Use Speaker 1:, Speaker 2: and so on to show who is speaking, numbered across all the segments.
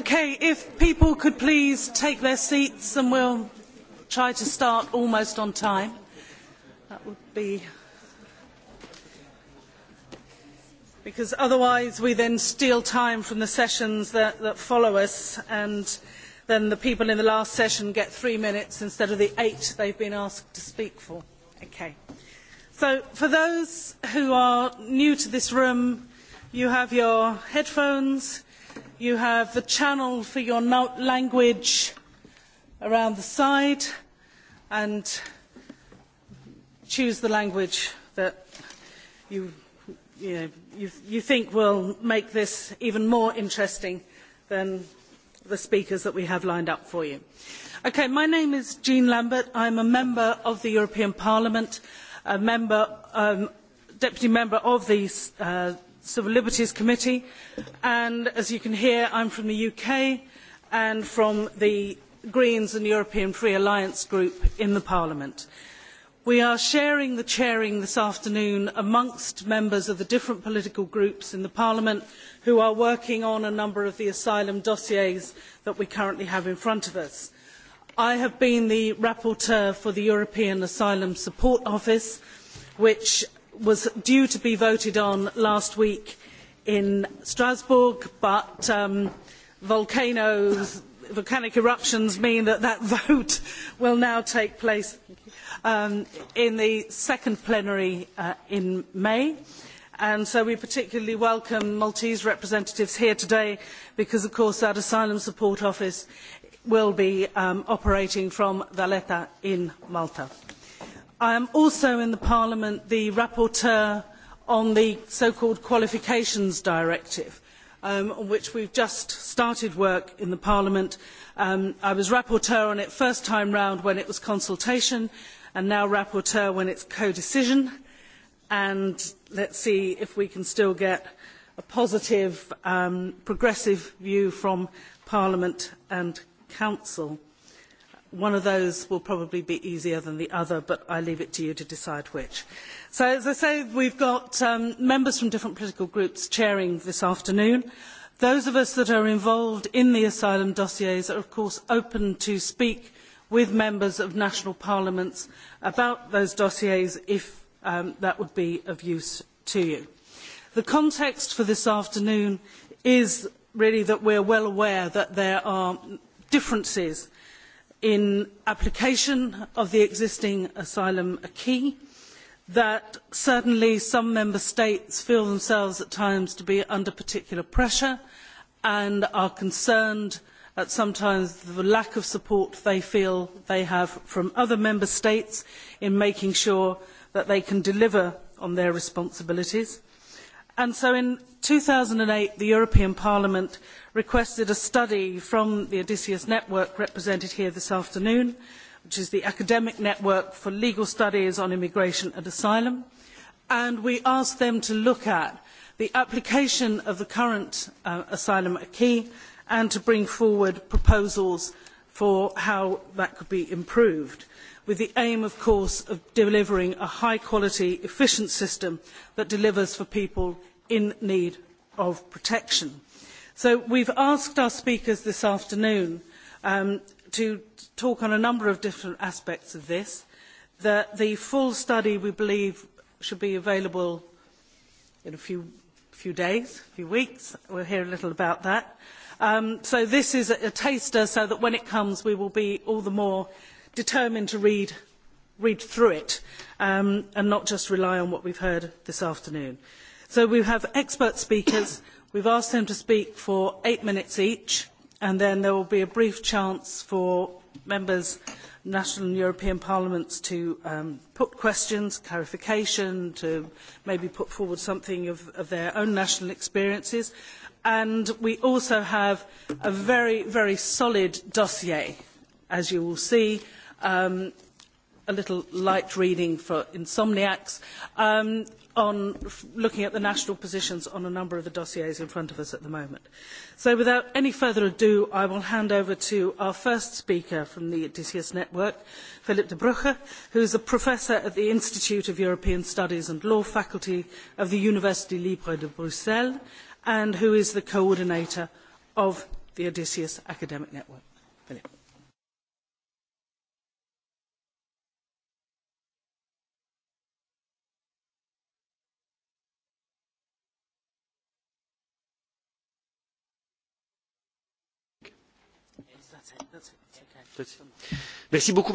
Speaker 1: Okay, if people could please take their seats and we'll try to start almost on time. That would be... Because otherwise we then steal time from the sessions that, that follow us and then the people in the last session get three minutes instead of the eight they've been asked to speak for. Okay. So for those who are new to this room, you have your headphones, you have the channel for your language around the side and choose the language that you, you, know, you, you think will make this even more interesting than the speakers that we have lined up for you. Okay, my name is Jean Lambert. I am a member of the European Parliament, a member, um, deputy member of the uh, civil liberties committee and as you can hear i am from the uk and from the greens and european free alliance group in the parliament. we are sharing the chairing this afternoon amongst members of the different political groups in the parliament who are working on a number of the asylum dossiers that we currently have in front of us. i have been the rapporteur for the european asylum support office which was due to be voted on last week in Strasbourg, but um, volcanoes, volcanic eruptions mean that that vote will now take place um, in the second plenary uh, in May. And so we particularly welcome Maltese representatives here today because, of course, that asylum support office will be um, operating from Valletta in Malta. I am also in the Parliament the rapporteur on the so-called Qualifications Directive, um, on which we have just started work in the Parliament. Um, I was rapporteur on it first time round when it was consultation, and now rapporteur when it is codecision And let us see if we can still get a positive, um, progressive view from Parliament and Council one of those will probably be easier than the other, but I leave it to you to decide which. So, as I say, we've got um, members from different political groups chairing this afternoon. Those of us that are involved in the asylum dossiers are, of course, open to speak with members of national parliaments about those dossiers if um, that would be of use to you. The context for this afternoon is really that we are well aware that there are differences in application of the existing asylum acquis that certainly some member states feel themselves at times to be under particular pressure and are concerned at sometimes the lack of support they feel they have from other member states in making sure that they can deliver on their responsibilities. And so in two thousand and eight the european parliament requested a study from the Odysseus Network represented here this afternoon, which is the academic network for legal studies on immigration and asylum, and we asked them to look at the application of the current uh, asylum acquis and to bring forward proposals for how that could be improved with the aim of course of delivering a high quality efficient system that delivers for people in need of protection. So we've asked our speakers this afternoon um, to talk on a number of different aspects of this. The, the full study, we believe, should be available in a few, few days, a few weeks. We'll hear a little about that. Um, so this is a, a taster so that when it comes we will be all the more determined to read, read through it um, and not just rely on what we've heard this afternoon. So we have expert speakers We have asked them to speak for eight minutes each, and then there will be a brief chance for members of national and European parliaments to um, put questions, clarification, to maybe put forward something of, of their own national experiences. And we also have a very, very solid dossier, as you will see, um, a little light reading for insomniacs. Um, on looking at the national positions on a number of the dossiers in front of us at the moment. So without any further ado, I will hand over to our first speaker from the Odysseus Network, Philip de Brugge, who is a professor at the Institute of European Studies and Law Faculty of the Université Libre de Bruxelles and who is the coordinator of the Odysseus Academic
Speaker 2: Network.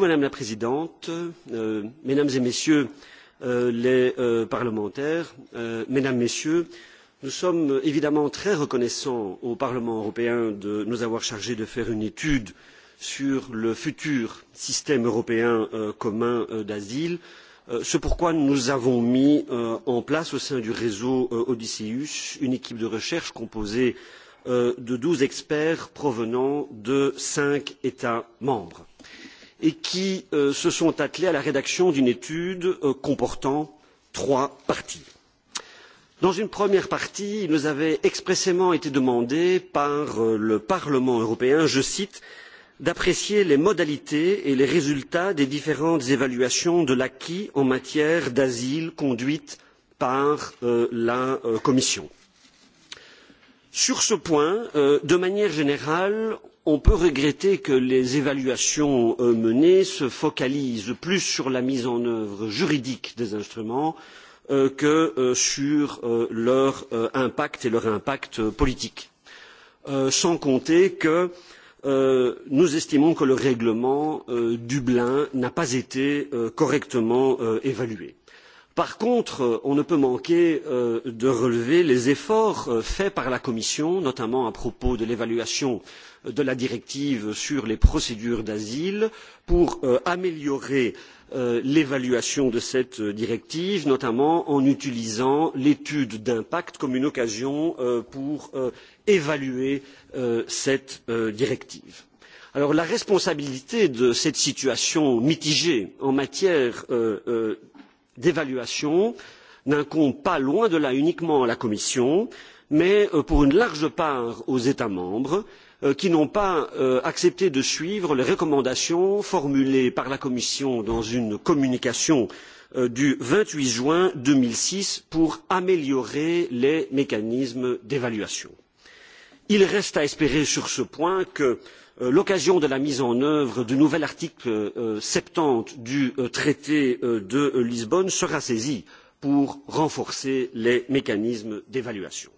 Speaker 3: madame la présidente euh, mesdames et messieurs euh, les euh, parlementaires mesdames messieurs nous sommes évidemment très reconnaissants au parlement européen de nous avoir chargés de faire une étude sur le futur système européen commun d'asile ce pourquoi nous avons mis en place au sein du réseau odysseus une équipe de recherche composée Euh, de douze experts provenant de cinq états membres et qui euh, se sont attelés à la rédaction d'une étude euh, comportant trois parties. Dans une première partie, il nous avait expressément été demandé par le Parlement européen, je cite, d'apprécier les modalités et les résultats des différentes évaluations de l'acquis en matière d'asile conduites par la Commission. Euh, sur ce point euh, de manière générale on peut regretter que les évaluations euh, menées se focalisent plus sur la mise en œuvre juridique des instruments euh, que euh, sur euh, leur impact et leur impact politique sans compter que nous estimons que le règlement dublin n'a pas été correctement évalué Par contre, euh, on ne peut manquer euh, de relever les efforts euh, faits par la Commission, notamment à propos de l'évaluation de la directive sur les procédures d'asile, pour améliorer l'évaluation de cette directive, notamment en utilisant l'étude d'impact comme une occasion pour évaluer cette directive. la responsabilité de cette situation mitigée en matière euh, d'évaluation n'incombe pas loin de là uniquement à la commission mais euh, pour une large part aux états membres euh, qui n'ont pas euh, accepté de suivre les recommandations formulées par la commission dans une communication du vingt huit juin deux mille six pour améliorer les mécanismes d'évaluation. il reste à espérer sur ce point que Euh, l'occasion de la mise en œuvre du nouvel article euh, soixante dix du euh, traité de lisbonne sera saisie pour renforcer les mécanismes d'évaluation.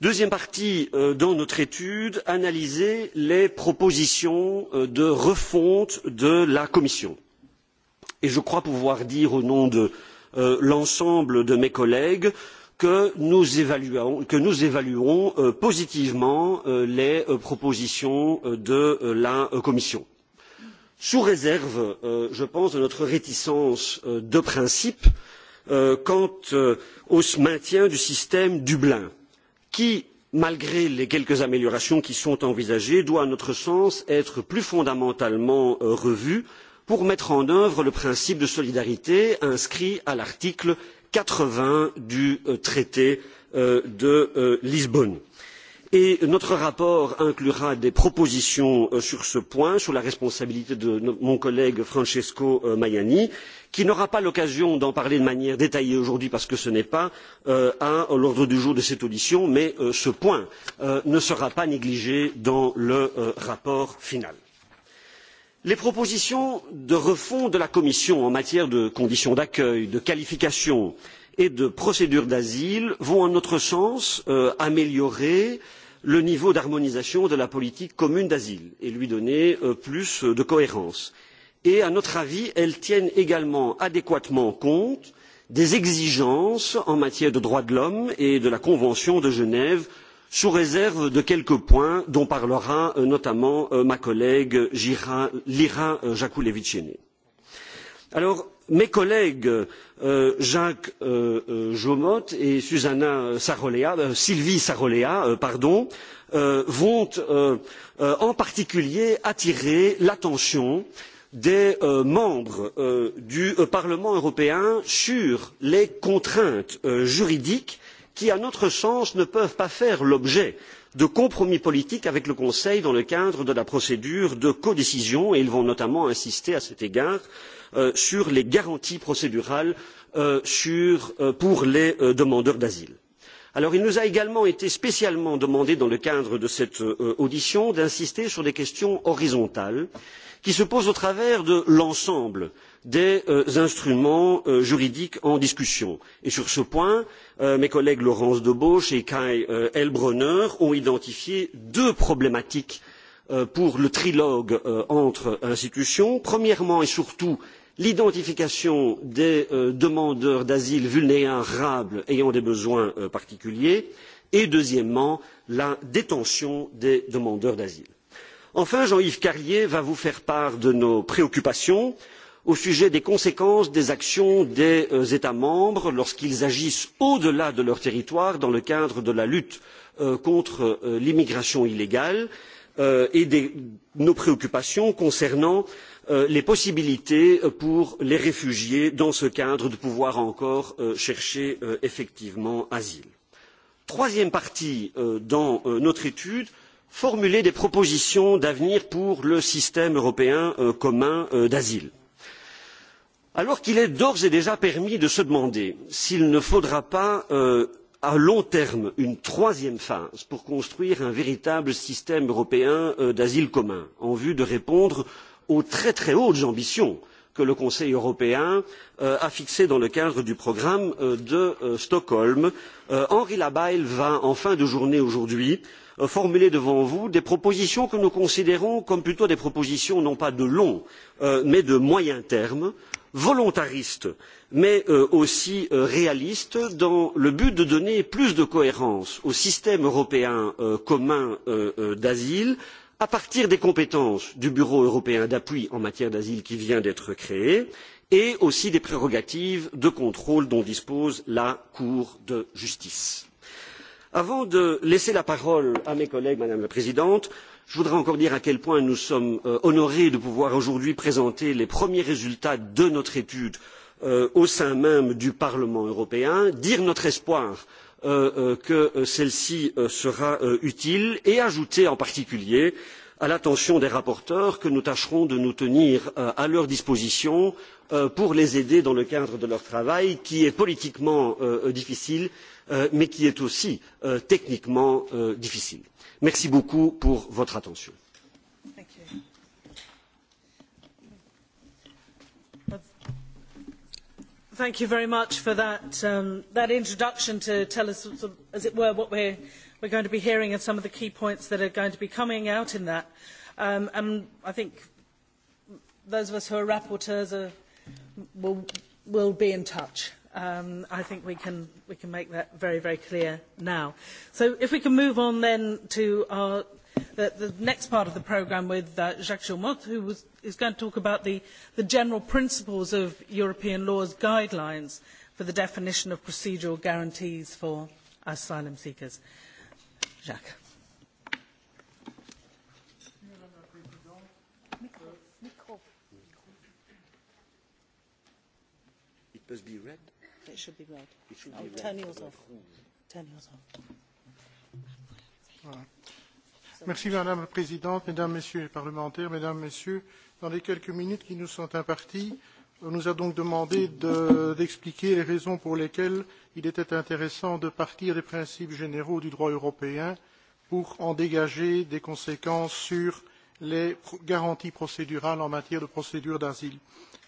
Speaker 3: deuxième partie de notre étude analyser les propositions de refonte de la commission et je crois pouvoir dire au nom de l'ensemble de mes collègues que que nous évaluerons, euh, positivement euh, les euh, propositions de la Commission. Sous réserve, je pense, de notre réticence de principe quant au maintien du système Dublin, qui, malgré les quelques améliorations qui sont envisagées, doit, à notre sens, être plus fondamentalement revu pour mettre en œuvre le principe de solidarité inscrit à l'article quatre vingts du euh, traité euh, de euh, lisbonne et notre rapport inclura des propositions sur ce point sous la responsabilité de mon collègue francesco majani qui n'aura pas l'occasion d'en parler de manière détaillée aujourd'hui parce que ce n'est pas à l'ordre du jour de cette audition mais ce point ne sera pas négligé dans le rapport final les propositions de refonte de la commission en matière de conditions d'accueil de qualification et de procédure d'asile vont à notre sens euh, améliorer le niveau d'harmonisation de la politique commune d'asile et lui donner euh, plus de cohérence et à notre avis elles tiennent également adéquatement compte des exigences en matière de droits de l'homme et de la convention de genève sous réserve de quelques points dont parlera euh, notamment euh, ma collègue lira jakuleviciene. mes collègues euh, jacques jomote et sylvie sarolea vont en particulier attirer l'attention des membres du parlement européen sur les contraintes juridiques qui à notre sens ne peuvent pas faire l'objet de compromis politiques avec le conseil dans le cadre de la procédure de codécision et ils vont notamment insister à cet égard euh, sur les garanties procédurales euh, sur, euh, pour les euh, demandeurs d'asile. Alors, il nous a également été spécialement demandé dans le cadre de cette euh, audition d'insister sur des questions horizontales qui se posent au travers de l'ensemble des des euh, instruments euh, juridiques en discussion. Et sur ce point, euh, mes collègues Laurence Debauche et Kai euh, Elbronner ont identifié deux problématiques pour le trilogue entre institutions. Premièrement et surtout, l'identification des demandeurs d'asile vulnérables ayant des besoins particuliers et deuxièmement la détention des demandeurs d'asile. enfin jean yves carlier va vous faire part de nos préoccupations au sujet des conséquences des actions des euh, états membres lorsqu'ils agissent au delà de leur territoire dans le cadre de la lutte euh, contre euh, l'immigration illégale et de nos préoccupations concernant les possibilités pour les réfugiés dans ce cadre de pouvoir encore chercher effectivement asile. troisième partie dans notre étude formuler des propositions d'avenir pour le système européen commun d'asile alors qu'il est d'ores et déjà permis de se demander s'il ne faudra pas euh, à long terme une troisième phase pour construire un véritable système européen euh, d'asile commun en vue de répondre aux très très hautes ambitions que le conseil européen euh, a fixées dans le cadre du programme euh, de euh, stockholm. Euh, henri labaille va en fin de journée aujourd'hui euh, formuler devant vous des propositions que nous considérons comme plutôt des propositions non pas de long mais de moyen terme volontariste mais euh, aussi euh, réaliste dans le but de donner plus de cohérence au système européen euh, commun d'asile à partir des compétences du bureau européen d'appui en matière d'asile qui vient d'être créé et aussi des prérogatives de contrôle dont dispose la cour de justice. avant de laisser la parole à mes collègues madame la présidente je voudrais encore dire à quel point nous sommes euh, honorés de pouvoir aujourd'hui présenter les premiers résultats de notre étude euh, au sein même du parlement européen dire notre espoir euh, que celle ci sera utile et ajouter en particulier à l'attention des rapporteurs que nous tâcherons de nous tenir à leur disposition Euh, pour les aider dans le cadre de leur travail qui est politiquement euh, difficile euh, mais qui est aussi techniquement difficile. merci beaucoup pour votre attention.
Speaker 1: Thank you very much for that, um, that introduction to tell us, as it were, what we're, we're going to be hearing and some of the key points that are going to be coming out in that. Um, and I think those of us who are rapporteurs are will, will be in touch. Um, I think we can, we can make that very, very clear now. So if we can move on then to our, the, the next part of the programme with uh, Jacques Chaumont, who was, is going to talk about the, the general principles of European law's guidelines for the definition of procedural guarantees for asylum seekers. Jacques.
Speaker 4: It must be red. It should be red. It
Speaker 3: should oh, be turn red. Yours off.
Speaker 1: Turn yours off.
Speaker 5: Voilà. Merci Madame la Présidente, Mesdames, Messieurs les parlementaires, Mesdames, Messieurs. Dans les quelques minutes qui nous sont imparties, on nous a donc demandé d'expliquer de, les raisons pour lesquelles il était intéressant de partir des principes généraux du droit européen pour en dégager des conséquences sur les garanties procédurales en matière de procédure d'asile.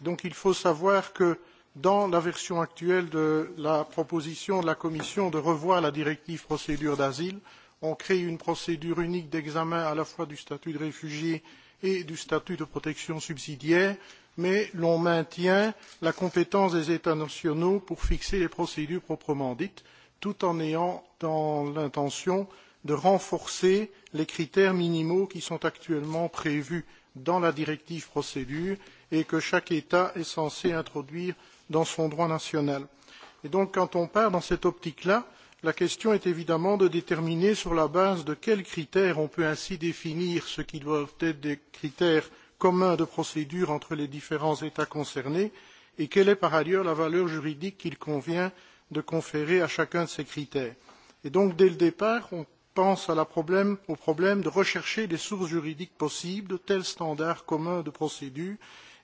Speaker 5: Donc il faut savoir que euh, dans la version actuelle de la proposition de la Commission de revoir la directive procédure d'asile, on crée une procédure unique d'examen à la fois du statut de réfugié et du statut de protection subsidiaire, mais l'on maintient la compétence des États nationaux pour fixer les procédures proprement dites, tout en ayant dans l'intention de renforcer les critères minimaux qui sont actuellement prévus dans la directive procédure et que chaque État est censé introduire dans son droit national. quand on part dans cette optique là, la question est évidemment de déterminer sur la base de quels critères on peut ainsi définir ce qui doivent être des critères communs de procédure entre les différents États concernés et quelle est par ailleurs la valeur juridique qu'il convient de conférer à chacun de ces critères. donc, dès le départ, on pense au problème de rechercher des sources juridiques possibles de tels standards communs de procédure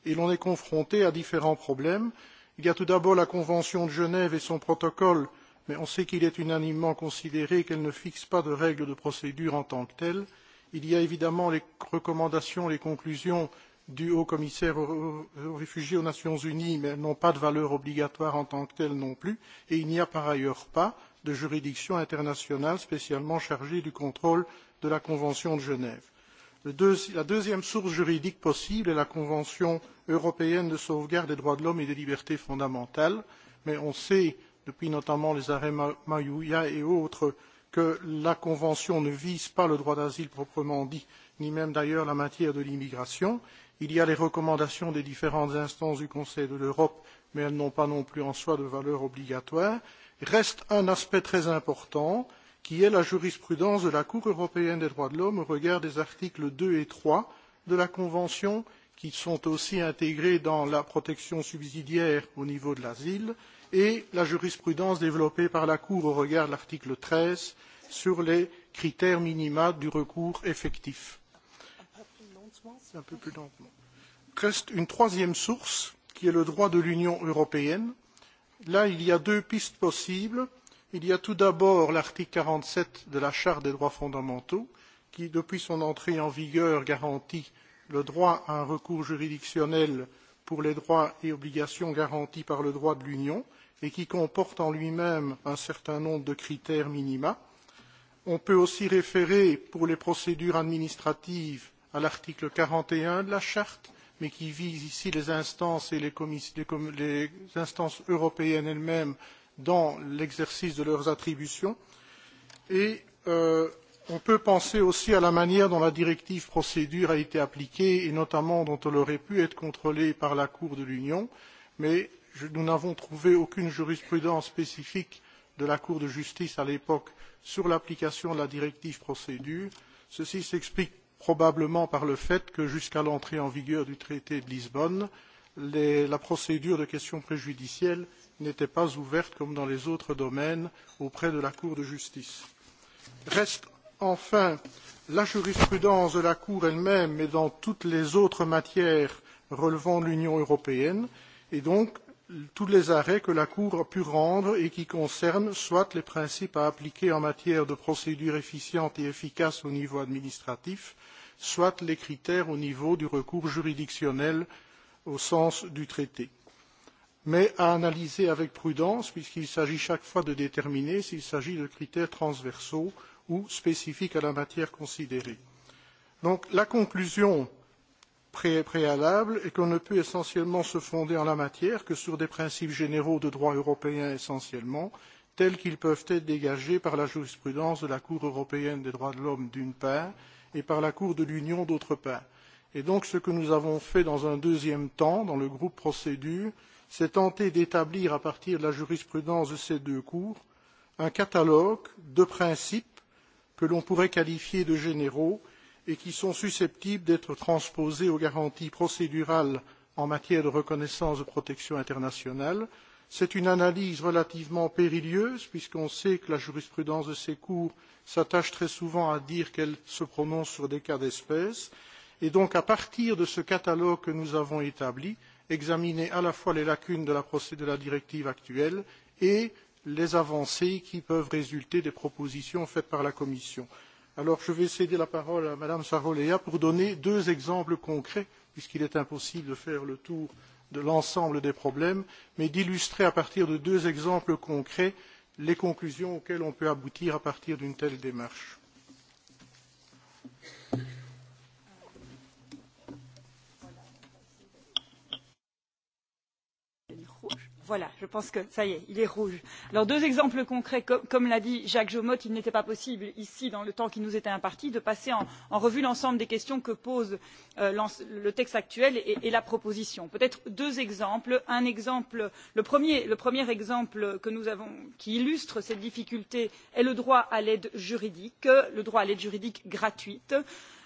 Speaker 5: et l'on est confronté à différents problèmes il y a tout d'abord la convention de genève et son protocole mais on sait qu'il est unanimement considéré qu'elle ne fixe pas de règles de procédure en tant que telles. il y a évidemment les recommandations les conclusions du haut commissaire aux réfugiés des nations unies mais elles n'ont pas de valeur obligatoire en tant que telles non plus et il n'y a par ailleurs pas de juridiction internationale spécialement chargée du contrôle de la convention de genève la deuxième source juridique possible est la Convention européenne de sauvegarde des droits de l'homme et des libertés fondamentales, mais on sait, depuis notamment les arrêts Mayuya et autres, que la Convention ne vise pas le droit d'asile proprement dit, ni même d'ailleurs la matière de l'immigration. Il y a les recommandations des différentes instances du Conseil de l'Europe, mais elles n'ont pas non plus en soi de valeur obligatoire. Reste un aspect très important, euh, qui est la jurisprudence de la Cour européenne des droits de l'homme au regard des articles deux et trois de la Convention, qui sont aussi intégrés dans la protection subsidiaire au niveau de l'asile, et la jurisprudence développée par la Cour au regard de l'article treize sur les critères minima du recours effectif. Reste une troisième source, qui est le droit de l'Union européenne. Là, il y a deux pistes possibles il y a tout d'abord l'article quarante sept de la charte des droits fondamentaux qui depuis son entrée en vigueur garantit le droit à un recours juridictionnel pour les droits et obligations garantis par le droit de l'union et qui comporte en lui même un certain nombre de critères minima. on peut aussi référer pour les procédures administratives à l'article quarante et un de la charte mais qui vise ici les instances et les instances européennes elles mêmes dans l'exercice de leurs attributions et euh, on peut penser aussi à la manière dont la directive procédure a été appliquée et notamment dont elle aurait pu être contrôlée par la Cour de l'Union, mais je, nous n'avons trouvé aucune jurisprudence spécifique de la Cour de justice à l'époque sur l'application de la directive procédure. Ceci s'explique probablement par le fait que jusqu'à l'entrée en vigueur du traité de Lisbonne, les, la procédure de questions préjudicielles n'était pas ouverte comme dans les autres domaines auprès de la Cour de justice. Reste enfin la jurisprudence de la Cour elle-même et dans toutes les autres matières relevant de l'Union européenne et donc tous les arrêts que la Cour a pu rendre et qui concernent soit les principes à appliquer en matière de procédure efficiente et efficace au niveau administratif, soit les critères au niveau du recours juridictionnel au sens du traité mais à analyser avec prudence puisqu'il s'agit chaque fois de déterminer s'il s'agit de critères transversaux ou spécifiques à la matière considérée. la conclusion préalable est qu'on ne peut essentiellement se fonder en la matière que sur des principes généraux de droit européen essentiellement tels qu'ils peuvent être dégagés par la jurisprudence de la Cour européenne des droits de l'homme d'une part et par la Cour de l'Union d'autre part. Et donc ce que nous avons fait dans un deuxième temps dans le groupe procédure, s'est tenté d'établir à partir de la jurisprudence de ces deux cours un catalogue de principes que l'on pourrait qualifier de généraux et qui sont susceptibles d'être transposés aux garanties procédurales en matière de reconnaissance de protection internationale. C'est une analyse relativement périlleuse puisqu'on sait que la jurisprudence de ces cours s'attache très souvent à dire qu'elle se prononce sur des cas d'espèce et donc à partir de ce catalogue que nous avons établi, examiner à la fois les lacunes de la, de la directive actuelle et les avancées qui peuvent résulter des propositions faites par la Commission. Alors je vais céder la parole à mme Sarolea pour donner deux exemples concrets, puisqu'il est impossible de faire le tour de l'ensemble des problèmes, mais d'illustrer à partir de deux exemples concrets les conclusions auxquelles on peut aboutir à partir d'une telle démarche.
Speaker 6: voilà je pense que ça y est il est rouge. alors deux exemples concrets comme, comme l'a dit jacques Jomot, il n'était pas possible ici dans le temps qui nous était imparti de passer en, en revue l'ensemble des questions que pose euh, le texte actuel et, et la proposition. peut être deux exemples un exemple le premier, le premier exemple que nous avons qui illustre cette difficulté est le droit à l'aide juridique le droit à l'aide juridique gratuite. Euh,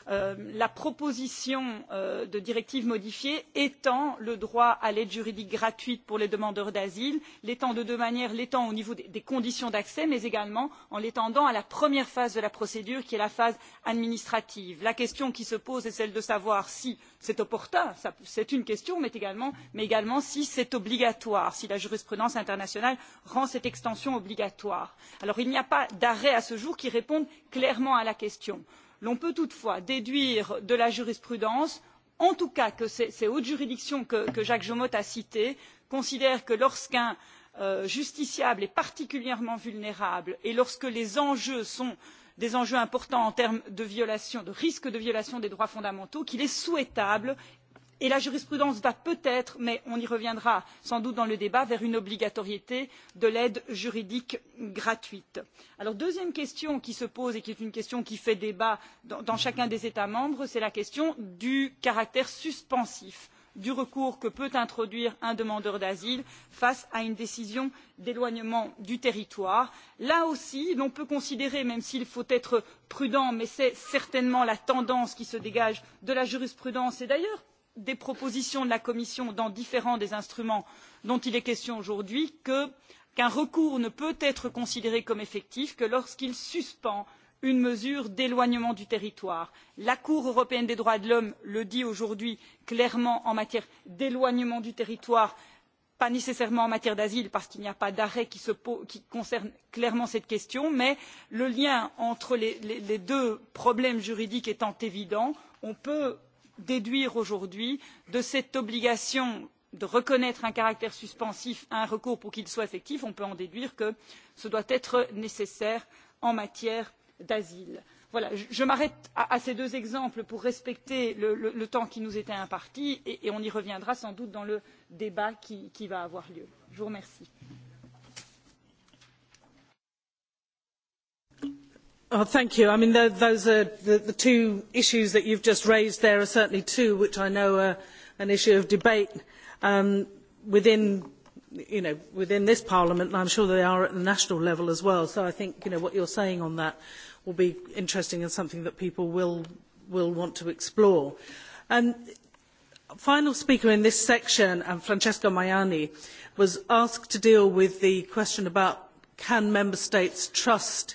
Speaker 6: Euh, la proposition euh, de directive modifiée étend le droit à l'aide juridique gratuite pour les demandeurs d'asile l'étend de deux manières l'étend au niveau des conditions d'accès mais également en l'étendant à la première phase de la procédure qui est la phase administrative. la question qui se pose est celle de savoir si c'est opportun c'est une question mais également si c'est obligatoire si la jurisprudence internationale rend cette extension obligatoire. il n'y a pas d'arrêt à ce jour qui réponde clairement à la question l'on peut toutefois déduire de la jurisprudence en tout cas que ces, hautes juridictions que, jacques Jomot a citées considèrent que lorsqu'un euh, justiciable est particulièrement vulnérable et lorsque les enjeux sont des enjeux importants en termes de, de risque de violation des droits fondamentaux il est souhaitable et la jurisprudence va peut être mais on y reviendra sans doute dans le débat vers une obligatoriété de l'aide juridique gratuite. la deuxième question qui se pose et qui est une question qui fait débat dans, chacun des états membres c'est la question du caractère suspensif du recours que peut introduire un demandeur d'asile face à une décision d'éloignement du territoire. là aussi l'on peut considérer même s'il faut être prudent mais c'est certainement la tendance qui se dégage de la jurisprudence et d'ailleurs des propositions de la commission dans différents des instruments dont il est question aujourd'hui qu'un recours ne peut être considéré comme effectif que lorsqu'il suspend une mesure d'éloignement du territoire. la cour européenne des droits de l'homme le dit aujourd'hui clairement en matière d'éloignement du territoire pas nécessairement en matière d'asile parce qu'il n'y a pas d'arrêt qui, concerne clairement cette question mais le lien entre les deux problèmes juridiques étant évident on peut déduire aujourd'hui de cette obligation de reconnaître un caractère suspensif à un recours pour qu'il soit effectif on peut en déduire que ce doit être nécessaire en matière d'asile. Voilà, je m'arrête à, ces deux exemples pour respecter le, temps qui nous était imparti et, on y reviendra sans doute dans le débat qui va avoir lieu. je vous remercie.
Speaker 1: Oh, thank you. I mean, those are the, the two issues that you've just raised. There are certainly two which I know are an issue of debate um, within, you know, within this Parliament, and I'm sure they are at the national level as well. So I think you know what you're saying on that will be interesting and something that people will will want to explore. And final speaker in this section, um, Francesco Maiani, was asked to deal with the question about can member states trust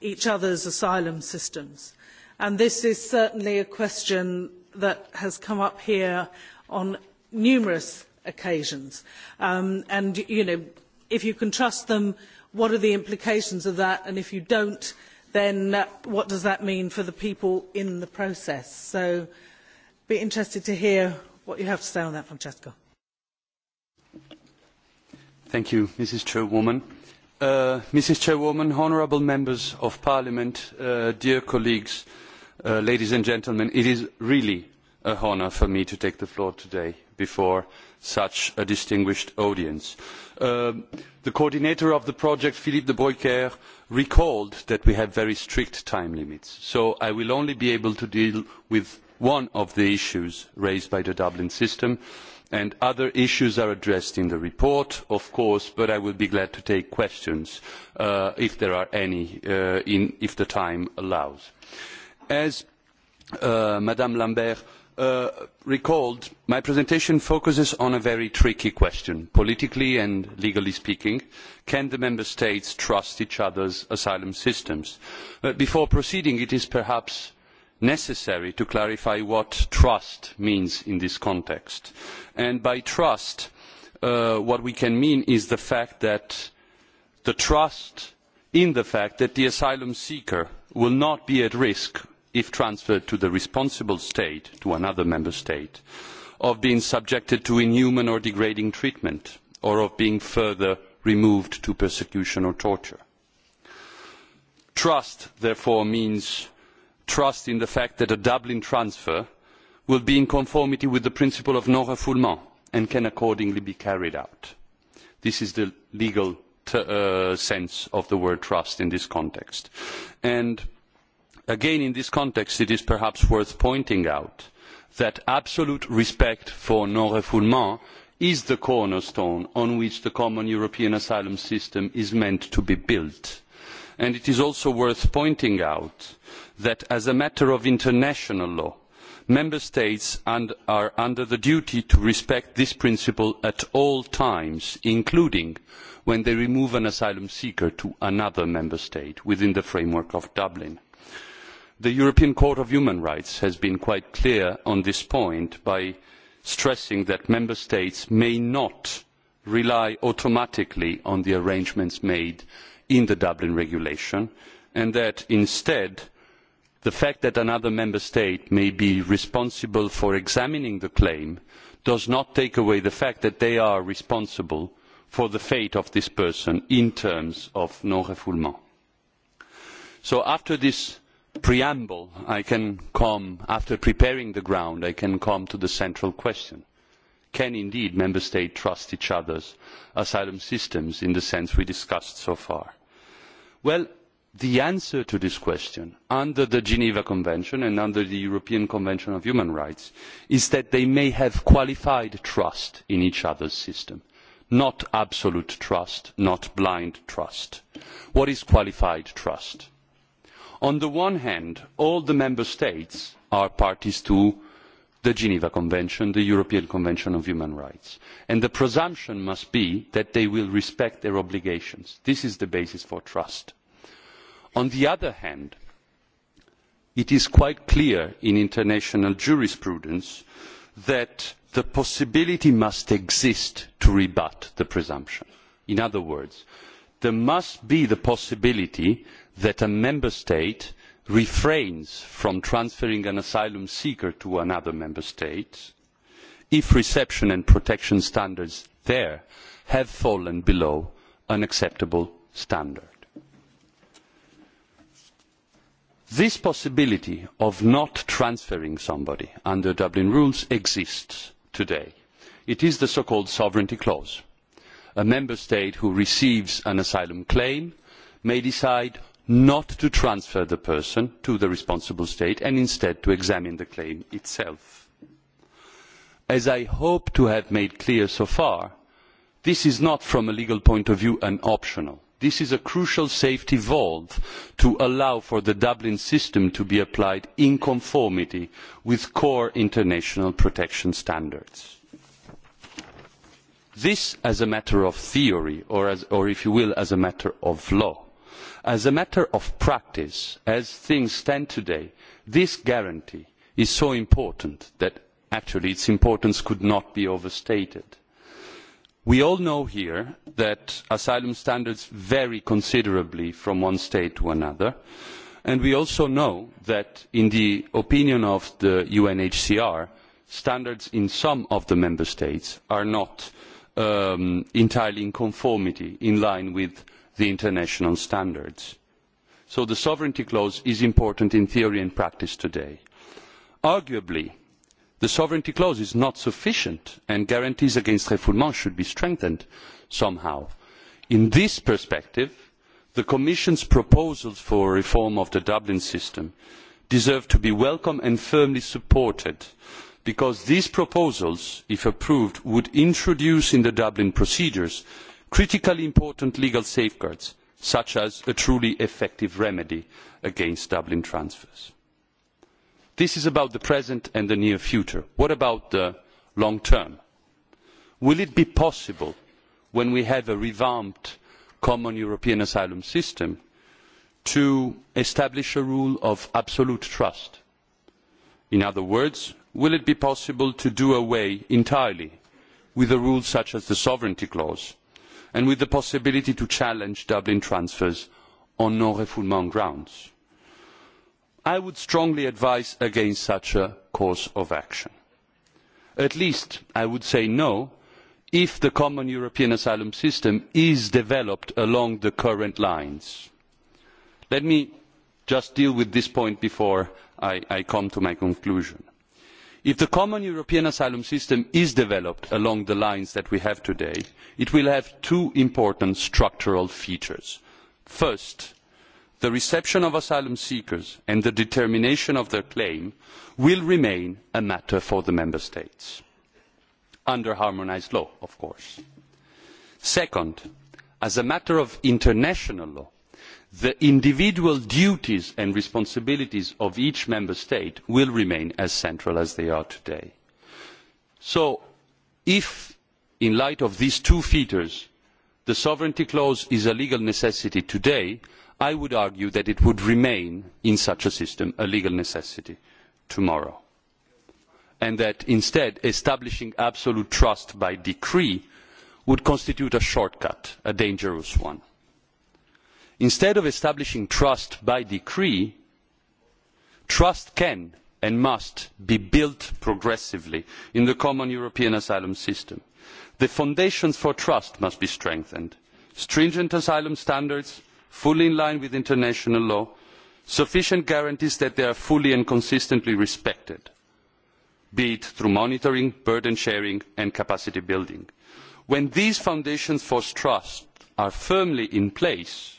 Speaker 1: each other's asylum systems. And this is certainly a question that has come up here on numerous occasions. Um, and, you know, if you can trust them, what are the implications of that? And if you don't, then uh, what does that mean for the people in the process? So be interested to hear what you have to say on that, Francesco.
Speaker 7: Thank you, Mrs. Chairwoman. Uh, Mrs. Chairwoman, honourable members of Parliament, uh, dear colleagues, uh, ladies and gentlemen, it is really an honour for me to take the floor today before such a distinguished audience. the coordinator of the project, Philippe de Broyker, recalled that we have very strict time limits, so I will only be able to deal with one of the issues raised by the Dublin system, uh, and other issues are addressed in the report of course but i will be glad to take questions uh, if there are any uh, if the time allows. as uh, ms lambert recalled my presentation focuses on a very tricky question politically and legally speaking can the member states trust each other's asylum systems? before proceeding it is perhaps necessary to clarify what trust means in this context. And by trust, uh, what we can mean is the fact that the trust in the fact that the asylum seeker will not be at risk if transferred to the responsible state, to another member state, of being subjected to inhuman or degrading treatment, or of being further removed to persecution or torture. Trust, therefore, means trust in the fact that a dublin transfer will be in conformity with the principle of non refoulement and can accordingly be carried out. this is the legal uh, sense of the word trust in this context. And again in this context it is perhaps worth pointing out that absolute respect for non refoulement is the cornerstone on which the common european asylum system is meant to be built and it is also worth pointing out that as a matter of international law member states are under the duty to respect this principle at all times including when they remove an asylum seeker to another member state within the framework of dublin. the european court of human rights has been quite clear on this point by stressing that member states may not rely automatically on the arrangements made in the Dublin regulation and that instead the fact that another member state may be responsible for examining the claim does not take away the fact that they are responsible for the fate of this person in terms of non-refoulement. So after this preamble, I can come, after preparing the ground, I can come to the central question. Can indeed member states trust each other's asylum systems in the sense we discussed so far? well the answer to this question under the geneva convention and under the european convention on human rights is that they may have qualified trust in each other's system not absolute trust not blind trust. what is qualified trust? on the one hand all the member states are parties to the Geneva Convention, the European Convention on Human Rights. And the presumption must be that they will respect their obligations. This is the basis for trust. On the other hand, it is quite clear in international jurisprudence that the possibility must exist to rebut the presumption. In other words, there must be the possibility that a member state refrains from transferring an asylum seeker to another member state if reception and protection standards there have fallen below an acceptable standard. This possibility of not transferring somebody under Dublin rules exists today. It is the so-called sovereignty clause. A member state who receives an asylum claim may decide not to transfer the person to the responsible state and instead to examine the claim itself. As I hope to have made clear so far, this is not from a legal point of view an optional. This is a crucial safety valve to allow for the Dublin system to be applied in conformity with core international protection standards. This as a matter of theory, or, if you will, as a matter of law as a matter of practice as things stand today this guarantee is so important that actually its importance could not be overstated. we all know here that asylum standards vary considerably from one state to another and we also know that in the opinion of the unhcr standards in some of the member states are not um, entirely in conformity in line with the international standards. So the sovereignty clause is important in theory and practice today. Arguably, the sovereignty clause is not sufficient and guarantees against refoulement should be strengthened somehow. In this perspective, the Commission's proposals for reform of the Dublin system deserve to be welcomed and firmly supported because these proposals, if approved, would introduce in the Dublin procedures critically important legal safeguards such as a truly effective remedy against dublin transfers. this is about the present and the near future. what about the long term? will it be possible when we have a revamped common european asylum system to establish a rule of absolute trust? in other words will it be possible to do away entirely with a rule such as the sovereignty clause and with the possibility to challenge Dublin transfers on non-refoulement grounds. I would strongly advise against such a course of action. At least I would say no if the common European asylum system is developed along the current lines. Let me just deal with this point before I, come to my conclusion if the common european asylum system is developed along the lines that we have today it will have two important structural features first the reception of asylum seekers and the determination of their claim will remain a matter for the member states under harmonised law of course. second as a matter of international law the individual duties and responsibilities of each member state will remain as central as they are today. so if in light of these two features the sovereignty clause is a legal necessity today i would argue that it would remain in such a system a legal necessity tomorrow and that instead establishing absolute trust by decree would constitute a shortcut a dangerous one instead of establishing trust by decree trust can and must be built progressively in the common european asylum system. the foundations for trust must be strengthened stringent asylum standards fully in line with international law sufficient guarantees that they are fully and consistently respected be it through monitoring burden sharing and capacity building. when these foundations for trust are firmly in place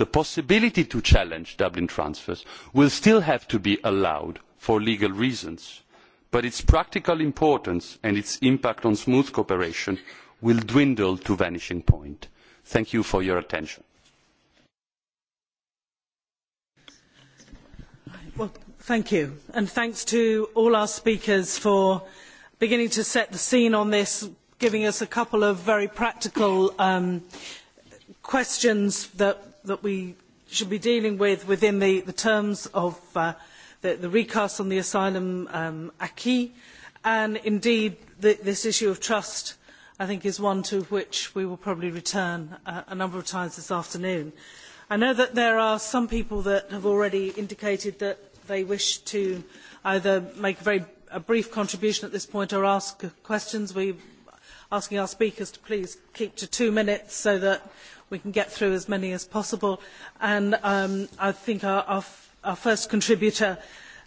Speaker 7: the possibility to challenge dublin transfers will still have to be allowed for legal reasons but its practical importance and its impact on smooth cooperation will dwindle to vanishing point. thank you for your attention.
Speaker 1: Well, thank you and thanks to all our speakers for beginning to set the scene on this giving us a couple of very practical um, questions that that we should be dealing with within the, the terms of uh, the, the, recast on the asylum um, acquis. And indeed, the, this issue of trust, I think, is one to which we will probably return uh, a number of times this afternoon. I know that there are some people that have already indicated that they wish to either make a very a brief contribution at this point or ask questions. We asking our speakers to please keep to two minutes so that we can get through as many as possible and um, I think our, our, our first contributor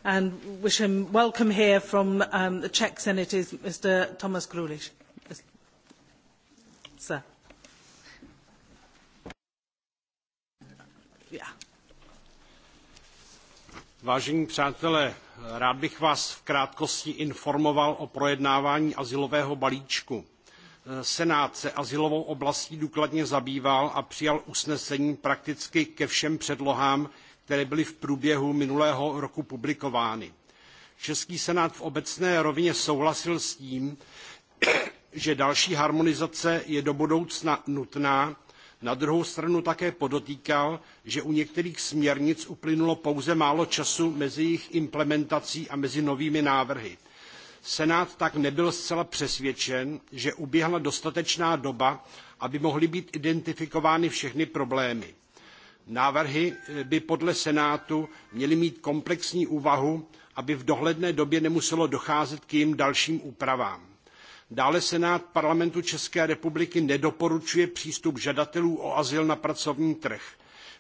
Speaker 1: and wish him welcome here from um, the Czech Senate is Mr. Thomas Grulich. Sir. Yeah.
Speaker 8: Vážení přátelé, rád bych vás v krátkosti informoval o projednávání asilového balíčku Eh, senát se asilovou oblastí důkladně zabýval a přijal usnesení prakticky ke všem předlohám, které byly v průběhu minulého roku publikovány. Český senát v obecné rovině souhlasil s tím, že další harmonizace je do budoucna nutná, na druhou stranu také podotýkal, že u některých směrnic uplynulo pouze málo času mezi jejich implementací a mezi novými návrhy. Senát tak nebyl zcela přesvědčen, že uběhla dostatečná doba, aby mohly být identifikovány všechny problémy. Návrhy eh, by podle Senátu měly mít komplexní úvahu, aby v dohledné době nemuselo docházet k jejím dalším úpravám. Dále Senát parlamentu České republiky nedoporučuje přístup žadatelů o azyl na pracovní trh.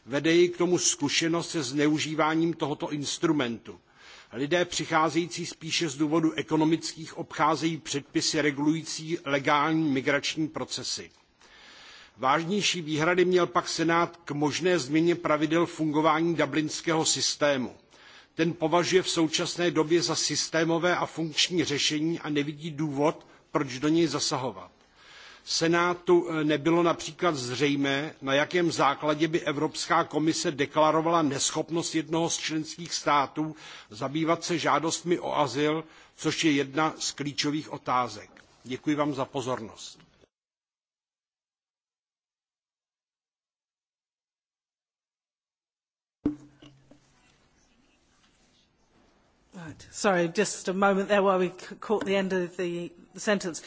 Speaker 8: Vede jej k tomu zkušenost se zneužíváním tohoto instrumentu. Lidé přicházející spíše z důvodu ekonomických obcházejí předpisy regulující legální migrační procesy. Vážnější výhrady měl pak Senát k možné změně pravidel fungování dublinského systému. Ten považuje v současné době za systémové a funkční řešení a nevidí důvod, proč do něj zasahovat. Senátu eh, nebylo například zřejmé, na jakém základě by Evropská komise deklarovala neschopnost jednoho z členských států zabývat se žádostmi o azyl, což je jedna z klíčových otázek. Děkuji vám za pozornost.
Speaker 1: Right. Sorry, just a moment there while we caught the end of the sentence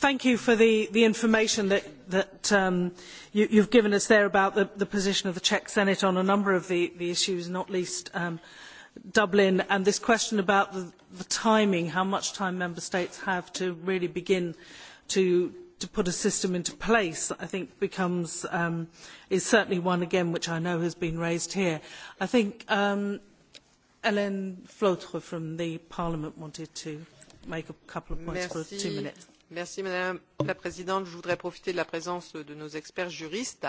Speaker 1: thank you for the, the information that, that um, you have given us there about the, the position of the czech senate on a number of the, the issues not least um, dublin and this question about the timing how much time member states have to really begin to, to put a system into place i think becomes um, is certainly one again which i know has been raised here. i think um, hélène flautre from the parliament wanted to make a couple of points Merci. for two minutes.
Speaker 9: Merci Madame la Présidente. Je voudrais profiter de la présence de nos experts juristes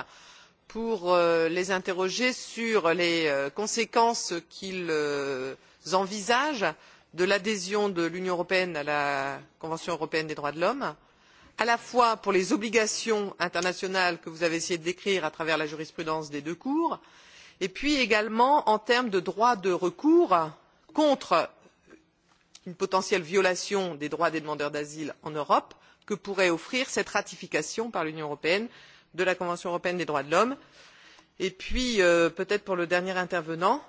Speaker 9: pour euh, les interroger sur les euh, conséquences qu'ils euh, envisagent de l'adhésion de l'union européenne à la convention européenne des droits de l'homme à la fois pour les obligations internationales que vous avez essayé de décrire à travers la jurisprudence des deux cours et puis également en termes de droit de recours contre une potentielle violation des droits des demandeurs d'asile en europe que pourrait offrir cette ratification par l'union européenne de la convention européenne des droits de l'homme. et puis euh, peut être pour le dernier intervenant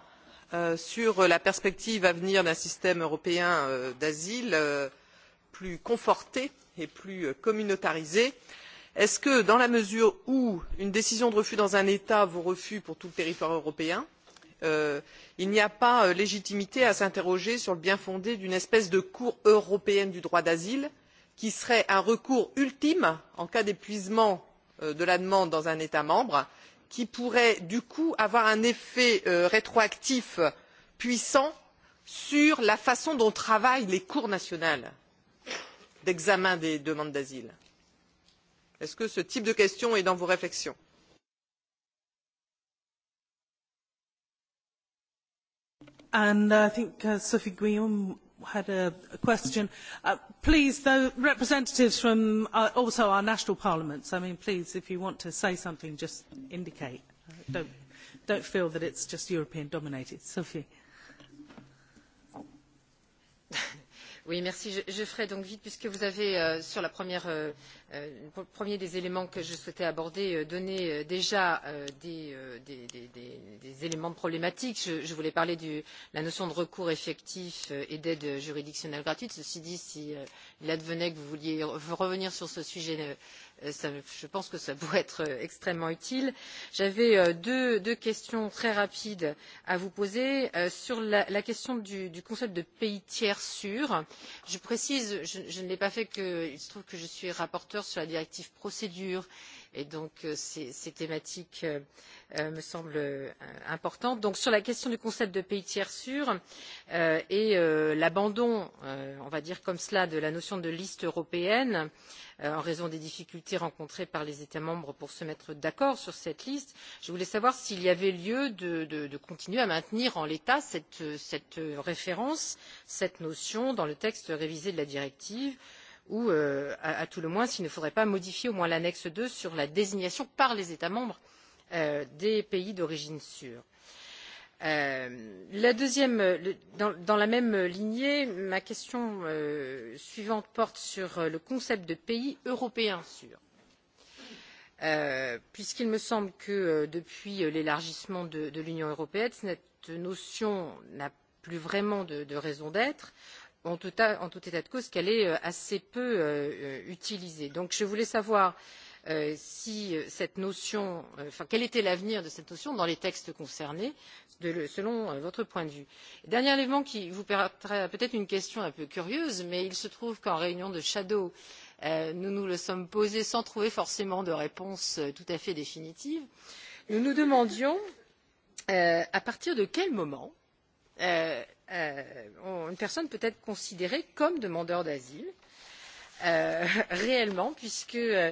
Speaker 9: euh, sur la perspective à venir d'un système européen euh, d'asile plus conforté et plus communautarisé est ce que dans la mesure où une décision de refus dans un état vaut refus pour tout le territoire européen Euh, il n'y a pas euh, légitimité à s'interroger sur le bien fondé d'une espèce de cour européenne du droit d'asile qui serait un recours ultime en cas d'épuisement euh, de la demande dans un état membre qui pourrait du coup avoir un effet rétroactif puissant sur la façon dont travaillent les cours nationales d'examen des demandes d'asile. est ce que ce type de question est dans vos réflexions?
Speaker 1: and I think uh, Sophie Guillaume had a, a question. Uh, please, though, representatives from uh, also our national parliaments, I mean, please, if you want to say something, just indicate. Uh, don't, don't feel that it's just European dominated. Sophie.
Speaker 10: Oui, merci. Je, je ferai donc vite puisque vous avez euh, sur la première, euh, euh le premier des éléments que je souhaitais aborder euh, donné euh, déjà euh, des, euh, des, des, des, des éléments problématiques. Je, je voulais parler de la notion de recours effectif euh, et d'aide juridictionnelle gratuite. Ceci dit, s'il si euh, advenait que vous vouliez revenir sur ce sujet euh, Euh, je pense que cela pourrait être euh, extrêmement utile. j'avais euh, deux, questions très rapides à vous poser. sur la, question du, concept de pays tiers sûr je précise je, je ne l'ai pas fait qu'il se trouve que je suis rapporteure sur la directive procédures et Et donc, euh, ces, ces thématiques euh, euh, me semblent importantes. Donc, sur la question du concept de pays tiers sûr euh, et euh, l'abandon, euh, on va dire comme cela, de la notion de liste européenne, euh, en raison des difficultés rencontrées par les États membres pour se mettre d'accord sur cette liste, je voulais savoir s'il y avait lieu de, de, de continuer à maintenir en l'état cette, cette référence, cette notion dans le texte révisé de la directive. Euh, ou euh, à, tout le moins s'il ne faudrait pas modifier au moins l'annexe ii sur la désignation par les états membres euh, des pays d'origine sûrs. Euh, dans, la même lignée ma question suivante porte sur le concept de pays européen sûr puisqu'il me semble que depuis l'élargissement de, l'union européenne cette notion n'a plus vraiment de raison d'être en tout état de cause qu'elle est euh, assez peu euh, euh, utilisée. donc je voulais savoir quel était l'avenir de cette notion dans les textes concernés selon votre point de vue. dernier élément qui vous paraîtra peut être une question un peu curieuse mais il se trouve qu'en réunion de rapporteurs fictifs nous nous le sommes posé sans trouver forcément de réponse tout à fait définitive nous nous demandions à partir de quel moment Euh, une personne peut être considérée comme demandeur d'asile euh, réellement puisque euh,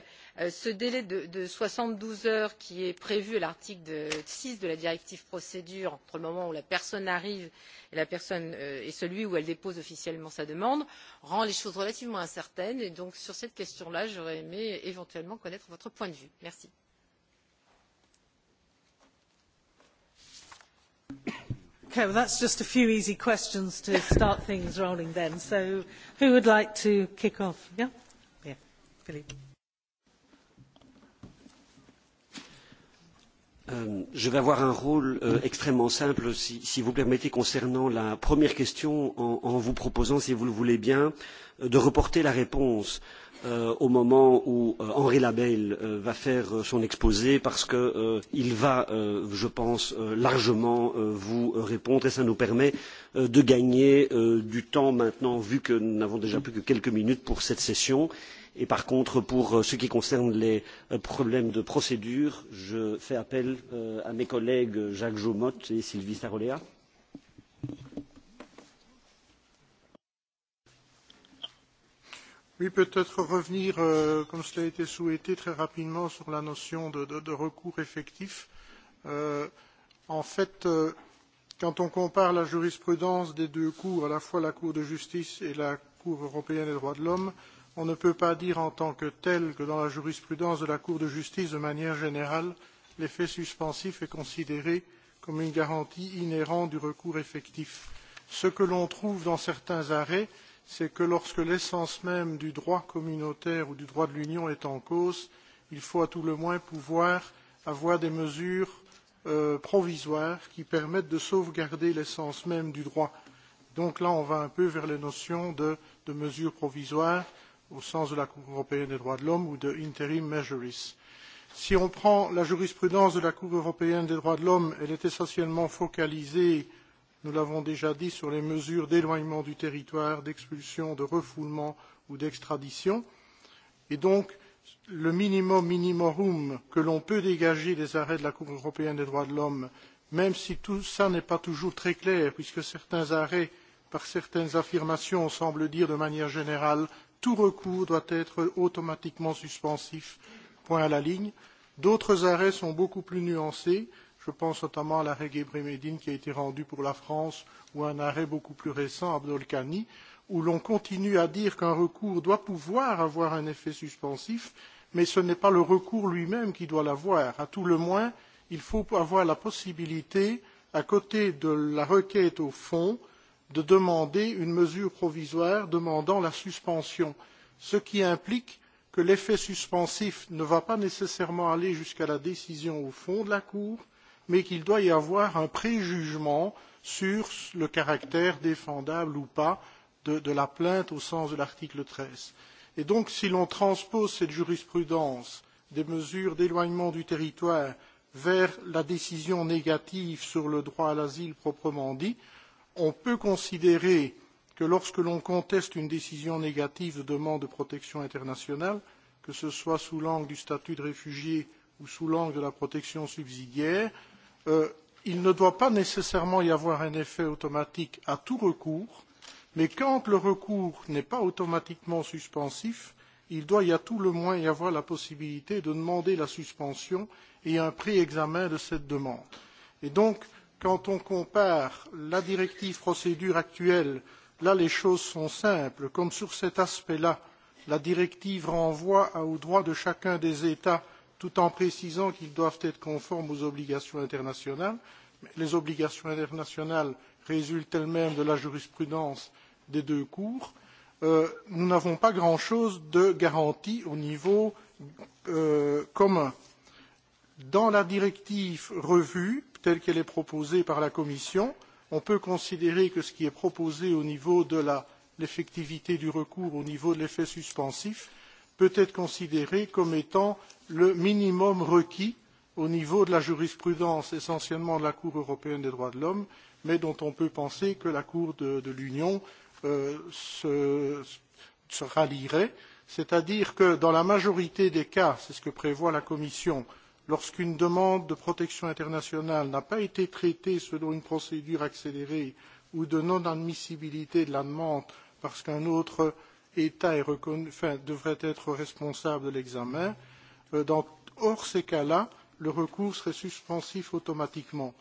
Speaker 10: ce délai de soixante douze heures qui est prévu à l'article six de la directive procédure entre le moment où la personne arrive et celui où elle dépose officiellement sa demande rend les choses relativement incertaines et donc sur cette question là j'aurais aimé éventuellement connaître votre point de vue. merci.
Speaker 1: Okay, well that's just a few easy questions to start things rolling then. So who would like to kick off? Yeah? Yeah, Philippe.
Speaker 3: Euh, je vais avoir un rôle euh, extrêmement simple, si, si vous permettez, concernant la première question, en, en vous proposant, si vous le voulez bien, euh, de reporter la réponse. Euh, euh, au moment où euh, Henri Labelle euh, va faire euh, son exposé parce qu'il euh, va, euh, je pense, euh, largement euh, vous euh, répondre et ça nous permet euh, de gagner euh, du temps maintenant vu que nous n'avons déjà plus que quelques minutes pour cette session. Et par contre, pour euh, ce qui concerne les euh, problèmes de procédure, je fais appel euh, à mes collègues euh, Jacques Jomotte et Sylvie Sarolea.
Speaker 5: Oui, peut-être revenir, euh, comme cela a été souhaité, très rapidement sur la notion de, de, de recours effectif. Euh, en fait, euh, quand on compare la jurisprudence des deux cours, à la fois la Cour de justice et la Cour européenne des droits de l'homme, on ne peut pas dire en tant que tel que dans la jurisprudence de la Cour de justice, de manière générale, l'effet suspensif est considéré comme une garantie inhérente du recours effectif. Ce que l'on trouve dans certains arrêts, c'est que lorsque l'essence même du droit communautaire ou du droit de l'Union est en cause, il faut à tout le moins pouvoir avoir des mesures euh, provisoires qui permettent de sauvegarder l'essence même du droit. Donc là, on va un peu vers les notions de, de mesures provisoires au sens de la Cour européenne des droits de l'homme ou de interim measures. Si on prend la jurisprudence de la Cour européenne des droits de l'homme, elle est essentiellement focalisée euh, nous l'avons déjà dit, sur les mesures d'éloignement du territoire, d'expulsion, de refoulement ou d'extradition. Et donc, le minimum minimorum que l'on peut dégager des arrêts de la Cour européenne des droits de l'homme, même si tout ça n'est pas toujours très clair, puisque certains arrêts, par certaines affirmations, semblent dire de manière générale tout recours doit être automatiquement suspensif, point à la ligne. D'autres arrêts sont beaucoup plus nuancés, Je pense notamment à l'arrêt Gebremedine qui a été rendu pour la France ou à un arrêt beaucoup plus récent, Abdolkani, où l'on continue à dire qu'un recours doit pouvoir avoir un effet suspensif, mais ce n'est pas le recours lui-même qui doit l'avoir. À tout le moins, il faut avoir la possibilité, à côté de la requête au fond, de demander une mesure provisoire demandant la suspension, ce qui implique que l'effet suspensif ne va pas nécessairement aller jusqu'à la décision au fond de la Cour, mais qu'il doit y avoir un préjugement sur le caractère défendable ou pas de, de la plainte au sens de l'article 13. Et donc, si l'on transpose cette jurisprudence des mesures d'éloignement du territoire vers la décision négative sur le droit à l'asile proprement dit, on peut considérer que lorsque l'on conteste une décision négative de demande de protection internationale, que ce soit sous l'angle du statut de réfugié ou sous l'angle de la protection subsidiaire, Euh, il ne doit pas nécessairement y avoir un effet automatique à tout recours, mais quand le recours n'est pas automatiquement suspensif, il doit à tout le moins y avoir la possibilité de demander la suspension et un préexamen de cette demande. Et donc, quand on compare la directive procédure actuelle, là les choses sont simples. Comme sur cet aspect-là, la directive renvoie au droit de chacun des États tout en précisant qu'ils doivent être conformes aux obligations internationales. Mais les obligations internationales résultent elles-mêmes de la jurisprudence des deux cours. Euh, nous n'avons pas grand-chose de garanti au niveau euh, commun. Dans la directive revue, telle qu'elle est proposée par la Commission, on peut considérer que ce qui est proposé au niveau de l'effectivité du recours, au niveau de l'effet suspensif, peut être considéré comme étant le minimum requis au niveau de la jurisprudence essentiellement de la Cour européenne des droits de l'homme, mais dont on peut penser que la Cour de, de l'Union euh, se, se rallierait. C'est-à-dire que dans la majorité des cas, c'est ce que prévoit la Commission, lorsqu'une demande de protection internationale n'a pas été traitée selon une procédure accélérée ou de non-admissibilité de la demande parce qu'un autre État est reconnu, enfin, devrait être responsable de l'examen. Euh, dans, hors ces cas-là, le recours serait suspensif automatiquement.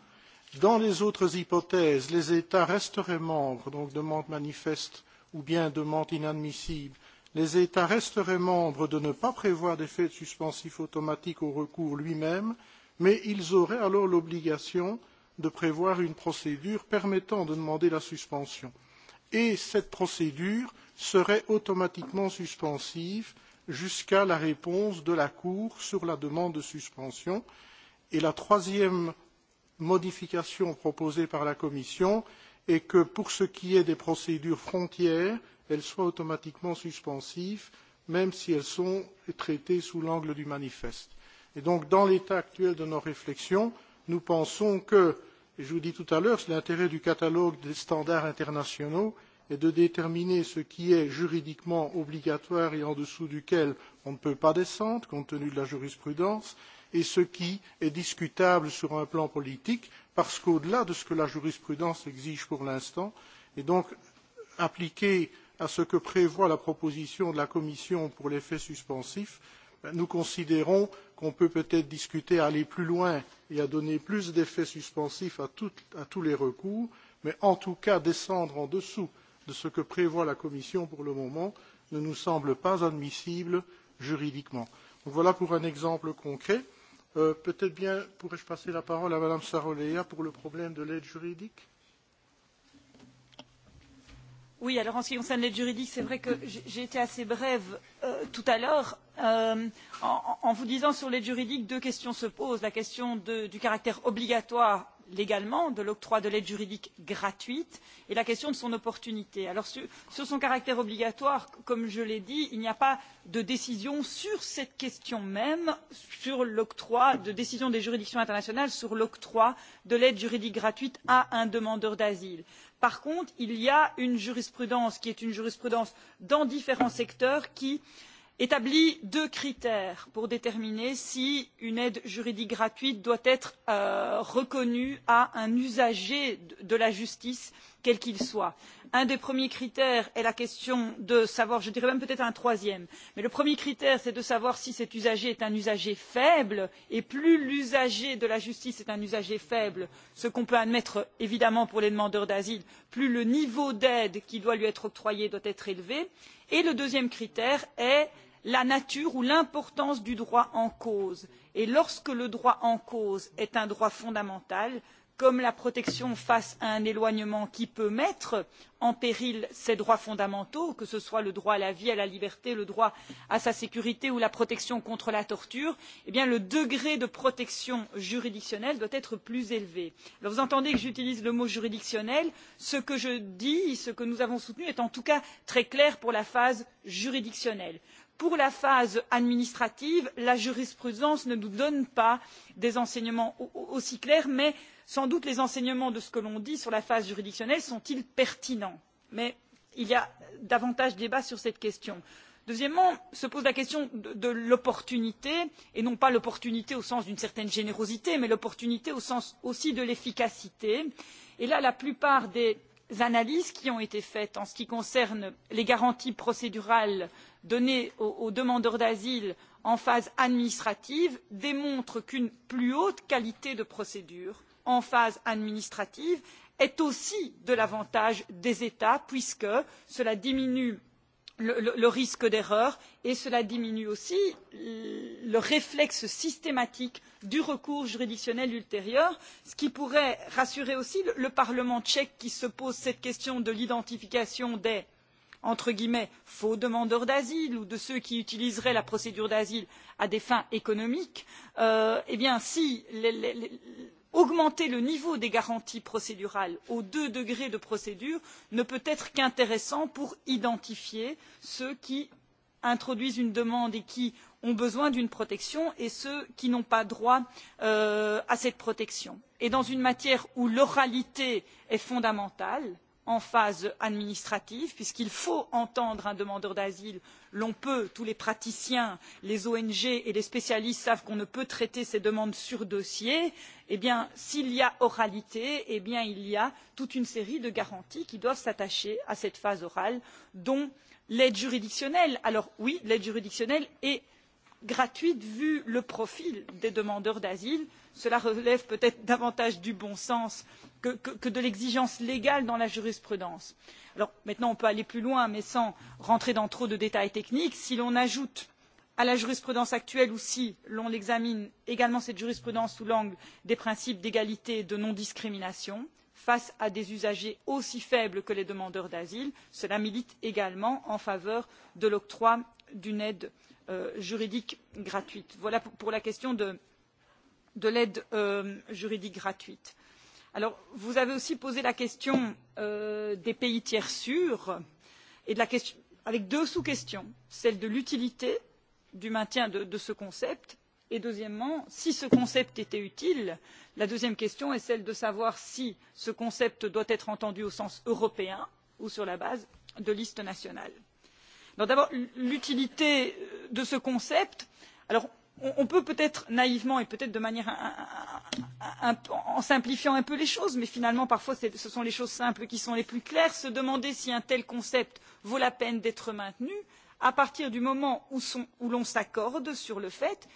Speaker 5: Dans les autres hypothèses, les États resteraient membres, donc demande manifeste ou bien demande inadmissible. Les États resteraient membres de ne pas prévoir d'effet suspensif automatique au recours lui-même, mais ils auraient alors l'obligation de prévoir une procédure permettant de demander la suspension. Et cette procédure serait automatiquement suspensif jusqu'à la réponse de la Cour sur la demande de suspension. Et la troisième modification proposée par la Commission est que pour ce qui est des procédures frontières, elles soient automatiquement suspensives, même si elles sont traitées sous l'angle du manifeste. Et donc, dans l'état actuel de nos réflexions, nous pensons que, et je vous l'ai dit tout à l'heure, c'est l'intérêt du catalogue des standards internationaux et de déterminer ce qui est juridiquement obligatoire et en dessous duquel on ne peut pas descendre compte tenu de la jurisprudence et ce qui est discutable sur un plan politique parce qu'au delà de ce que la jurisprudence exige pour l'instant et donc appliqué à ce que prévoit la proposition de la commission pour l'effet suspensif nous considérons qu'on peut peut être discuter à aller plus loin et à donner plus d'effets suspensifs à, tout, à tous les recours mais en tout cas descendre en dessous de ce que prévoit la Commission pour le moment ne nous semble pas admissible juridiquement. Donc voilà pour un exemple concret. Euh, Peut-être bien pourrais-je passer la parole à Madame Sarolea pour le problème de l'aide juridique.
Speaker 6: Oui, alors en ce qui concerne l'aide juridique, c'est vrai que j'ai été assez brève euh, tout à l'heure. Euh, en, en vous disant sur l'aide juridique, deux questions se posent. La question de, du caractère obligatoire légalement de l'octroi de l'aide juridique gratuite et la question de son opportunité. Alors, sur, sur son caractère obligatoire comme je l'ai dit il n'y a pas de décision sur cette question même sur l'octroi de décision des juridictions internationales sur l'octroi de l'aide juridique gratuite à un demandeur d'asile. par contre il y a une jurisprudence qui est une jurisprudence dans différents secteurs qui euh, établit deux critères pour déterminer si une aide juridique gratuite doit être euh, reconnue à un usager de la justice quel qu'il soit. un des premiers critères est la question de savoir je dirais même peut être un troisième mais le premier critère c'est de savoir si cet usager est un usager faible et plus l'usager de la justice est un usager faible ce qu'on peut admettre évidemment pour les demandeurs d'asile plus le niveau d'aide qui doit lui être octroyée doit être élevé et le deuxième critère est la nature ou l'importance du droit en cause et lorsque le droit en cause est un droit fondamental comme la protection face à un éloignement qui peut mettre en péril ces droits fondamentaux que ce soit le droit à la vie à la liberté le droit à sa sécurité ou la protection contre la torture eh le degré de protection juridictionnelle doit être plus élevé. vous entendez que j'utilise le mot juridictionnel ce que je dis ce que nous avons soutenu est en tout cas très clair pour la phase juridictionnelle pour la phase administrative la jurisprudence ne nous donne pas des enseignements aussi clairs mais sans doute les enseignements de ce que l'on dit sur la phase juridictionnelle sont ils pertinents? mais il y a davantage débat sur cette question. deuxièmement se pose la question de, de l'opportunité et non pas l'opportunité au sens d'une certaine générosité mais l'opportunité au sens aussi de l'efficacité et là la plupart des analyses qui ont été faites en ce qui concerne les garanties procédurales données aux, aux demandeurs d'asile en phase administrative démontrent qu'une plus haute qualité de procédure en phase administrative est aussi de l'avantage des états puisque cela diminue le, risque d'erreur et cela diminue aussi le réflexe systématique du recours juridictionnel ultérieur ce qui pourrait rassurer aussi le, parlement tchèque qui se pose cette question de l'identification des entre guillemets faux demandeurs d'asile ou de ceux qui utiliseraient la procédure d'asile à des fins économiques euh, eh bien si les augmenter le niveau des garanties procédurales aux deux degrés de procédure ne peut être qu'intéressant pour identifier ceux qui introduisent une demande et qui ont besoin d'une protection et ceux qui n'ont pas droit euh, à cette protection. Et dans une matière où l'oralité est fondamentale en phase administrative puisqu'il faut entendre un demandeur d'asile l'on peut tous les praticiens les ong et les spécialistes savent qu'on ne peut traiter ces demandes sur dossier eh bien s'il y a oralité eh bien, il y a toute une série de garanties qui doivent s'attacher à cette phase orale dont l'aide juridictionnelle. alors oui l'aide juridictionnelle est gratuite vu le profil des demandeurs d'asile cela relève peut être davantage du bon sens que, de l'exigence légale dans la jurisprudence. maintenant on peut aller plus loin mais sans rentrer dans trop de détails techniques si l'on ajoute à la jurisprudence actuelle ou si l'on examine également cette jurisprudence sous l'angle des principes d'égalité et de non discrimination face à des usagers aussi faibles que les demandeurs d'asile cela milite également en faveur de l'octroi d'une aide euh, juridique gratuite. voilà pour la question de, de l'aide euh, juridique gratuite. Alors, vous avez aussi posé la question euh, des pays tiers sûrs et de la question, avec deux sous questions celle de l'utilité du maintien de, de ce concept et deuxièmement si ce concept était utile la deuxième question est celle de savoir si ce concept doit être entendu au sens européen ou sur la base de listes nationales d'abord l'utilité euh, de ce concept on peut peut être naïvement et peut être en simplifiant un peu les choses mais finalement parfois ce sont les choses simples qui sont les plus claires se demander si un tel concept vaut la peine d'être maintenu à partir du moment où l'on s'accorde sur le fait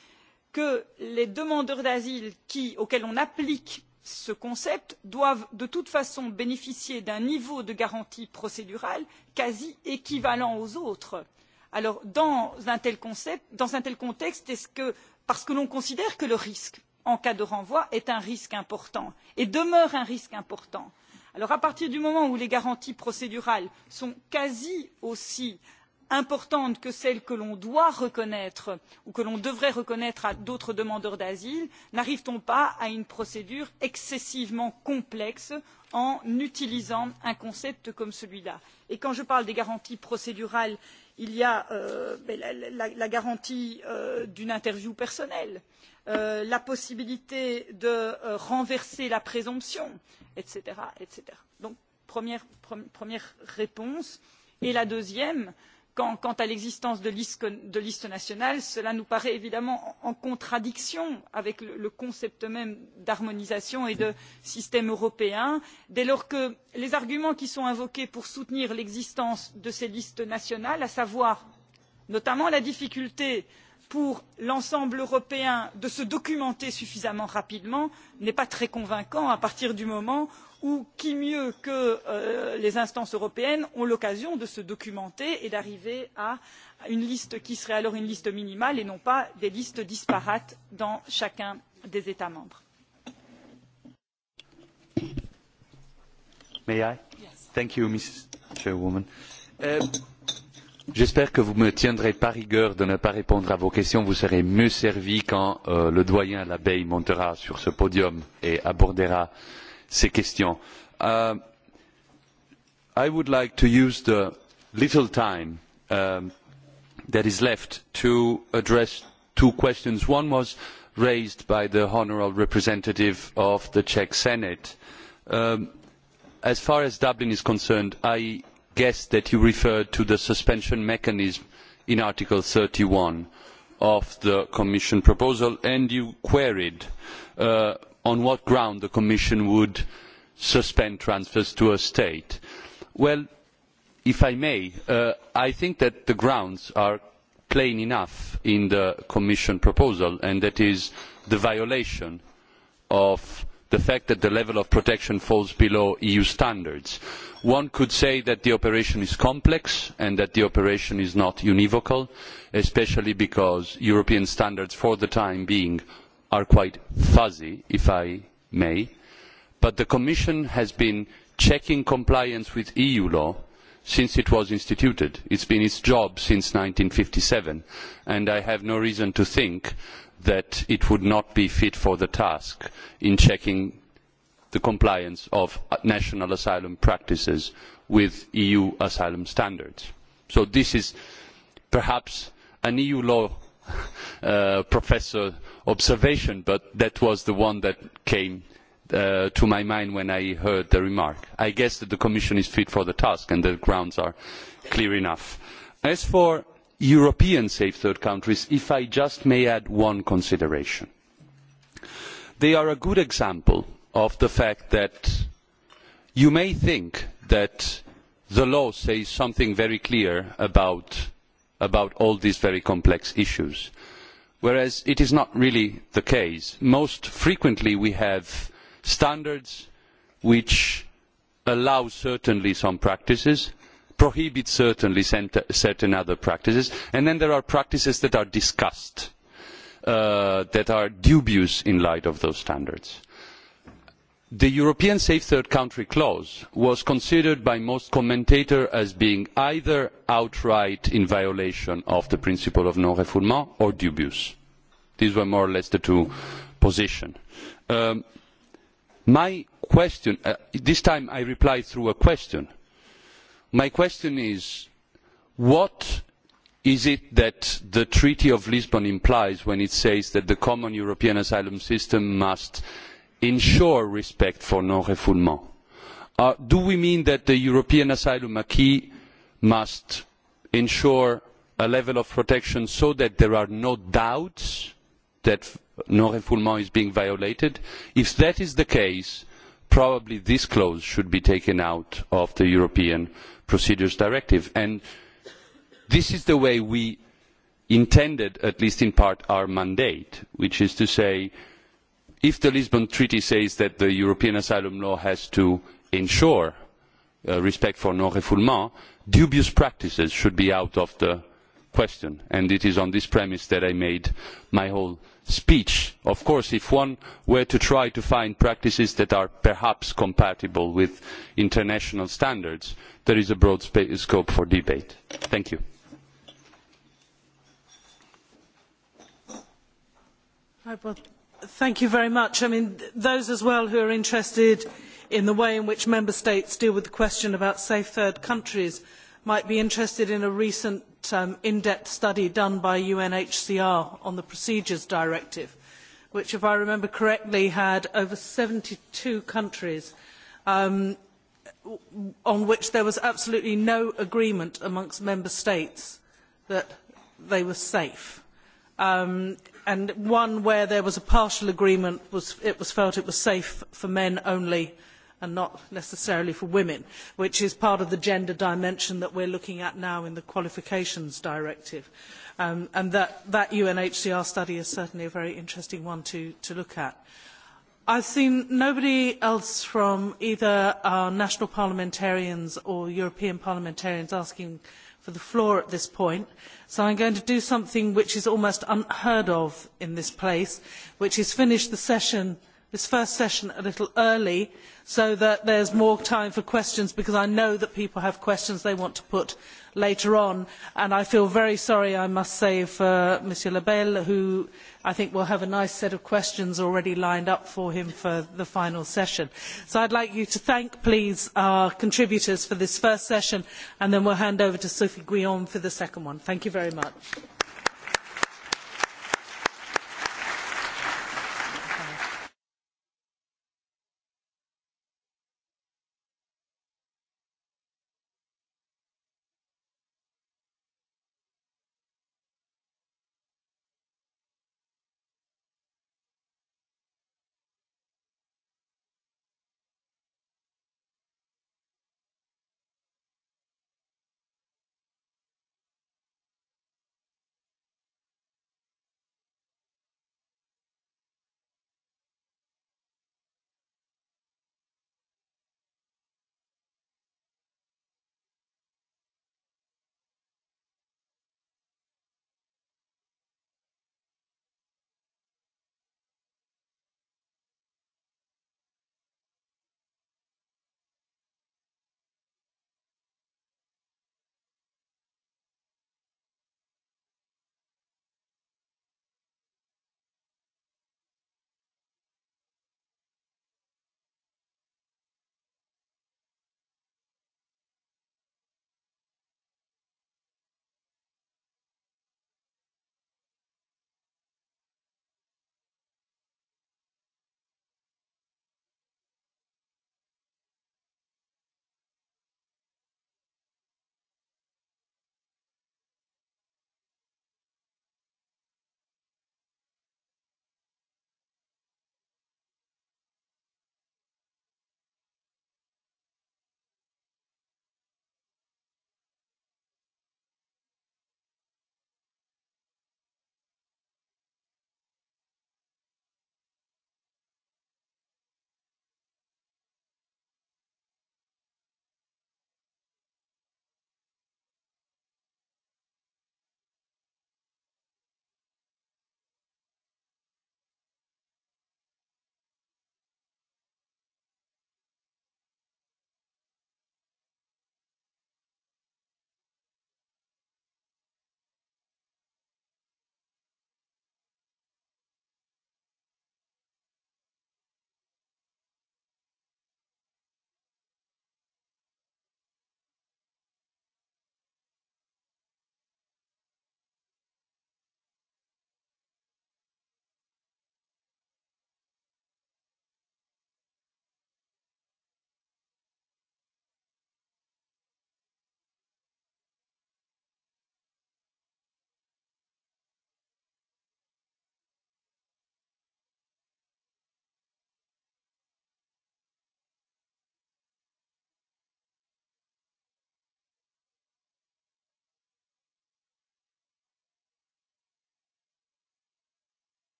Speaker 6: que les demandeurs d'asile auxquels on applique ce concept doivent de toute façon bénéficier d'un niveau de garantie procédurale quasi équivalent aux autres. alors dans un tel, contexte est ce que parce que l'on considère que le risque en cas de renvoi est un risque important et demeure un risque important alors à partir du moment où les garanties procédurales sont quasi aussi importantes que celles que l'on doit reconnaître ou que l'on devrait reconnaître à d'autres demandeurs d'asile n'arrive t on pas à une procédure excessivement complexe en utilisant un concept comme celui là? et quand je parle des garanties procédurales il y a euh, la, garantie euh, d'une interview personnelle euh, la possibilité de renverser la présomption etc. donc première, réponse et la deuxième réponse quant à l'existence de listes nationales cela nous paraît évidemment en contradiction avec le, concept même d'harmonisation et de système européen dès lors que les arguments qui sont invoqués pour soutenir l'existence de ces listes nationales à savoir notamment la difficulté pour l'ensemble européen de se documenter suffisamment rapidement ne sont pas très convaincants à partir du moment où ou qui mieux que euh, les instances européennes ont l'occasion de se documenter et d'arriver à une liste qui serait alors une liste minimale et non pas des listes disparates dans chacun des états membres.
Speaker 7: Yes. Euh, j'espère que vous ne me tiendrez pas rigueur de ne pas répondre à vos questions vous serez mieux servi quand euh, le doyen l'abeille montera sur ce podium et abordera ces questions. Uh, I would like to use the little time um, that is left to address two questions. One was raised by the honourable representative of the Czech Senate. Um, as far as Dublin is concerned, I guess that you referred to the suspension mechanism in Article thirty one of the Commission proposal, and you queried uh, on what ground the Commission would suspend transfers to a state. Well, if I may, uh, I think that the grounds are plain enough in the Commission proposal, and that is the violation of the fact that the level of protection falls below EU standards. One could say that the operation is complex and that the operation is not univocal, especially because European standards for the time being are quite fuzzy, if I may, but the Commission has been checking compliance with EU law since it was instituted. It's been its job since 1957, and I have no reason to think that it would not be fit for the task in checking the compliance of national asylum practices with EU asylum standards. So this is perhaps an EU law Uh, professor observation, but that was the one that came uh, to my mind when I heard the remark. I guess that the Commission is fit for the task and the grounds are clear enough. As for European safe third countries, if I just may add one consideration. They are a good example of the fact that you may think that the law says something very clear about about all these very complex issues whereas it is not really the case. most frequently we have standards which allow certainly some practices prohibit certainly certain other practices and then there are practices that are discussed uh, that are dubious in light of those standards the european safe third country clause was considered by most commentators as being either outright in violation of the principle of non refoulement or dubious. these were more or less the two positions. Um, my question uh, this time i reply through a question my question is what is it that the treaty of lisbon implies when it says that the common european asylum system must ensure respect for non-refoulement? Uh, do we mean that the European asylum acquis must ensure a level of protection so that there are no doubts that non-refoulement is being violated? If that is the case, probably this clause should be taken out of the European Procedures Directive. And this is the way we intended, at least in part, our mandate, which is to say if the lisbon treaty says that the european asylum law has to ensure uh, respect for non refoulement dubious practices should be out of the question and it is on this premise that i made my whole speech. of course if one were to try to find practices that are perhaps compatible with international standards there is a broad scope for debate. thank you
Speaker 1: thank you very much. I mean, those as well who are interested in the way in which member states deal with the question about safe third countries might be interested in a recent um, in-depth study done by UNHCR on the Procedures Directive, which, if I remember correctly, had over 72 countries um, on which there was absolutely no agreement amongst member states that they were safe. Um, and one where there was a partial agreement was, it was felt it was safe for men only and not necessarily for women which is part of the gender dimension that we are looking at now in the qualifications directive um, and that, that unhcr study is certainly a very interesting one to, to look at. i have seen nobody else from either our national parliamentarians or european parliamentarians asking questions for the floor at this point, so I'm going to do something which is almost unheard of in this place, which is finish the session this first session a little early so that there is more time for questions because i know that people have questions they want to put later on and i feel very sorry i must say for mr lebel who i think will have a nice set of questions already lined up for him for the final session. so i would like you to thank please our contributors for this first session and then we will hand over to sophie guillaume for the second one. thank you very much.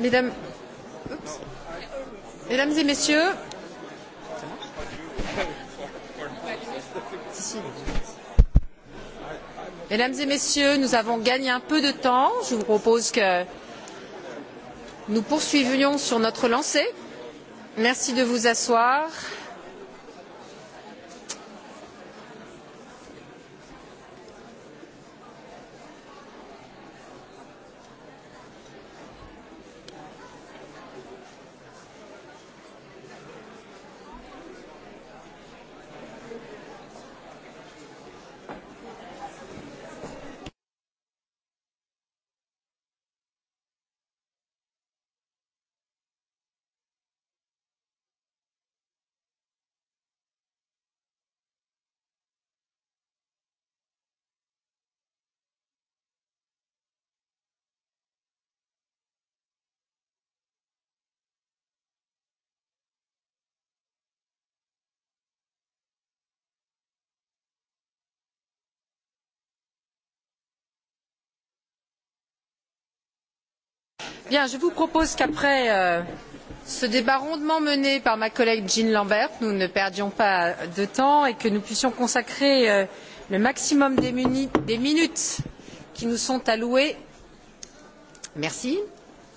Speaker 10: Mesdames, et messieurs, Mesdames et messieurs, nous avons gagné un peu de temps. Je vous propose que nous poursuivions sur notre lancée. Merci de vous asseoir.
Speaker 6: Bien, je vous propose
Speaker 10: qu'après euh, ce débat rondement mené par ma collègue Jean Lambert, nous ne perdions pas de temps et que nous puissions consacrer euh, le maximum des, des minutes qui nous sont allouées merci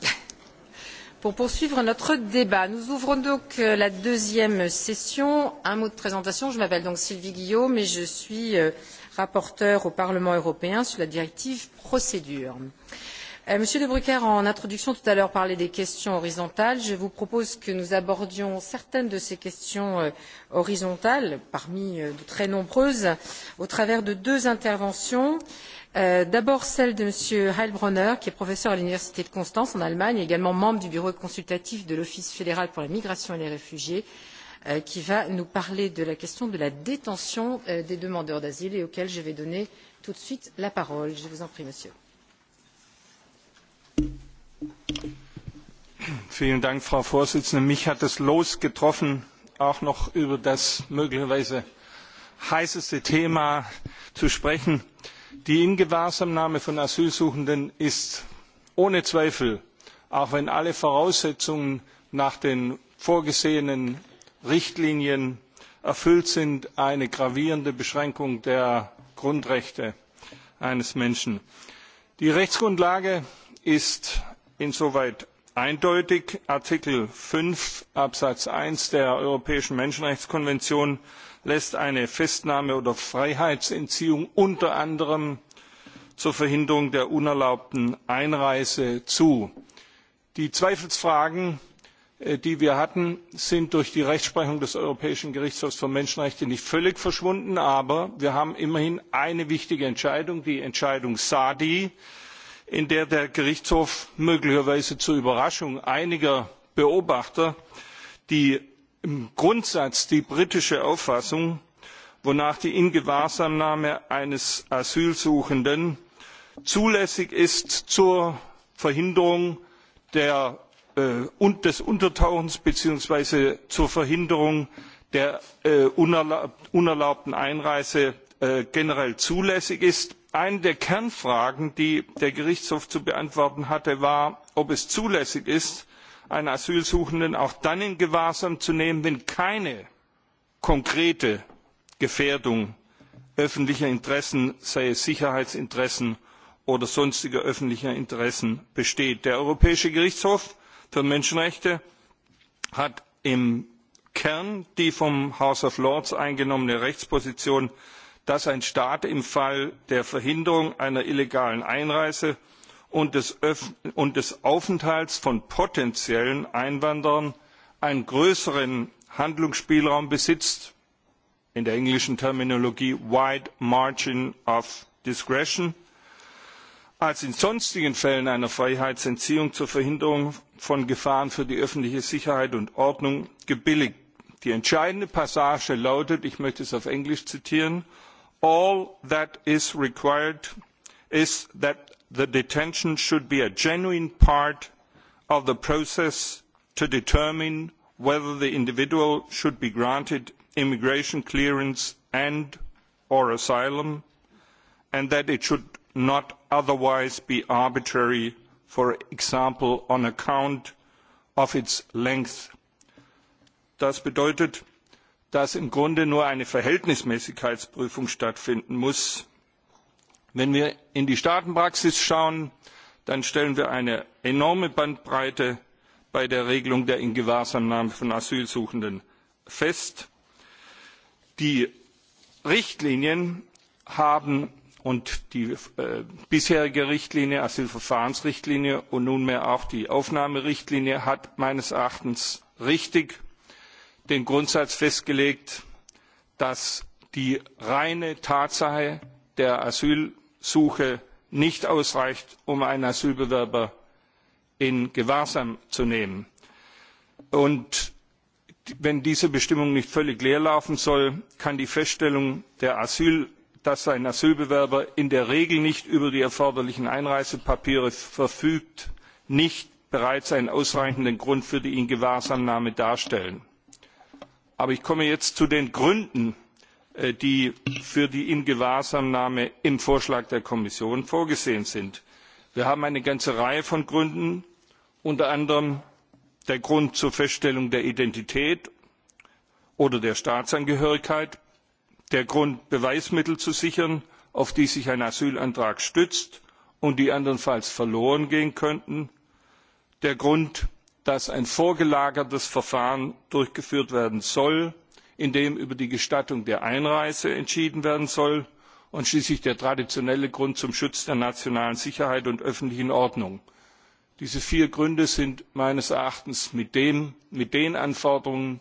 Speaker 10: pour poursuivre notre débat. Nous ouvrons donc euh, la deuxième session. Un mot de présentation. Je m'appelle donc Sylvie Guillaume et je suis euh, rapporteure au Parlement européen sur la directive procédure. Euh, Euh, monsieur de brucker en introduction tout à l'heure parlait des questions horizontales je vous propose que nous abordions certaines de ces questions euh, horizontales parmi euh, de très nombreuses au travers de deux interventions d'abord celle de m. heilbronner qui est professeur à l'université de constance en allemagne et également membre du bureau consultatif de l'office fédéral pour la migration et les réfugiés qui va nous parler de la question de la détention des demandeurs d'asile et auquel je vais donner tout de suite la parole. je vous en prie monsieur.
Speaker 11: Frau präsidentin! Mich hat es getroffen auch noch über das möglicherweise heißeste Thema zu sprechen. Die Ingewahrsamnahme von Asylsuchenden ist ohne Zweifel, auch wenn alle Voraussetzungen nach den vorgesehenen Richtlinien erfüllt sind, eine gravierende Beschränkung der Grundrechte eines Menschen. Die Rechtsgrundlage ist insoweit eindeutig artikel fünf absatz eins der europäischen menschenrechtskonvention lässt eine festnahme oder freiheitsentziehung unter anderem zur verhinderung der unerlaubten einreise zu. die zweifelsfragen äh, die wir hatten sind durch die rechtsprechung des europäischen gerichtshofs für menschenrechte nicht völlig verschwunden aber wir haben immerhin eine wichtige entscheidung die entscheidung sadi in der der gerichtshof möglicherweise zur überraschung einiger beobachter die im grundsatz die britische auffassung wonach die ingewahrsamnahme eines asylsuchenden zulässig ist zur verhinderung äh, des untertauchens bzw. zur verhinderung der äh, unerlaubten einreise Äh, generell zulässig ist. eine der kernfragen die der gerichtshof zu beantworten hatte war ob es zulässig ist einen asylsuchenden auch dann in gewahrsam zu nehmen wenn keine konkrete gefährdung öffentlicher interessen sei es sicherheitsinteressen oder sonstiger öffentlicher interessen besteht. der europäische gerichtshof für menschenrechte hat im kern die vom house of lords eingenommene rechtsposition dass ein staat im fall der verhinderung einer illegalen einreise und des, aufenthalts von potenziellen einwanderern einen größeren handlungsspielraum besitzt in der englischen terminologie wide margin of discretion als in sonstigen fällen einer freiheitsentziehung zur verhinderung von gefahren für die öffentliche sicherheit und ordnung gebilligt. die entscheidende passage lautet ich möchte es auf englisch zitieren all that is required is that the detention should be a genuine part of the process to determine whether the individual should be granted immigration clearance and or asylum and that it should not otherwise be arbitrary for example on account of its length. das bedeutet dass im Grunde nur eine Verhältnismäßigkeitsprüfung stattfinden muss. Wenn wir in die Staatenpraxis schauen, dann stellen wir eine enorme Bandbreite bei der Regelung der Ingewahrsamnahme von Asylsuchenden fest. Die Richtlinien haben und die äh, bisherige Richtlinie, Asylverfahrensrichtlinie und nunmehr auch die Aufnahmerichtlinie hat meines Erachtens richtig den Grundsatz festgelegt, dass die reine Tatsache der Asylsuche nicht ausreicht, um einen Asylbewerber in Gewahrsam zu nehmen. Und wenn diese Bestimmung nicht völlig leerlaufen soll, kann die Feststellung, Asyl, dass ein Asylbewerber in der Regel nicht über die erforderlichen Einreisepapiere verfügt, nicht bereits einen ausreichenden Grund für die Ingewahrsamnahme darstellen aber ich komme jetzt zu den gründen äh, die für die ingewahrsamnahme im vorschlag der kommission vorgesehen sind. wir haben eine ganze reihe von gründen unter anderem den grund zur feststellung der identität oder der staatsangehörigkeit den grund beweismittel zu sichern auf die sich ein asylantrag stützt und die andernfalls verloren gehen könnten den grund dass ein vorgelagertes Verfahren durchgeführt werden soll, in dem über die Gestattung der Einreise entschieden werden soll und schließlich der traditionelle Grund zum Schutz der nationalen Sicherheit und öffentlichen Ordnung. Diese vier Gründe sind meines Erachtens mit, den Anforderungen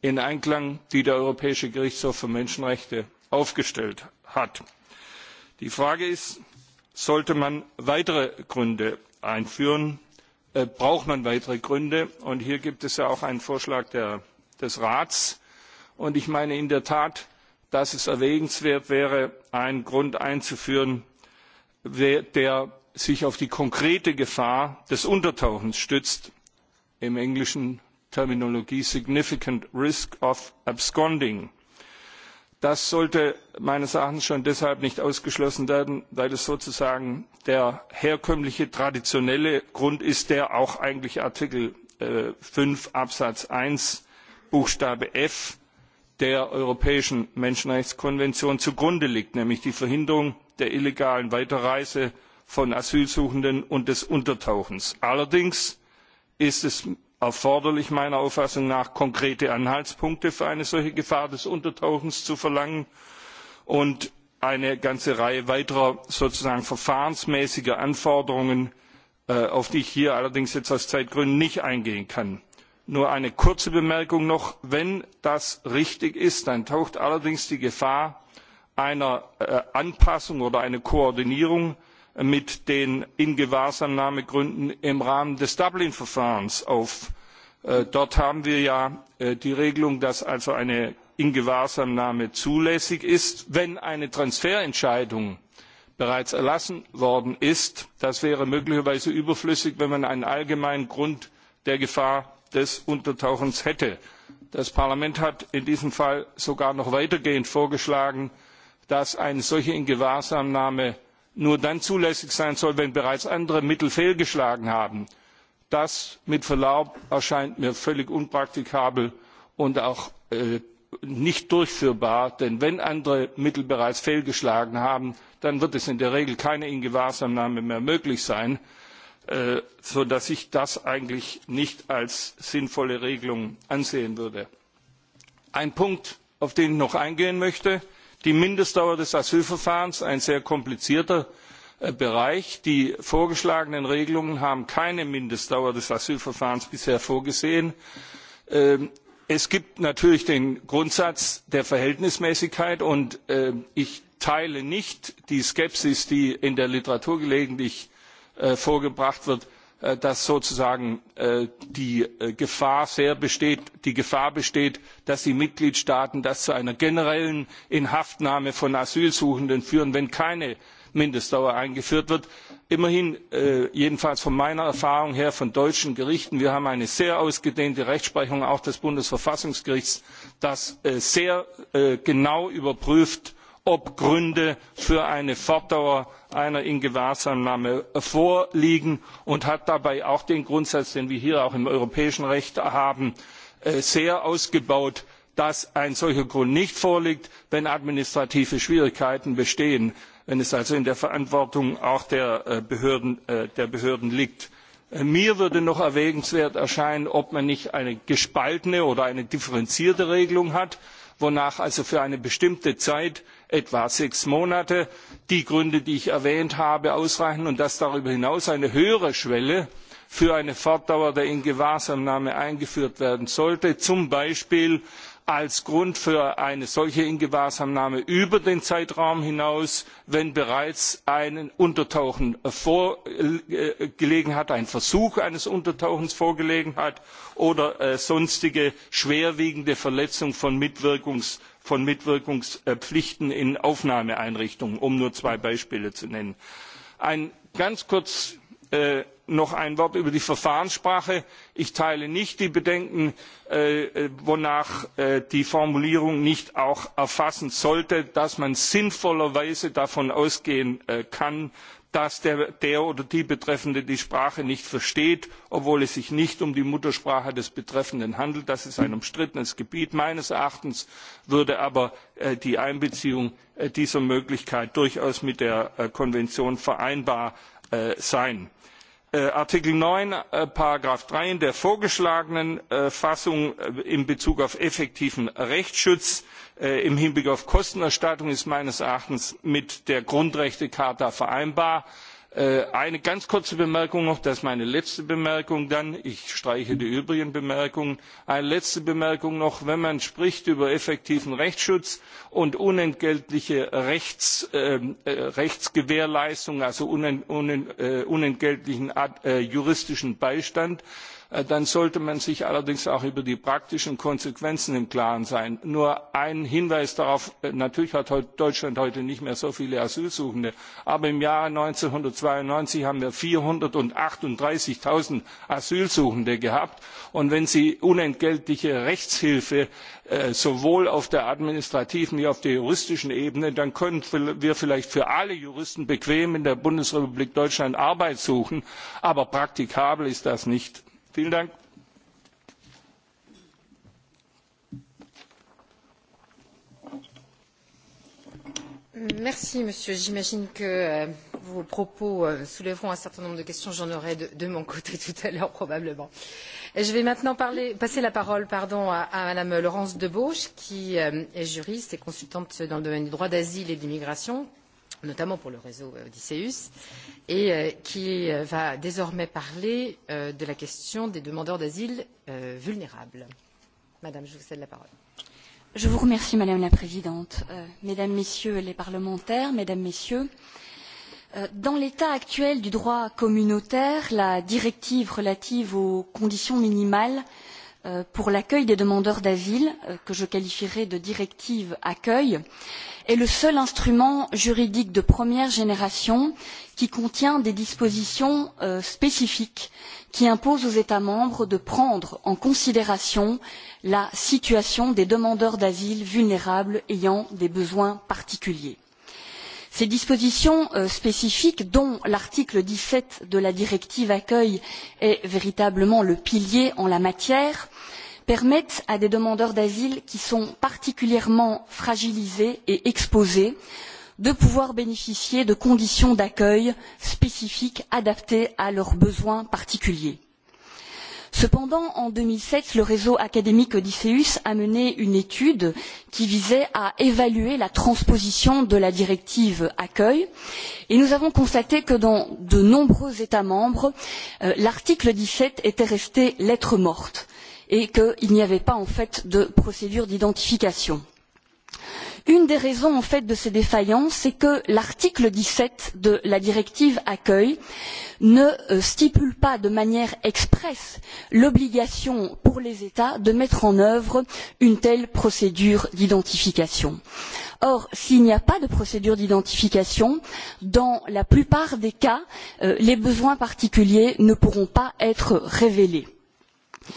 Speaker 11: in Einklang, die der Europäische Gerichtshof für Menschenrechte aufgestellt hat. Die Frage ist, sollte man weitere Gründe einführen? Äh, braucht man weitere Gründe. Und hier gibt es ja auch einen Vorschlag des rates Und ich meine in der Tat, dass es erwägenswert wäre, einen Grund einzuführen, der sich auf die konkrete Gefahr des Untertauchens stützt, im englischen Terminologie significant risk of absconding. Das sollte meines Erachtens schon deshalb nicht ausgeschlossen werden, weil es sozusagen der herkömmliche, traditionelle Grund ist, der auch eigentlich Artikel äh, fünf 5 Absatz 1 Buchstabe F der Europäischen Menschenrechtskonvention zugrunde liegt, nämlich die Verhinderung der illegalen Weiterreise von Asylsuchenden und des Untertauchens. Allerdings ist es erforderlich meiner auffassung nach konkrete anhaltspunkte für eine solche gefahr des untertauchens zu verlangen und eine ganze reihe weiterer sozusagen verfahrensmäßiger anforderungen äh, auf die ich hier allerdings jetzt aus zeitgründen nicht eingehen kann. nur eine kurze bemerkung noch wenn das richtig ist dann taucht allerdings die gefahr einer äh, anpassung oder einer koordinierung mit den Ingewahrsamnahmegründen im Rahmen des Dublin-Verfahrens auf. Äh, dort haben wir ja äh, die Regelung, dass also eine Ingewahrsamnahme zulässig ist, wenn eine Transferentscheidung bereits erlassen worden ist. Das wäre möglicherweise überflüssig, wenn man einen allgemeinen Grund der Gefahr des Untertauchens hätte. Das Parlament hat in diesem Fall sogar noch weitergehend vorgeschlagen, dass eine solche Ingewahrsamnahme nur dann zulässig sein soll wenn bereits andere mittel fehlgeschlagen haben. das mit verlaub erscheint mir völlig unpraktikabel und auch äh, nicht durchführbar denn wenn andere mittel bereits fehlgeschlagen haben dann wird in der regel keine ingewahrsamnahme mehr möglich sein äh, so dass ich das eigentlich nicht als sinnvolle regelung ansehen würde. ein punkt auf den ich noch eingehen möchte die mindestdauer des asylverfahrens ein sehr komplizierter äh, bereich die vorgeschlagenen regelungen haben keine mindestdauer des asylverfahrens bisher vorgesehen. Ähm, es gibt natürlich den grundsatz der verhältnismäßigkeit und ähm, ich teile nicht die skepsis die in der literatur gelegentlich äh, vorgebracht wird Äh, dass sozusagen äh, die äh, Gefahr sehr besteht, die Gefahr besteht, dass die Mitgliedstaaten das zu einer generellen Inhaftnahme von Asylsuchenden führen, wenn keine Mindestdauer eingeführt wird. Immerhin, jedenfalls von meiner Erfahrung her von deutschen Gerichten, wir haben eine sehr ausgedehnte Rechtsprechung auch des Bundesverfassungsgerichts, das sehr genau überprüft, ob gründe für eine fortdauer einer ingewahrsamnahme vorliegen und hat dabei auch den grundsatz den wir hier auch im europäischen recht haben äh, sehr ausgebaut dass ein solcher grund nicht vorliegt wenn administrative schwierigkeiten bestehen wenn es also in der verantwortung auch der äh, äh, behörden, liegt. mir würde noch erwägenswert erscheinen ob man nicht eine gespaltene oder eine differenzierte regelung hat wonach also für eine bestimmte zeit etwa sechs monate die gründe die ich erwähnt habe ausreichen und dass darüber hinaus eine höhere schwelle für eine fortdauer der ingewahrsamnahme eingeführt werden sollte z. b als grund für eine solche ingewahrsamnahme über den zeitraum hinaus wenn bereits ein untertauchen vorgelegen hat ein versuch eines untertauchens vorgelegen hat oder äh, sonstige schwerwiegende verletzung von mitwirkungspflichten in aufnahmeeinrichtungen um nur zwei beispiele zu nennen. ein ganz kurz Äh, noch ein wort über die verfahrenssprache ich teile nicht die bedenken äh, äh, wonach die formulierung nicht auch erfassen sollte dass man sinnvollerweise davon ausgehen kann dass der, oder die betreffende die sprache nicht versteht obwohl es sich nicht um die muttersprache des betreffenden handelt. das ist ein umstrittenes gebiet. meines erachtens würde aber die einbeziehung dieser möglichkeit durchaus mit der konvention vereinbar sein. Äh, artikel neun äh, paragraph drei in der vorgeschlagenen äh, fassung in bezug auf effektiven rechtsschutz im hinblick auf kostenerstattung ist meines erachtens mit der grundrechtecharta vereinbar. Äh, eine ganz kurze bemerkung noch das ist meine letzte bemerkung dann ich streiche die übrigen bemerkungen eine letzte bemerkung noch wenn man spricht über effektiven rechtsschutz und unentgeltliche ähm, äh, rechtsgewährleistung also äh, unentgeltlichen juristischen beistand Äh, dann sollte man sich allerdings auch über die praktischen konsequenzen im klaren sein. nur ein hinweis darauf äh, natürlich hat deutschland heute nicht mehr so viele asylsuchende aber im jahre eintausendneunhundertzweiundneunzig haben wir vierhundertachtunddreißig null asylsuchende gehabt und wenn sie unentgeltliche rechtshilfe äh, sowohl auf der administrativen wie auf der juristischen ebene dann können wir vielleicht für alle juristen bequem in der bundesrepublik deutschland arbeit suchen aber praktikabel ist das nicht. Vielen Dank.
Speaker 10: Merci, monsieur. J'imagine que euh, vos propos euh, soulèveront un certain nombre de questions. J'en aurai de, de mon côté tout à l'heure, probablement. je vais maintenant parler, passer la parole pardon, à, à madame Laurence Debauche, qui euh, est juriste et consultante dans le domaine du droit d'asile et d'immigration, notamment pour le réseau Odysseus, et euh, qui euh, va désormais parler euh, de la question des demandeurs d'asile vulnérables. Madame, je vous cède la parole.
Speaker 2: Je vous remercie, Madame la Présidente. mesdames, Messieurs les parlementaires, Mesdames, Messieurs, dans l'état actuel du droit communautaire, la directive relative aux conditions minimales euh, Euh, pour l'accueil des demandeurs d'asile, euh, que je qualifierai de directive accueil, est le seul instrument juridique de première génération qui contient des dispositions euh, spécifiques qui imposent aux États membres de prendre en considération la situation des demandeurs d'asile vulnérables ayant des besoins particuliers Ces dispositions euh, spécifiques, dont l'article 17 de la directive accueil est véritablement le pilier en la matière, permettent à des demandeurs d'asile qui sont particulièrement fragilisés et exposés de pouvoir bénéficier de conditions d'accueil spécifiques adaptées à leurs besoins particuliers cependant en deux mille sept le réseau académique odysseus a mené une étude qui visait à évaluer la transposition de la directive accueil et nous avons constaté que dans de nombreux états membres euh, l'article dix sept était resté lettre morte et qu'il n'y avait pas en fait de procédure d'identification. Une des raisons en fait de ces défaillances, c'est que l'article dix sept de la directive accueil ne euh, stipule pas de manière expresse l'obligation pour les États de mettre en œuvre une telle procédure d'identification. Or, s'il n'y a pas de procédure d'identification, dans la plupart des cas, euh, les besoins particuliers ne pourront pas être révélés. Euh,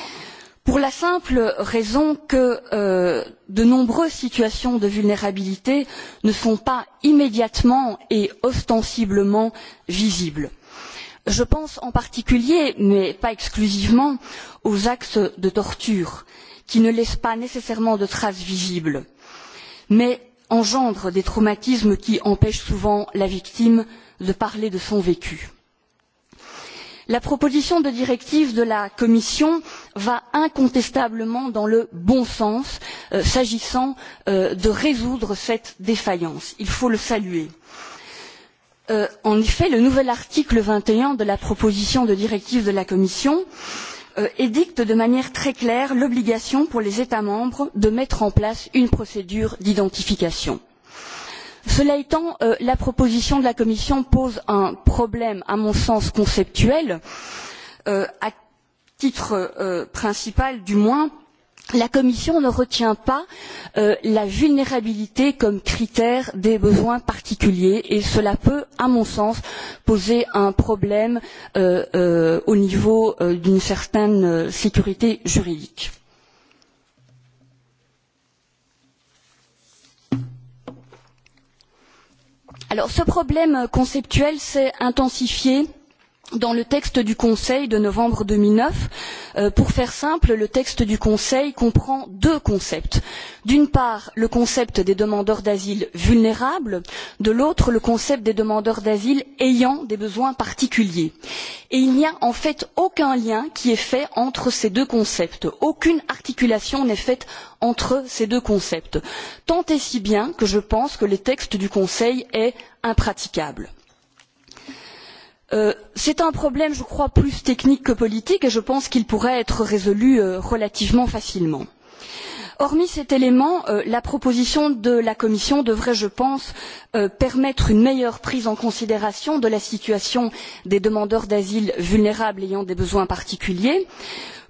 Speaker 2: pour la simple raison que euh, de nombreuses situations de vulnérabilité ne sont pas immédiatement et ostensiblement visibles. Je pense en particulier, mais pas exclusivement, aux actes de torture, qui ne laissent pas nécessairement de traces visibles, mais engendrent des traumatismes qui empêchent souvent la victime de parler de son vécu la proposition de directive de la commission va incontestablement dans le bon sens euh, s'agissant euh, de résoudre cette défaillance il faut le saluer. Euh, en effet le nouvel article vingt et un de la proposition de directive de la commission édicte de manière très claire l'obligation pour les états membres de mettre en place une procédure d'identification cela étant euh, la proposition de la commission pose un problème à mon sens conceptuel euh, à titre euh, principal du moins la commission ne retient pas la vulnérabilité comme critère des besoins particuliers et cela peut à mon sens poser un problème au niveau d'une certaine sécurité juridique Alors ce problème conceptuel s'est intensifié dans le texte du Conseil de novembre 2009. Euh, pour faire simple, le texte du Conseil comprend deux concepts. D'une part, le concept des demandeurs d'asile vulnérables, de l'autre, le concept des demandeurs d'asile ayant des besoins particuliers. Et il n'y a en fait aucun lien qui est fait entre ces deux concepts. Aucune articulation n'est faite entre ces deux concepts. Tant et si bien que je pense que le texte du Conseil est impraticable Euh, c'est un problème je crois plus technique que politique et je pense qu'il pourrait être résolu euh, relativement facilement. hormis cet élément euh, la proposition de la commission devrait je pense permettre une meilleure prise en considération de la situation des demandeurs d'asile vulnérables ayant des besoins particuliers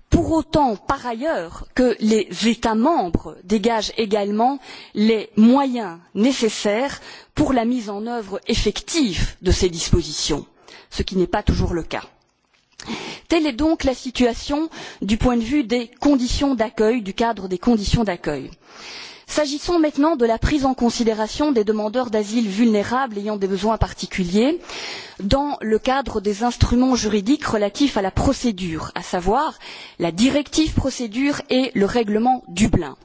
Speaker 2: pour autant par ailleurs que les états membres dégagent également les moyens nécessaires pour la mise en œuvre effective de ces dispositions ce qui n'est pas toujours le cas. telle est donc la situation du point de vue des conditions d'accueil du cadre des conditions d'accueil. S'agissant maintenant de la prise en considération des demandeurs d'asile vulnérables ayant des besoins particuliers, dans le cadre des instruments juridiques relatifs à la procédure, à savoir la directive procédure et le règlement Dublin.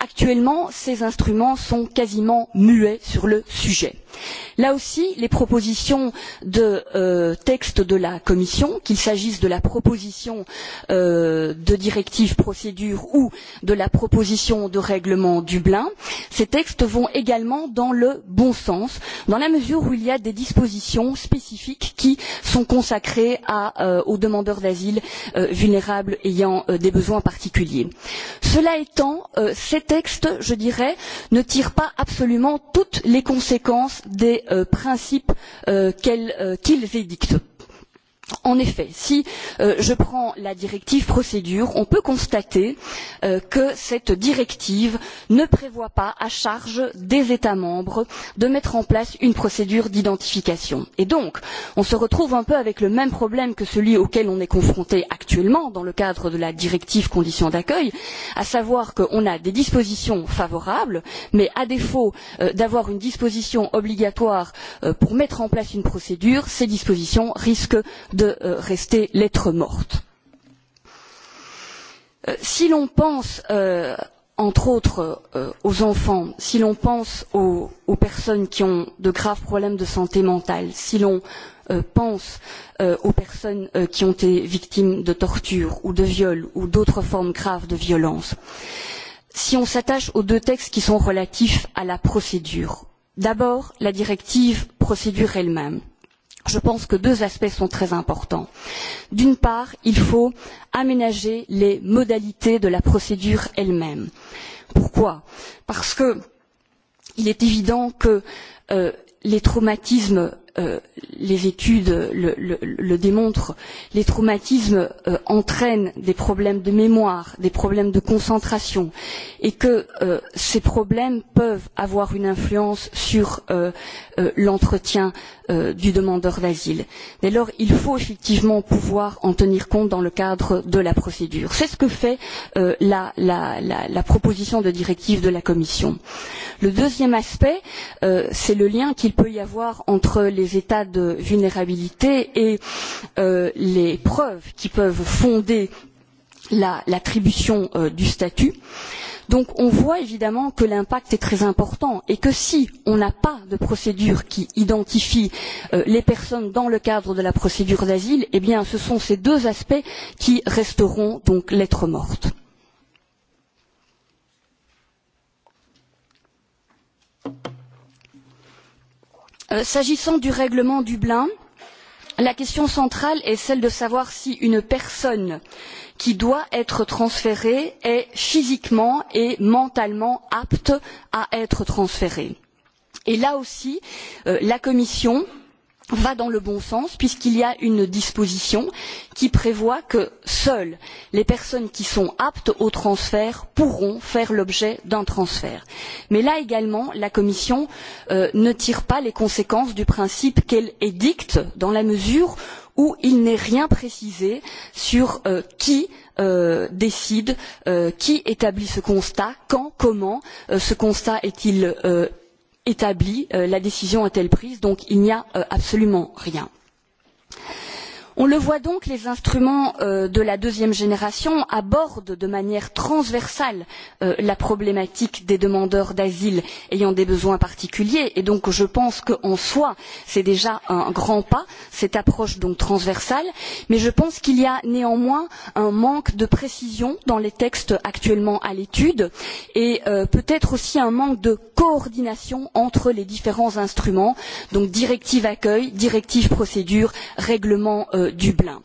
Speaker 2: Actuellement, ces instruments sont quasiment muets sur le sujet. Là aussi, les propositions de euh, texte de la Commission, qu'il s'agisse de la proposition euh, de directive procédure ou de la proposition de règlement Dublin, ces textes vont également dans le bon sens, dans la mesure où il y a des dispositions spécifiques spécifiques qui sont consacrés euh, aux demandeurs d'asile euh, vulnérables ayant euh, des besoins particuliers. Cela étant, euh, ces textes, je dirais, ne tirent pas absolument toutes les conséquences des euh, principes euh, euh qu'ils euh, qu édictent En effet, si euh, je prends la directive procédure, on peut constater euh, que cette directive ne prévoit pas à charge des États membres de mettre en place une procédure d'identification. Et donc, on se retrouve un peu avec le même problème que celui auquel on est confronté actuellement dans le cadre de la directive conditions d'accueil, à savoir qu'on a des dispositions favorables, mais à défaut euh, d'avoir une disposition obligatoire euh, pour mettre en place une procédure, ces dispositions risquent de euh, rester lettre morte. Euh, si l'on pense euh, entre autres euh, aux enfants, si l'on pense aux, aux personnes qui ont de graves problèmes de santé mentale, si l'on euh, pense euh, aux personnes euh, qui ont été victimes de torture ou de viol ou d'autres formes graves de violence, si on s'attache aux deux textes qui sont relatifs à la procédure, d'abord la directive procédure elle-même je pense que deux aspects sont très importants. D'une part, il faut aménager les modalités de la procédure elle-même. Pourquoi Parce qu'il est évident que euh, les traumatismes euh, les études le, démontrent les traumatismes euh, entraînent des problèmes de mémoire, des problèmes de concentration et que ces problèmes peuvent avoir une influence sur euh, euh, l'entretien Euh, du demandeur d'asile. Dès lors, il faut effectivement pouvoir en tenir compte dans le cadre de la procédure. C'est ce que fait euh, la, la, la, la proposition de directive de la Commission. Le deuxième aspect, euh, c'est le lien qu'il peut y avoir entre les états de vulnérabilité et euh, les preuves qui peuvent fonder l'attribution la, euh, du statut. Donc on voit évidemment que l'impact est très important et que si on n'a pas de procédure qui identifie euh, les personnes dans le cadre de la procédure d'asile, eh bien ce sont ces deux aspects qui resteront donc lettres mortes. Euh, s'agissant du règlement Dublin, la question centrale est celle de savoir si une personne euh, qui doit être transféré est physiquement et mentalement apte à être transféré. Et là aussi, euh, la Commission va dans le bon sens puisqu'il y a une disposition qui prévoit que seules les personnes qui sont aptes au transfert pourront faire l'objet d'un transfert. Mais là également, la Commission euh, ne tire pas les conséquences du principe qu'elle édicte dans la mesure où où il n'est rien précisé sur euh, qui euh, décide, euh, qui établit ce constat, quand, comment euh, ce constat est-il euh, établi, euh, la décision est-elle prise, donc il n'y a euh, absolument rien on le voit donc les instruments euh, de la deuxième génération abordent de manière transversale euh, la problématique des demandeurs d'asile ayant des besoins particuliers et donc je pense qu'en soi c'est déjà un grand pas cette approche donc transversale mais je pense qu'il y a néanmoins un manque de précision dans les textes actuellement à l'étude et euh, peut être aussi un manque de coordination entre les différents instruments donc directive accueil directive procédure règlement euh, Dublin.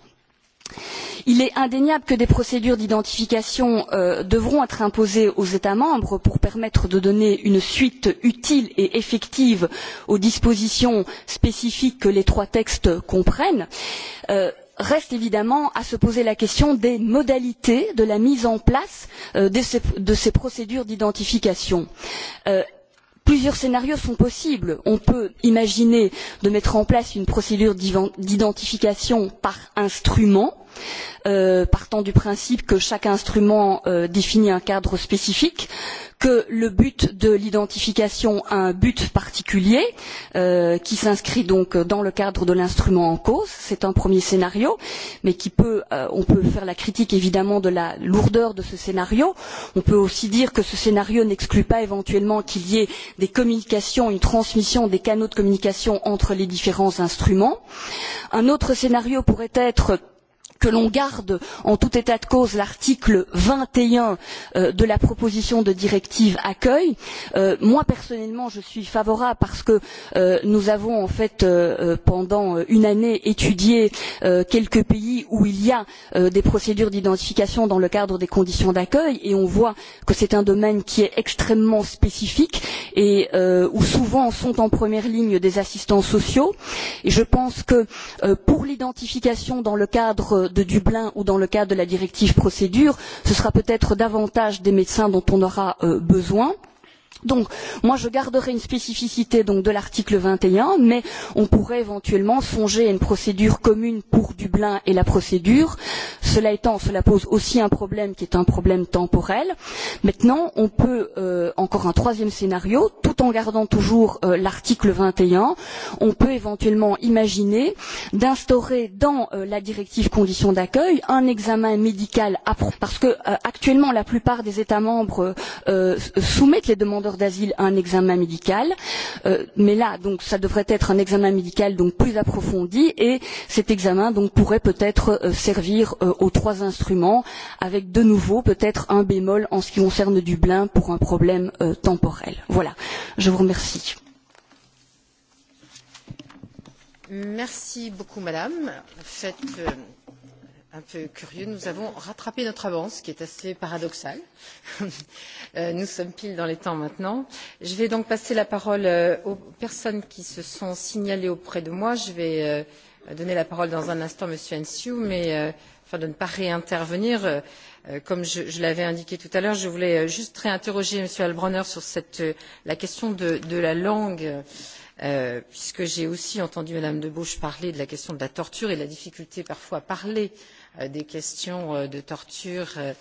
Speaker 2: Il est indéniable que des procédures d'identification euh, devront être imposées aux États membres pour permettre de donner une suite utile et effective aux dispositions spécifiques que les trois textes comprennent. Euh, reste évidemment à se poser la question des modalités de la mise en place euh, de, ces, procédures d'identification plusieurs scénarios sont possibles. On peut imaginer de mettre en place une procédure d'identification par instrument euh, partant du principe que chaque instrument euh, définit un cadre spécifique que le but de l'identification a un but particulier euh, qui s'inscrit donc dans le cadre de l'instrument en cause c'est un premier scénario mais qui peut euh, on peut faire la critique évidemment de la lourdeur de ce scénario on peut aussi dire que ce scénario n'exclut pas éventuellement qu'il y ait des communications une transmission des canaux de communication entre les différents instruments un autre scénario pourrait être que l'on garde en tout état de cause l'article vingt et un euh, de la proposition de directive accueil. Euh, moi personnellement je suis favorable parce que euh, nous avons en fait pendant une année étudié quelques pays où il y a des procédures d'identification dans le cadre des conditions d'accueil et on voit que c'est un domaine qui est extrêmement spécifique et où souvent sont en première ligne des assistants sociaux et je pense que pour l'identification dans le cadre de Dublin ou dans le cadre de la directive procédure, ce sera peut-être davantage des médecins dont on aura euh, besoin. Euh, Donc, moi, je garderai une spécificité donc, de l'article 21, mais on pourrait éventuellement songer à une procédure commune pour Dublin et la procédure. Cela étant, cela pose aussi un problème qui est un problème temporel. Maintenant, on peut, euh, encore un troisième scénario, tout en gardant toujours euh, l'article 21, on peut éventuellement imaginer d'instaurer dans euh, la directive conditions d'accueil un examen médical approfondi. Parce que, euh, actuellement, la plupart des États membres euh, euh soumettent les demandeurs demandeur d'asile un examen médical. Euh, mais là, donc, ça devrait être un examen médical donc plus approfondi et cet examen donc pourrait peut-être euh, servir euh, aux trois instruments, avec de nouveau peut-être un bémol en ce qui concerne Dublin pour un problème euh, temporel. Voilà. Je vous remercie.
Speaker 10: Merci beaucoup, Madame. Faites, euh un peu curieux, nous avons rattrapé notre avance, ce qui est assez paradoxal. Euh, nous sommes pile dans les temps maintenant. Je vais donc passer la parole euh, aux personnes qui se sont signalées auprès de moi. Je vais euh, donner la parole dans un instant à M. Enciu, mais afin de ne pas réintervenir, comme je, je l'avais indiqué tout à l'heure, je voulais juste réinterroger M. Albronner sur cette, la question de, de la langue puisque j'ai aussi entendu mme de Bouche parler de la question de la torture et de la difficulté parfois à parler des questions euh, de torture euh,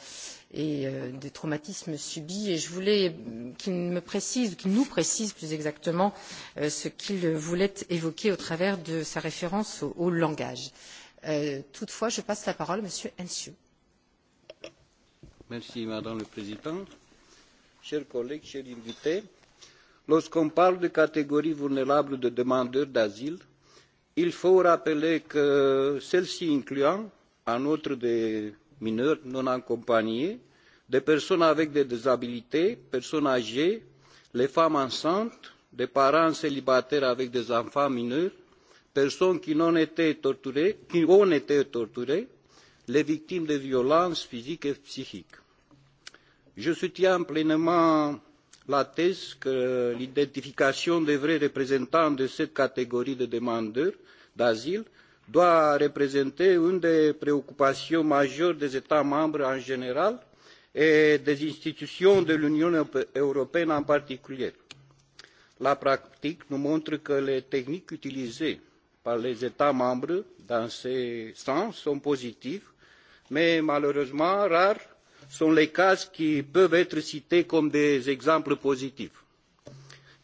Speaker 10: et euh, des traumatismes subis et je voulais qu'il me précise qu'il nous précise plus exactement ce qu'il voulait évoquer au travers de sa référence au, au langage. toutefois je passe la parole à m. enciu.
Speaker 4: madame la présidente chers collègues chers invités lorsqu'on parle de catégories vulnérables de demandeurs d'asile il faut rappeler que celles ci incluant un autre des mineurs non accompagnés, des personnes avec des désabilités, personnes âgées, les femmes enceintes, des parents célibataires avec des enfants mineurs, personnes qui ont été torturées, qui ont été torturées les victimes de violences physiques et psychiques. Je soutiens pleinement la thèse que l'identification des vrais représentants de cette catégorie de demandeurs d'asile doit représenter une des préoccupations majeures des états membres en général et des institutions de l'union européenne en particulier. la pratique nous montre que les techniques utilisées par les états membres dans ce sens sont positives mais malheureusement rares sont les cas qui peuvent être cités comme des exemples positifs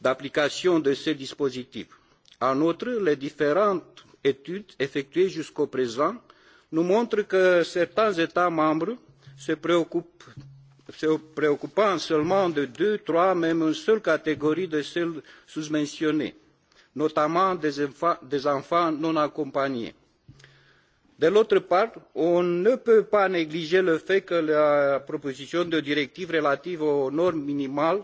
Speaker 4: d'application de ces dispositifs. en outre les différentes études effectuées jusqu'au présent nous montrent que certains États membres se préoccupent se préoccupant seulement de deux, trois, même une seule catégorie de celles sous-mentionnées, notamment des, des enfants non accompagnés. De l'autre part, on ne peut pas négliger le fait que la proposition de directive relative aux normes minimales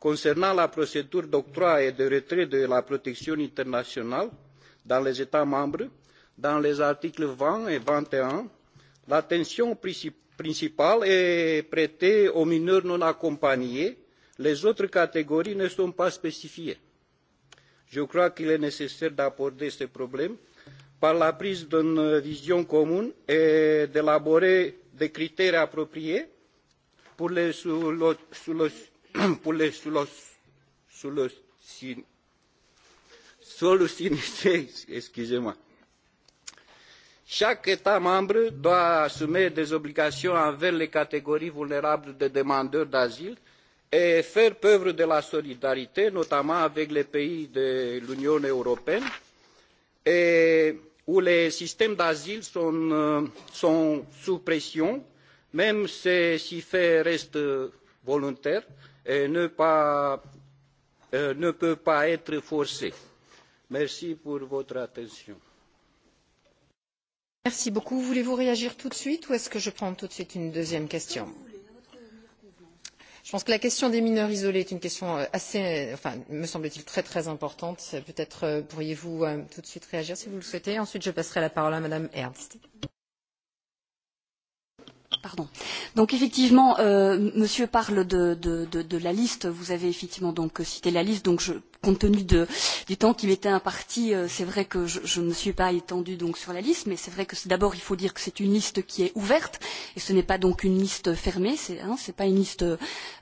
Speaker 4: concernant la procédure d'octroi et de retrait de la protection internationale dans les États membres, dans les articles 20 et 21, l'attention principale est prêtée aux mineurs non accompagnés. Les autres catégories ne sont pas spécifiées. Je crois qu'il est nécessaire d'aborder ce problème par la prise d'une vision commune et d'élaborer des critères appropriés pour les, sous le, sous le, pour les sous le, sous le, soluțiile, excusez-moi. Chaque État membre doit assumer des obligations envers les catégories vulnérables de demandeurs d'asile et faire preuve de la solidarité, notamment avec les pays de l'Union européenne, et où les systèmes d'asile sont, euh, sont, sous pression, même si s'y fait reste volontaire et ne, pas, euh, ne peut pas être forcé. Merci pour votre attention.
Speaker 10: Merci beaucoup. Voulez-vous réagir tout de suite ou est-ce que je prends tout de suite une deuxième question Je pense que la question des mineurs isolés est une question euh, assez, enfin, me semble-t-il, très très importante. Peut-être euh, pourriez-vous euh, tout de suite réagir si vous le souhaitez. Ensuite, je passerai
Speaker 2: la parole à Madame Ernst. Pardon. Donc effectivement, euh, Monsieur parle de, de, de, de la liste. Vous avez effectivement donc cité la liste. Donc je compte tenu de, du temps qui m'était imparti, euh, c'est vrai que je, je ne me suis pas étendue donc sur la liste, mais c'est vrai que d'abord il faut dire que c'est une liste qui est ouverte et ce n'est pas donc une liste fermée, ce n'est hein, pas une liste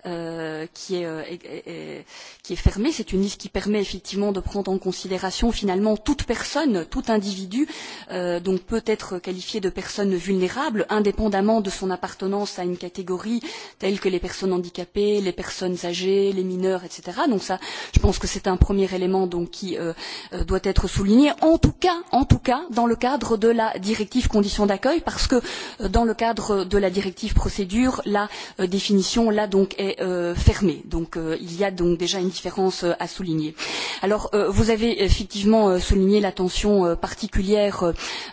Speaker 2: euh, qui, est, euh, est, est, qui est fermée, c'est une liste qui permet effectivement de prendre en considération finalement toute personne, tout individu, euh, donc peut être qualifié de personne vulnérable, indépendamment de son appartenance à une catégorie telle que les personnes handicapées, les personnes âgées, les mineurs, etc. Donc ça, je pense que c'est un premier élément donc, qui euh, euh, doit être souligné, en tout cas, en tout cas dans le cadre de la directive conditions d'accueil, parce que euh, dans le cadre de la directive procédure, la euh, définition là donc est euh, fermée. Donc euh, il y a donc déjà une différence euh, à souligner. Alors euh, vous avez effectivement euh, souligné l'attention euh, particulière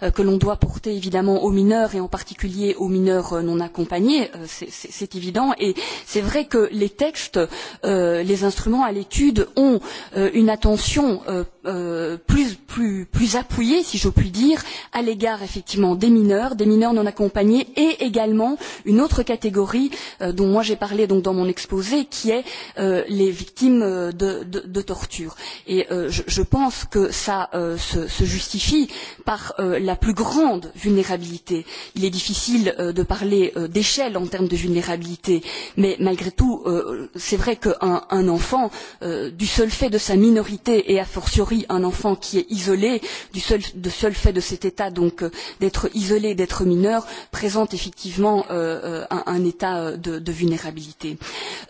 Speaker 2: euh, que l'on doit porter évidemment aux mineurs et en particulier aux mineurs euh, non accompagnés, euh, c'est évident. Et c'est vrai que les textes, euh, les instruments à l'étude ont Euh, une attention euh, Euh, plus, plus, plus appuyée, si je puis dire, à l'égard effectivement des mineurs, des mineurs non accompagnés et également une autre catégorie euh, dont moi j'ai parlé donc dans mon exposé qui est euh, les victimes euh, de, de, de torture. Et euh, je, je pense que ça euh, se, se justifie par euh, la plus grande vulnérabilité. Il est difficile euh, de parler euh, d'échelle en termes de vulnérabilité, mais malgré tout, euh, c'est vrai qu'un un enfant, euh, du seul fait de sa minorité et a fortiori priori un enfant qui est isolé du seul, du seul fait de cet état donc euh, d'être isolé d'être mineur présente effectivement euh, euh un, un état euh, de, de vulnérabilité.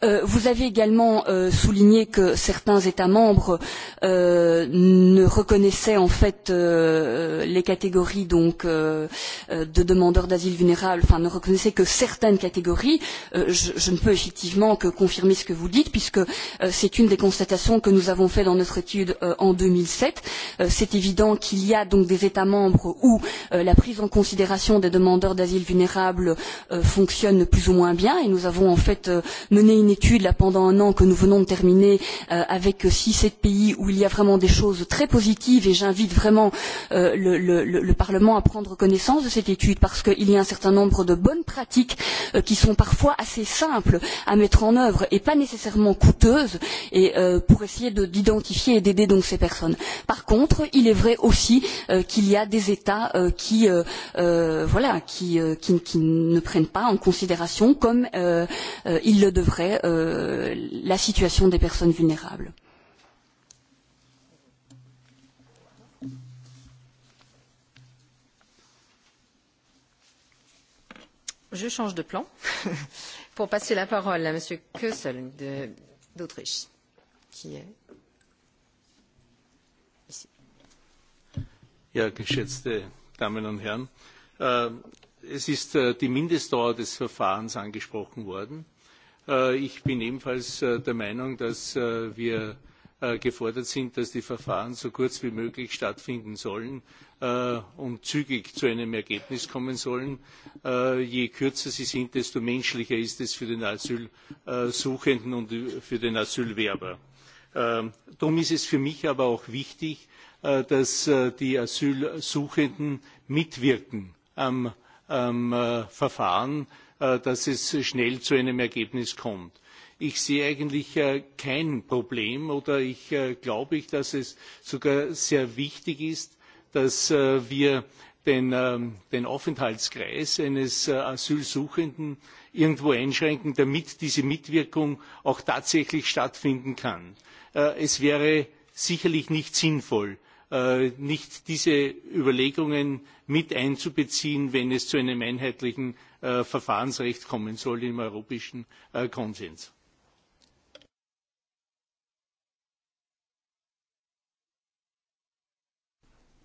Speaker 2: Euh, vous avez également euh, souligné que certains États membres euh, ne reconnaissaient en fait euh, les catégories donc euh, de demandeurs d'asile vulnérables, enfin ne reconnaissaient que certaines catégories. Euh, je, je ne peux effectivement que confirmer ce que vous dites puisque euh, c'est une des constatations que nous avons fait dans notre étude euh, en 2000 deux mille sept euh, C'est évident qu'il y a donc des États membres où euh, la prise en considération des demandeurs d'asile vulnérables euh, fonctionne plus ou moins bien et nous avons en fait mené une étude là pendant un an que nous venons de terminer avec six sept pays où il y a vraiment des choses très positives et j'invite vraiment le, le, le Parlement à prendre connaissance de cette étude parce qu'il y a un certain nombre de bonnes pratiques qui sont parfois assez simples à mettre en œuvre et pas nécessairement coûteuses et pour essayer d'identifier et d'aider donc ces personnes personne. Par contre, il est vrai aussi euh, qu'il y a des États euh, qui, euh, euh, voilà, qui, euh, qui, qui ne prennent pas en considération, comme euh, euh, ils le devraient, euh, la situation des personnes vulnérables.
Speaker 10: Je change de plan pour passer la parole à M. Kössel d'Autriche, qui est
Speaker 12: Ja, geschätzte Damen und Herren, äh, es ist äh, die Mindestdauer des Verfahrens angesprochen worden. Äh, ich bin ebenfalls der Meinung, dass wir gefordert sind, dass die Verfahren so kurz wie möglich stattfinden sollen und zügig zu einem Ergebnis kommen sollen. Je kürzer sie sind, desto menschlicher ist es für den Asylsuchenden und für den Asylwerber. Ähm, darum ist es für mich aber auch wichtig, Äh, dass äh, die asylsuchenden mitwirken am, am äh, verfahren äh, dass es schnell zu einem ergebnis kommt. ich sehe eigentlich äh, kein problem oder ich äh, glaube dass es sogar sehr wichtig ist dass wir den, ähm, den aufenthaltskreis eines asylsuchenden irgendwo einschränken damit diese mitwirkung auch tatsächlich stattfinden kann. es wäre sicherlich nicht sinnvoll Äh, nicht diese Überlegungen mit einzubeziehen, wenn es zu einem einheitlichen äh, Verfahrensrecht kommen soll im europäischen äh, Konsens.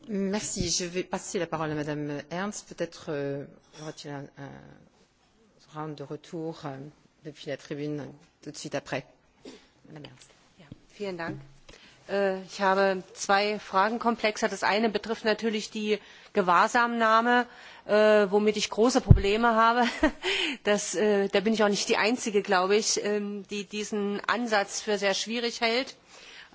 Speaker 10: Merci. Je vais passer la parole à Madame Ernst. Peut-être euh, aura-t-il un, un round de retour
Speaker 13: euh, depuis la tribune tout de suite après.
Speaker 10: Madame Ernst. Ja,
Speaker 13: vielen Dank. Äh, ich habe zwei fragenkomplexe. das eine betrifft natürlich die gewahrsamnahme äh, womit ich große probleme habe. Äh, da bin ich auch nicht die einzige glaube ich ähm, die diesen ansatz für sehr schwierig hält.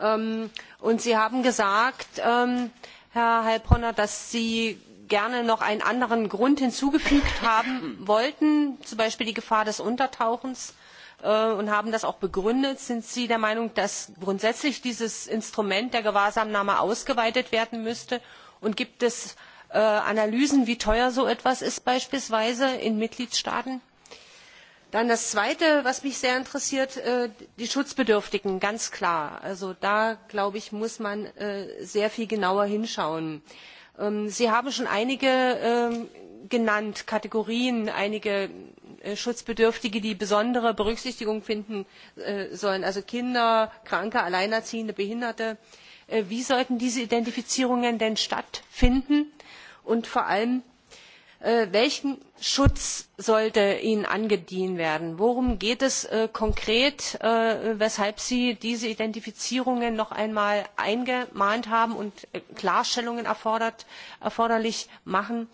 Speaker 13: Ähm, und sie haben gesagt ähm, herr heilbronner dass sie gerne noch einen anderen grund hinzugefügt haben wollten zum beispiel die gefahr des untertauchens Äh, und haben das auch begründet sind sie der meinung dass grundsätzlich dieses instrument der gewahrsamnahme ausgeweitet werden müsste und gibt es äh, analysen wie teuer so etwas ist beispielsweise in mitgliedstaaten? dann das zweite was mich sehr interessiert äh, die schutzbedürftigen ganz klar da glaube ich muss man sehr viel genauer hinschauen. Ähm, sie haben schon einige ähm, kategorien genannt einige Äh, schutzbedürftige die besondere berücksichtigung finden äh, sollen also kinder kranke alleinerziehende behinderte äh, wie sollten diese identifizierungen denn stattfinden und vor allem welchen schutz sollte ihnen angedient werden? worum geht es konkret weshalb sie diese identifizierungen noch einmal eingemahnt haben und klarstellungen erforderlich machen?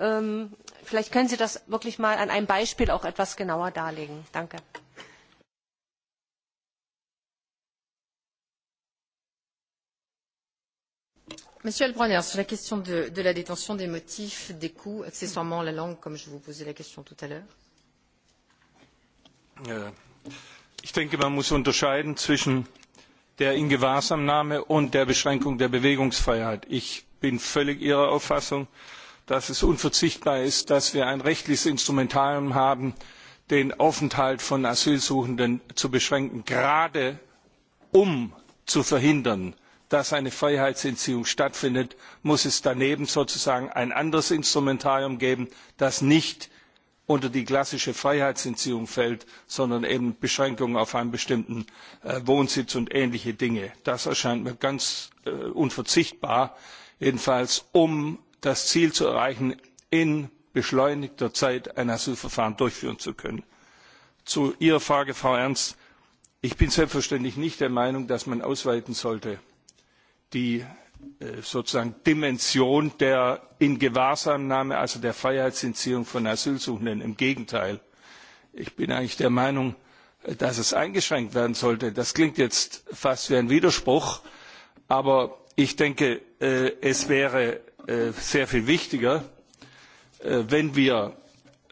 Speaker 13: Ähm, vielleicht können Sie das wirklich mal an einem Beispiel auch etwas genauer darlegen. Danke.
Speaker 10: Monsieur Albronner, sur la question de, la détention des motifs, des coûts, accessoirement la langue, comme je vous posais la question tout à l'heure.
Speaker 11: Ich denke, man muss unterscheiden zwischen der Ingewahrsamnahme und der Beschränkung der Bewegungsfreiheit. Ich bin völlig Ihrer Auffassung dass es unverzichtbar ist, dass wir ein rechtliches Instrumentarium haben, den Aufenthalt von Asylsuchenden zu beschränken, gerade um zu verhindern, dass eine Freiheitsentziehung stattfindet, muss es daneben sozusagen ein anderes Instrumentarium geben, das nicht unter die klassische Freiheitsentziehung fällt, sondern eben Beschränkungen auf einen bestimmten äh, Wohnsitz und ähnliche Dinge. Das erscheint mir ganz äh, unverzichtbar, jedenfalls um das Ziel zu erreichen, in beschleunigter Zeit ein Asylverfahren durchführen zu können. Zu Ihrer Frage, Frau Ernst, ich bin selbstverständlich nicht der Meinung, dass man ausweiten sollte, die äh, sozusagen Dimension der Ingewahrsamnahme, also der Freiheitsentziehung von Asylsuchenden. Im Gegenteil. Ich bin eigentlich der Meinung, dass es eingeschränkt werden sollte. Das klingt jetzt fast wie ein Widerspruch, aber ich denke, äh, es wäre Äh, sehr viel wichtiger äh, wenn wir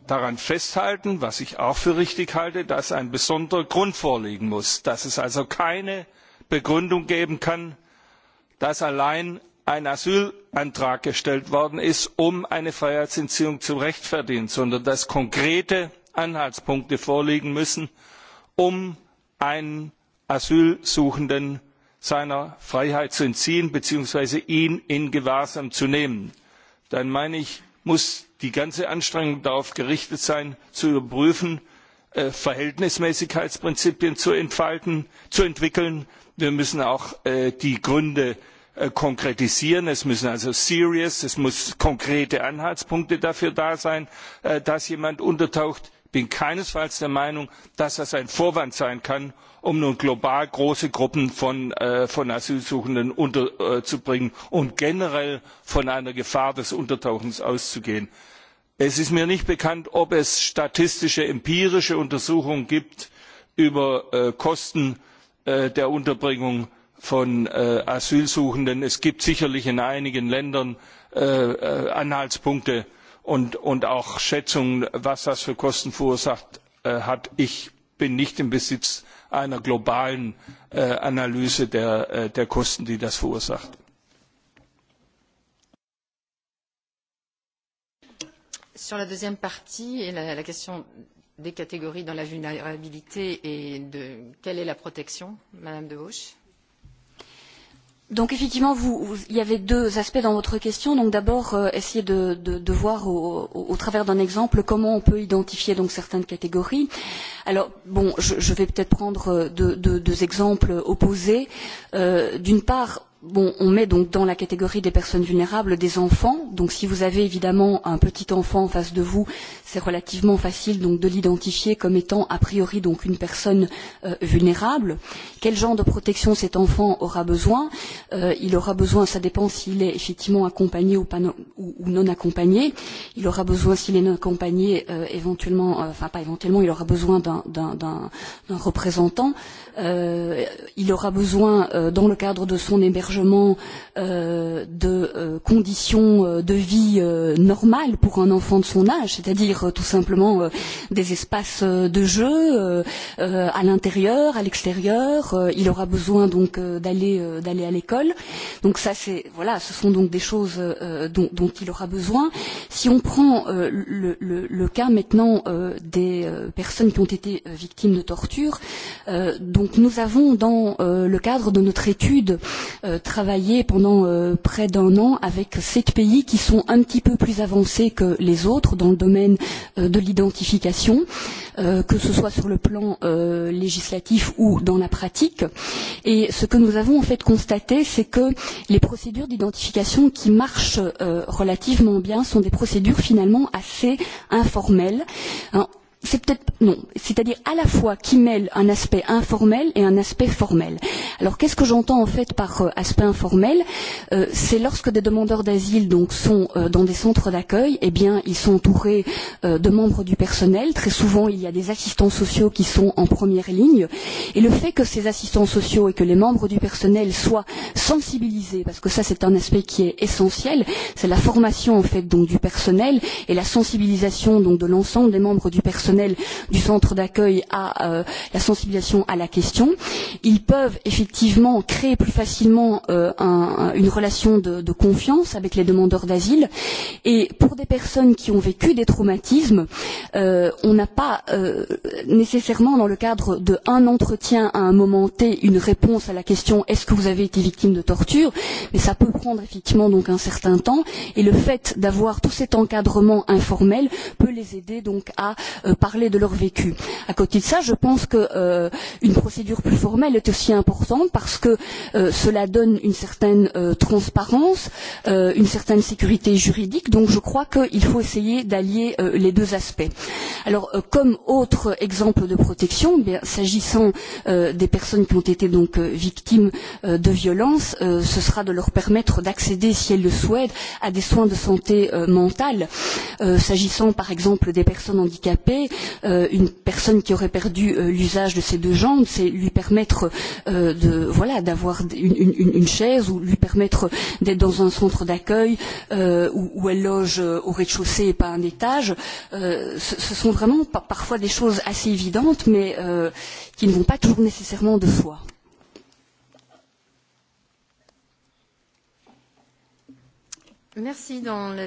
Speaker 11: daran festhalten was ich auch für richtig halte dass ein besonderer grund vorliegen muss dass es also keine begründung geben kann dass allein ein asylantrag gestellt worden ist um eine freiheitsentziehung zu rechtfertigen sondern dass konkrete anhaltspunkte vorliegen müssen um einen asylsuchenden seiner Freiheit zu entziehen bzw. ihn in Gewahrsam zu nehmen, dann meine ich, muss die ganze Anstrengung darauf gerichtet sein, zu überprüfen, äh, Verhältnismäßigkeitsprinzipien zu entfalten, zu entwickeln. Wir müssen auch äh, die Gründe äh, konkretisieren. Es müssen also serious, es muss konkrete Anhaltspunkte dafür da sein, äh, dass jemand untertaucht bin keinesfalls der meinung dass das ein vorwand sein kann um nun global große gruppen von, äh, asylsuchenden unterzubringen äh, und generell von einer gefahr des untertauchens auszugehen. es ist mir nicht bekannt ob es statistische empirische untersuchungen über äh, kosten äh, der unterbringung von asylsuchenden. gibt. es gibt sicherlich in einigen ländern anhaltspunkte und, auch Schätzungen, was das für Kosten verursacht äh, hat. Ich bin nicht im Besitz einer globalen äh, Analyse äh, der, Kosten, die das verursacht.
Speaker 10: Sur la deuxième partie et la, question des catégories dans la vulnérabilité et de quelle est la protection, Madame de
Speaker 2: Donc effectivement, vous, vous, il y avait deux aspects dans votre question. Donc d'abord, euh, essayer de, de, de voir au, au, au travers d'un exemple comment on peut identifier donc certaines catégories. Alors bon, je, je vais peut-être prendre euh, deux, deux, deux exemples opposés. Euh, D'une part, Bon, on met donc dans la catégorie des personnes vulnérables des enfants. Donc si vous avez évidemment un petit enfant en face de vous, c'est relativement facile donc de l'identifier comme étant a priori donc une personne euh, vulnérable. Quel genre de protection cet enfant aura besoin euh, Il aura besoin, ça dépend s'il est effectivement accompagné ou, pas non, ou, ou non accompagné. Il aura besoin, s'il est non accompagné, euh, éventuellement, euh, enfin pas éventuellement, il aura besoin d'un représentant. Euh, il aura besoin, euh, dans le cadre de son hébergement, d'hébergement, euh, de euh, conditions euh, de vie euh, normales pour un enfant de son âge, c'est-à-dire euh, tout simplement euh, des espaces euh, de jeu euh, euh, à l'intérieur, à l'extérieur. Euh, il aura besoin donc euh, d'aller euh, d'aller à l'école. Donc ça, c'est voilà, ce sont donc des choses euh, euh dont, dont il aura besoin. Si on prend euh, le, le, le cas maintenant euh, des euh, personnes qui ont été euh, victimes de torture, euh, donc nous avons dans euh, le cadre de notre étude euh, travaillé pendant euh, près d'un an avec sept pays qui sont un petit peu plus avancés que les autres dans le domaine euh, de l'identification, euh, que ce soit sur le plan euh, législatif ou dans la pratique. Et ce que nous avons en fait constaté, c'est que les procédures d'identification qui marchent euh, relativement bien sont des procédures finalement assez informelles. Hein, c'est peut-être non, c'est-à-dire à la fois qui mêle un aspect informel et un aspect formel. Alors qu'est-ce que j'entends en fait par euh, aspect informel euh, C'est lorsque des demandeurs d'asile donc sont euh, dans des centres d'accueil, eh bien ils sont entourés euh, de membres du personnel. Très souvent il y a des assistants sociaux qui sont en première ligne et le fait que ces assistants sociaux et que les membres du personnel soient sensibilisés, parce que ça c'est un aspect qui est essentiel, c'est la formation en fait donc du personnel et la sensibilisation donc de l'ensemble des membres du personnel personnel du centre d'accueil à euh, la sensibilisation à la question. Ils peuvent effectivement créer plus facilement euh, un, une relation de, de confiance avec les demandeurs d'asile. Et pour des personnes qui ont vécu des traumatismes, euh, on n'a pas euh, nécessairement dans le cadre d'un entretien à un moment T une réponse à la question est-ce que vous avez été victime de torture, mais ça peut prendre effectivement donc un certain temps. Et le fait d'avoir tout cet encadrement informel peut les aider donc à euh, parler de leur vécu. À côté de ça, je pense qu'une euh, procédure plus formelle est aussi importante parce que euh, cela donne une certaine euh, transparence, euh, une certaine sécurité juridique. Donc je crois qu'il faut essayer d'allier euh, les deux aspects. Alors euh, comme autre exemple de protection, eh bien, s'agissant euh, des personnes qui ont été donc euh, victimes euh, de violences, euh, ce sera de leur permettre d'accéder, si elles le souhaitent, à des soins de santé euh, mentale. Euh, s'agissant par exemple des personnes handicapées, euh, une personne qui aurait perdu euh, l'usage de ses deux jambes, c'est lui permettre euh, de voilà d'avoir une, une, une chaise ou lui permettre d'être dans un centre d'accueil euh, où, où elle loge euh, au rez-de-chaussée et pas un étage. Euh, ce, ce sont vraiment par, parfois des choses assez évidentes, mais euh, qui ne vont pas toujours nécessairement de soi.
Speaker 10: Madame, la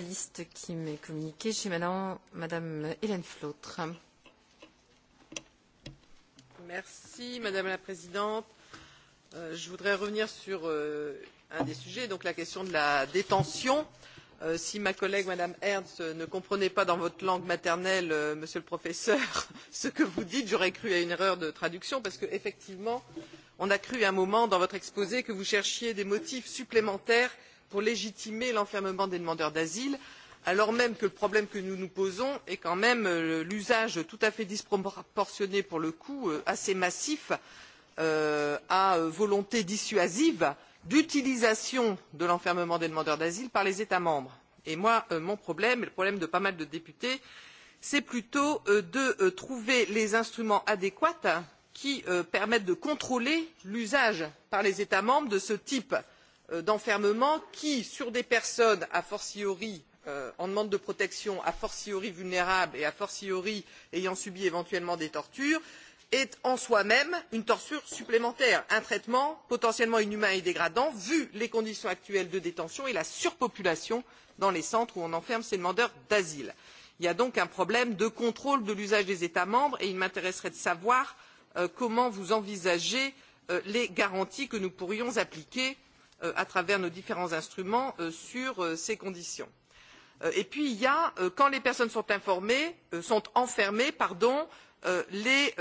Speaker 9: Présidente. Euh, je voudrais revenir sur euh, un des sujets, donc la question de la détention. Euh, si ma collègue mme Ernst ne comprenait pas dans votre langue maternelle, Monsieur le Professeur, ce que vous dites, j'aurais cru à une erreur de traduction, parce qu'effectivement, on a cru à un moment dans votre exposé que vous cherchiez des motifs supplémentaires pour légitimer l'enfermement des demandeurs d'asile alors même que le problème que nous nous posons est quand même euh, l'usage tout à fait disproportionné pour le coup euh, assez massif euh, à volonté dissuasive d'utilisation de l'enfermement des demandeurs d'asile par les états membres. et moi mon problème et le problème de pas mal de députés c'est plutôt de trouver les instruments adéquats qui permettent de contrôler l'usage par les états membres de ce type Euh, d'enfermement qui sur des personnes a fortiori euh, en demande de protection a fortiori vulnérables et a fortiori ayant subi éventuellement des tortures est en soi même une torture supplémentaire un traitement potentiellement inhumain et dégradant vu les conditions actuelles de détention et la surpopulation dans les centres où on enferme ces demandeurs d'asile. il y a donc un problème de contrôle de l'usage des états membres et il m'intéresserait de savoir euh, comment vous envisagez les garanties que nous pourrions appliquer Euh, à travers nos différents instruments euh, sur euh, ces conditions. et puis il y a quand les personnes sont, informées, sont enfermées pardon, les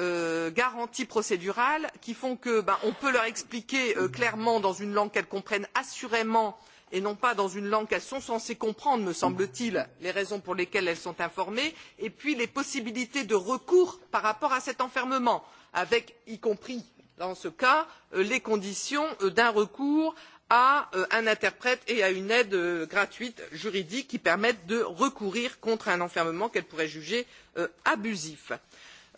Speaker 9: garanties procédurales qui font que ben, on peut leur expliquer clairement dans une langue qu'elles comprennent assurément et non pas dans une langue qu'elles sont censées comprendre me semble t il les raisons pour lesquelles elles sont informées et puis les possibilités de recours par rapport à cet enfermement avec y compris dans ce cas les conditions d'un recours à euh, un interprète et à une aide euh, gratuite juridique qui permettent de recourir contre un enfermement qu'elle pourrait juger euh, abusif.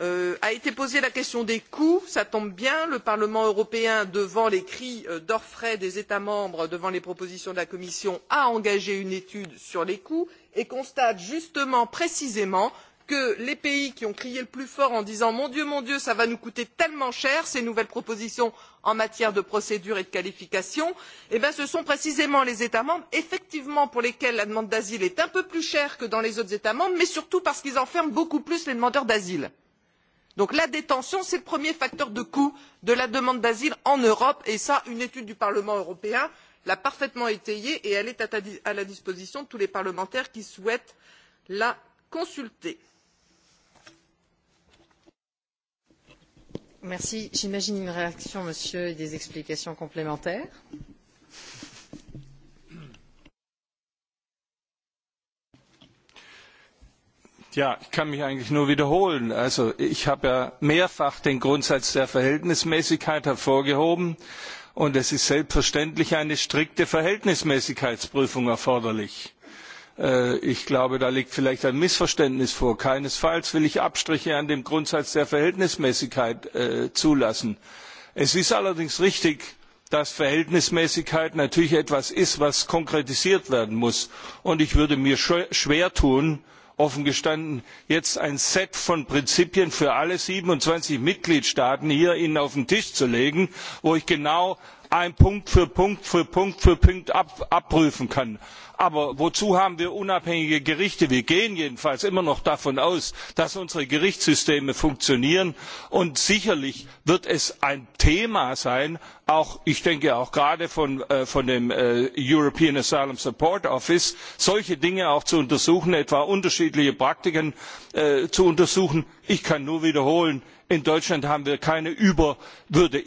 Speaker 9: a été posée la question des coûts cela tombe bien le parlement européen devant les cris d'orfraie des états membres devant les propositions de la commission a engagé une étude sur les coûts et constate justement précisément que les pays qui ont crié le plus fort en disant mon dieu mon dieu cela va nous coûter tellement cher ces nouvelles propositions en matière de procédure et de qualification eh ce sont précisément les états membres effectivement pour lesquels la demande d'asile est un peu plus chère que dans les autres états membres mais surtout parce qu'ils enferment beaucoup plus les demandeurs d'asile. donc la détention c'est le premier facteur de coût de la demande d'asile en europe et cela une étude du parlement européen l'a parfaitement étayé et elle est à la disposition de tous les parlementaires qui souhaitent la consulter.
Speaker 10: Merci. J'imagine une réaction, monsieur, et des explications complémentaires.
Speaker 11: Ja, ich kann mich eigentlich nur wiederholen. Also ich habe ja mehrfach den Grundsatz der Verhältnismäßigkeit hervorgehoben und es ist selbstverständlich eine strikte Verhältnismäßigkeitsprüfung erforderlich Äh, ich glaube, da liegt vielleicht ein Missverständnis vor. Keinesfalls will ich Abstriche an dem Grundsatz der Verhältnismäßigkeit äh, zulassen. Es ist allerdings richtig, dass Verhältnismäßigkeit natürlich etwas ist, was konkretisiert werden muss. Und ich würde mir schwer tun, offen gestanden, jetzt ein Set von Prinzipien für alle 27 Mitgliedstaaten hier Ihnen auf den Tisch zu legen, wo ich genau ein punkt für punkt für punkt für punkt abprüfen kann. aber wozu haben wir unabhängige gerichte? wir gehen jedenfalls immer noch davon aus dass unsere gerichtssysteme funktionieren und sicherlich wird es ein thema sein ich denke auch gerade von, äh, dem äh, european asylum support office solche dinge auch zu untersuchen etwa unterschiedliche praktiken äh, zu untersuchen. ich kann nur wiederholen in deutschland haben wir keine über würde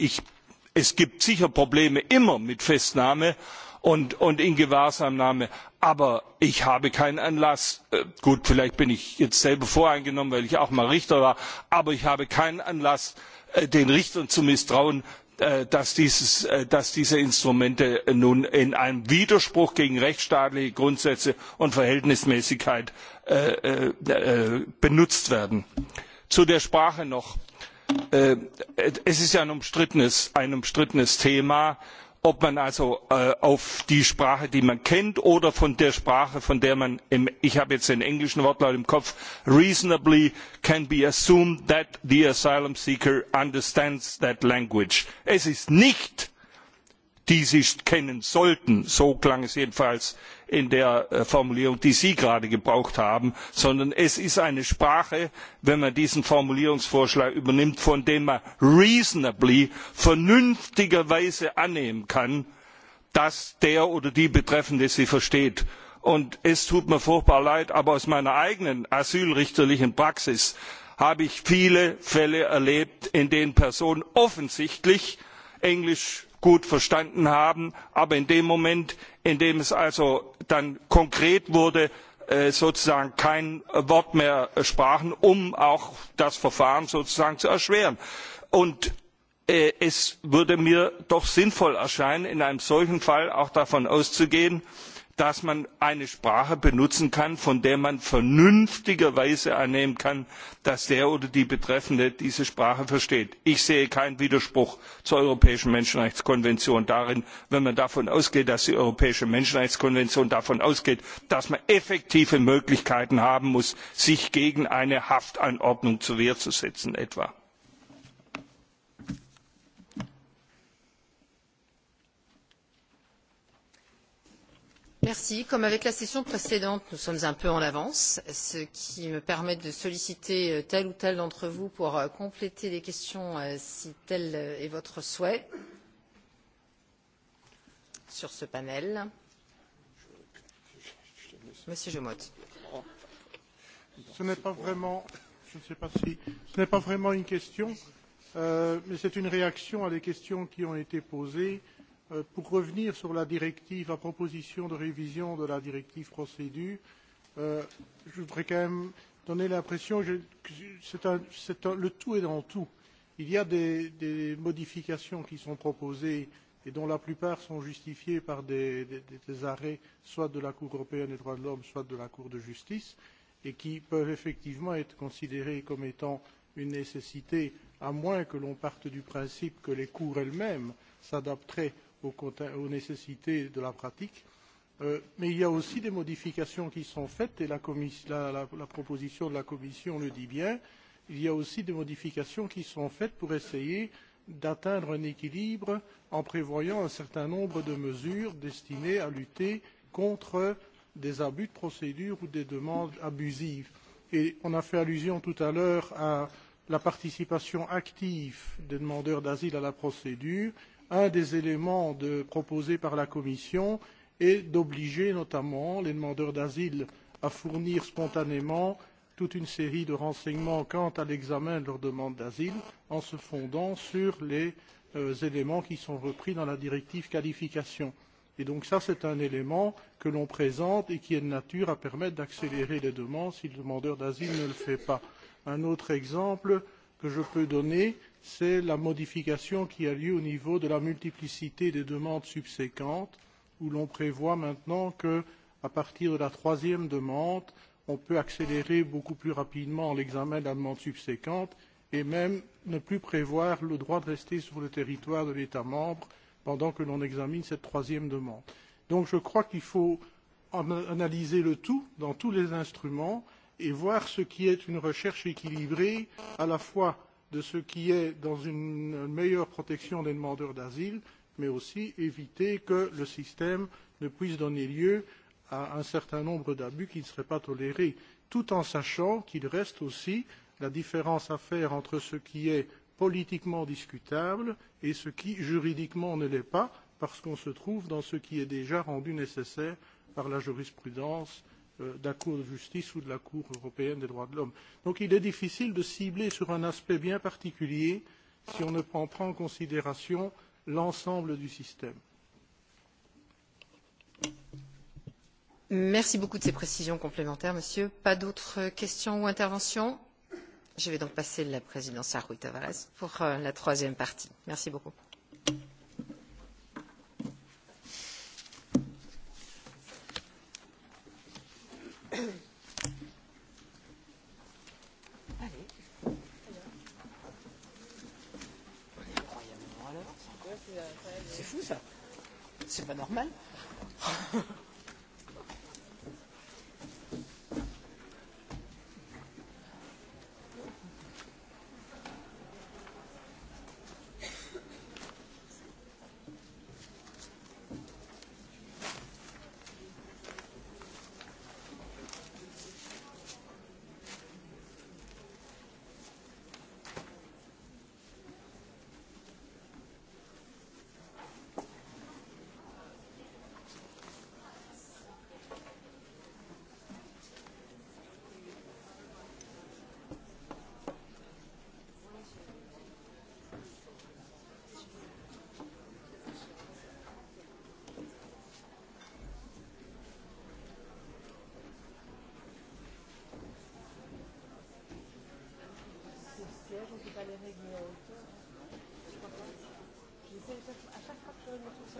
Speaker 11: es gibt sicher probleme immer mit festnahme und, ingewahrsamnahme aber ich habe keinen anlass äh, gut vielleicht bin ich jetzt selber voreingenommen weil ich auch mal richter war aber ich habe keinen anlass äh, den richtern zu misstrauen äh, dass diese instrumente nun in einem widerspruch gegen rechtsstaatliche grundsätze und verhältnismäßigkeit benutzt werden. zu der sprache noch Äh, es ist ja ein umstrittenes, thema ob man also äh, auf die Sprache, die man kennt, oder von der Sprache, von der man, ich habe jetzt den englischen Wortlaut im Kopf, reasonably can be assumed that the asylum seeker understands that language. Es ist nicht, die sie kennen sollten, so klang es jedenfalls in der äh, formulierung die sie gerade gebraucht haben sondern es ist eine sprache wenn man diesen formulierungsvorschlag übernimmt von der man reasonably vernünftigerweise annehmen kann dass der oder die betreffende sie versteht. es tut mir furchtbar leid aber aus meiner eigenen asylrichterlichen praxis habe ich viele fälle erlebt in denen personen offensichtlich englisch gut verstanden haben aber in dem moment in dem es also dann konkret wurde äh, sozusagen kein wort mehr sprachen um auch das verfahren sozusagen zu erschweren. Äh, es würde mir doch sinnvoll erscheinen in einem solchen fall auch davon auszugehen dass man eine sprache benutzen kann von der man vernünftigerweise annehmen kann dass der oder die betreffende diese sprache versteht. ich sehe keinen widerspruch zur europäischen menschenrechtskonvention darin wenn man davon ausgeht dass die europäische menschenrechtskonvention davon ausgeht dass man effektive möglichkeiten haben muss sich etwa gegen eine haftanordnung zur wehr zu setzen
Speaker 10: Merci. Comme avec la session précédente, nous sommes un peu en avance, ce qui me permet de solliciter euh, tel ou tel d'entre vous pour euh, compléter les questions euh, si tel est votre souhait sur ce panel. Monsieur Jomotte.
Speaker 5: Ce n'est pas vraiment, je ne sais pas si, ce n'est pas vraiment une question, euh, mais c'est une réaction à des questions qui ont été posées Euh, pour revenir sur la directive, la proposition de révision de la directive procédure, euh, je voudrais quand même donner l'impression que c'est un, un, le tout est dans tout. Il y a des, des modifications qui sont proposées et dont la plupart sont justifiées par des, des, des arrêts soit de la Cour européenne des droits de l'homme, soit de la Cour de justice, et qui peuvent effectivement être considérées comme étant une nécessité, à moins que l'on parte du principe que les cours elles-mêmes s'adapteraient aux, nécessités de la pratique. Euh, mais il y a aussi des modifications qui sont faites et la, la, la, la proposition de la Commission le dit bien. Il y a aussi des modifications qui sont faites pour essayer d'atteindre un équilibre en prévoyant un certain nombre de mesures destinées à lutter contre des abus de procédure ou des demandes abusives. Et on a fait allusion tout à l'heure à la participation active des demandeurs d'asile à la procédure. Euh, un des éléments de, proposés par la Commission est d'obliger notamment les demandeurs d'asile à fournir spontanément toute une série de renseignements quant à l'examen de leur demande d'asile en se fondant sur les euh, éléments qui sont repris dans la directive qualification. Et donc ça, c'est un élément que l'on présente et qui est de nature à permettre d'accélérer les demandes si le demandeur d'asile ne le fait pas. Un autre exemple que je peux donner, c'est la modification qui a lieu au niveau de la multiplicité des demandes subséquentes, où l'on prévoit maintenant que, à partir de la troisième demande, on peut accélérer beaucoup plus rapidement l'examen de la demande subséquente et même ne plus prévoir le droit de rester sur le territoire de l'État membre pendant que l'on examine cette troisième demande. Donc je crois qu'il faut analyser le tout dans tous les instruments et voir ce qui est une recherche équilibrée à la fois de ce qui est dans une meilleure protection des demandeurs d'asile, mais aussi éviter que le système ne puisse donner lieu à un certain nombre d'abus qui ne seraient pas tolérés, tout en sachant qu'il reste aussi la différence à faire entre ce qui est politiquement discutable et ce qui juridiquement ne l'est pas, parce qu'on se trouve dans ce qui est déjà rendu nécessaire par la jurisprudence euh, Euh, de la Cour de justice ou de la Cour européenne des droits de l'homme. Donc il est difficile de cibler sur un aspect bien particulier si on ne prend pas en considération l'ensemble du système.
Speaker 10: Merci beaucoup de ces précisions complémentaires, monsieur. Pas d'autres questions ou interventions Je vais donc passer la présidence à Rui Tavares pour euh, la troisième partie. Merci beaucoup.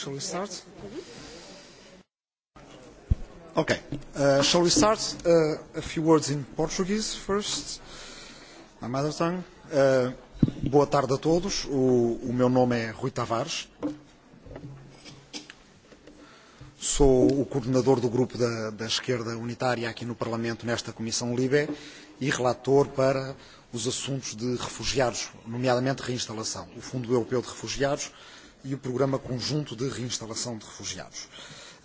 Speaker 14: Shall we start? Okay. Uh, shall we start? Uh, a few words in Portuguese first. My mother tongue. Uh, boa tarde a todos. O, o meu nome é Rui Tavares. Sou o coordenador do grupo da, da esquerda unitária aqui no Parlamento, nesta Comissão Libe, e relator para os assuntos de refugiados, nomeadamente reinstalação. O Fundo Europeu de Refugiados, uh, e o Programa Conjunto de Reinstalação de Refugiados.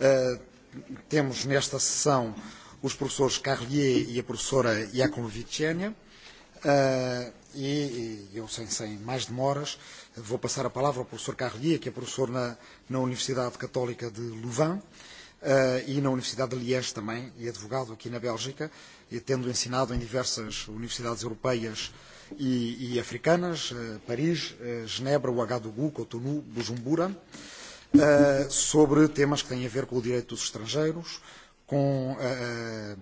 Speaker 14: Uh, temos nesta sessão os professores Carlier e a professora Iakovlevitchenia, uh, ah, e, e eu, sem, sem mais demoras, vou passar a palavra ao professor Carlier, que é professor na, na Universidade Católica de Louvain, uh, e na Universidade de Liège também, e advogado aqui na Bélgica, e tendo ensinado em diversas universidades europeias uh, e, e africanas, Paris, eh, Genebra, Ouagadougou, Cotonou, Bujumbura, eh, sobre temas que têm a ver com o direito dos estrangeiros, com a, eh,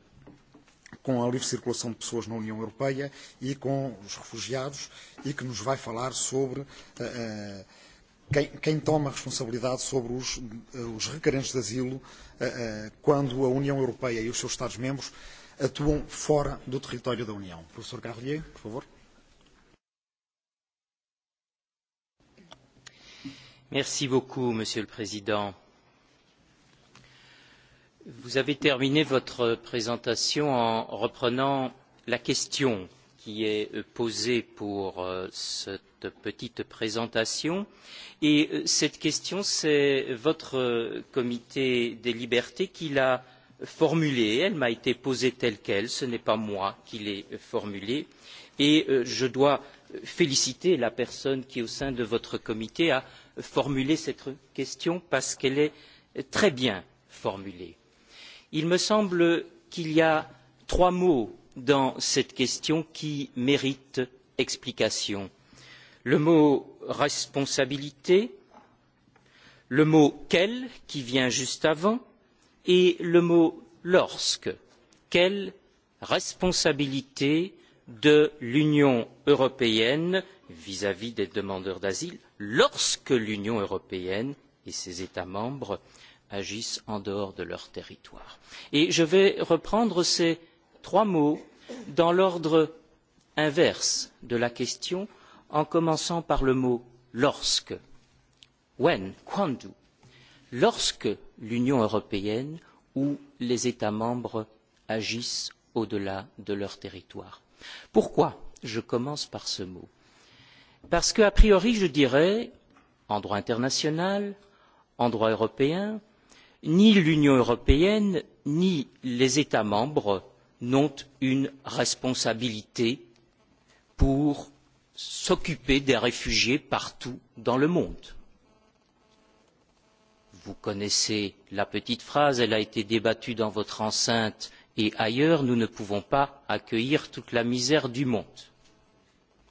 Speaker 14: com a livre circulação de pessoas na União Europeia e com os refugiados, e que nos vai falar sobre uh, quem, quem toma responsabilidade sobre os, os requerentes de asilo uh, quando a União Europeia e os seus Estados-membros atuam fora do território da União. Professor Carlier, por favor.
Speaker 15: Monsieur le Président. Vous avez terminé votre présentation en reprenant la question qui est euh, posée pour euh, cette petite présentation. Et euh, cette question, c'est votre comité des libertés qui l'a formulée. Elle m'a été posée telle qu'elle. Ce n'est pas moi qui l'ai formulée. Et je dois féliciter la personne qui au sein de votre comité a formulé cette question parce qu'elle est très bien formulée. il me semble qu'il y a trois mots dans cette question qui méritent explication le mot responsabilité le mot quel qui vient juste avant et le mot lorsque quelle responsabilité de l'union européenne vis à vis des demandeurs d'asile lorsque l'union européenne et ses états membres agissent en dehors de leur territoire. Et je vais reprendre ces trois mots dans l'ordre inverse de la question en commençant par le mot lorsque when quando lorsque l'union européenne ou les états membres agissent au delà de leur territoire. Pourquoi je commence par ce mot Parce que, a priori, je dirais, en droit international, en droit européen, ni l'Union européenne ni les États membres n'ont une responsabilité pour s'occuper des réfugiés partout dans le monde. Vous connaissez la petite phrase, elle a été débattue dans votre enceinte et ailleurs nous ne pouvons pas accueillir toute la misère du monde.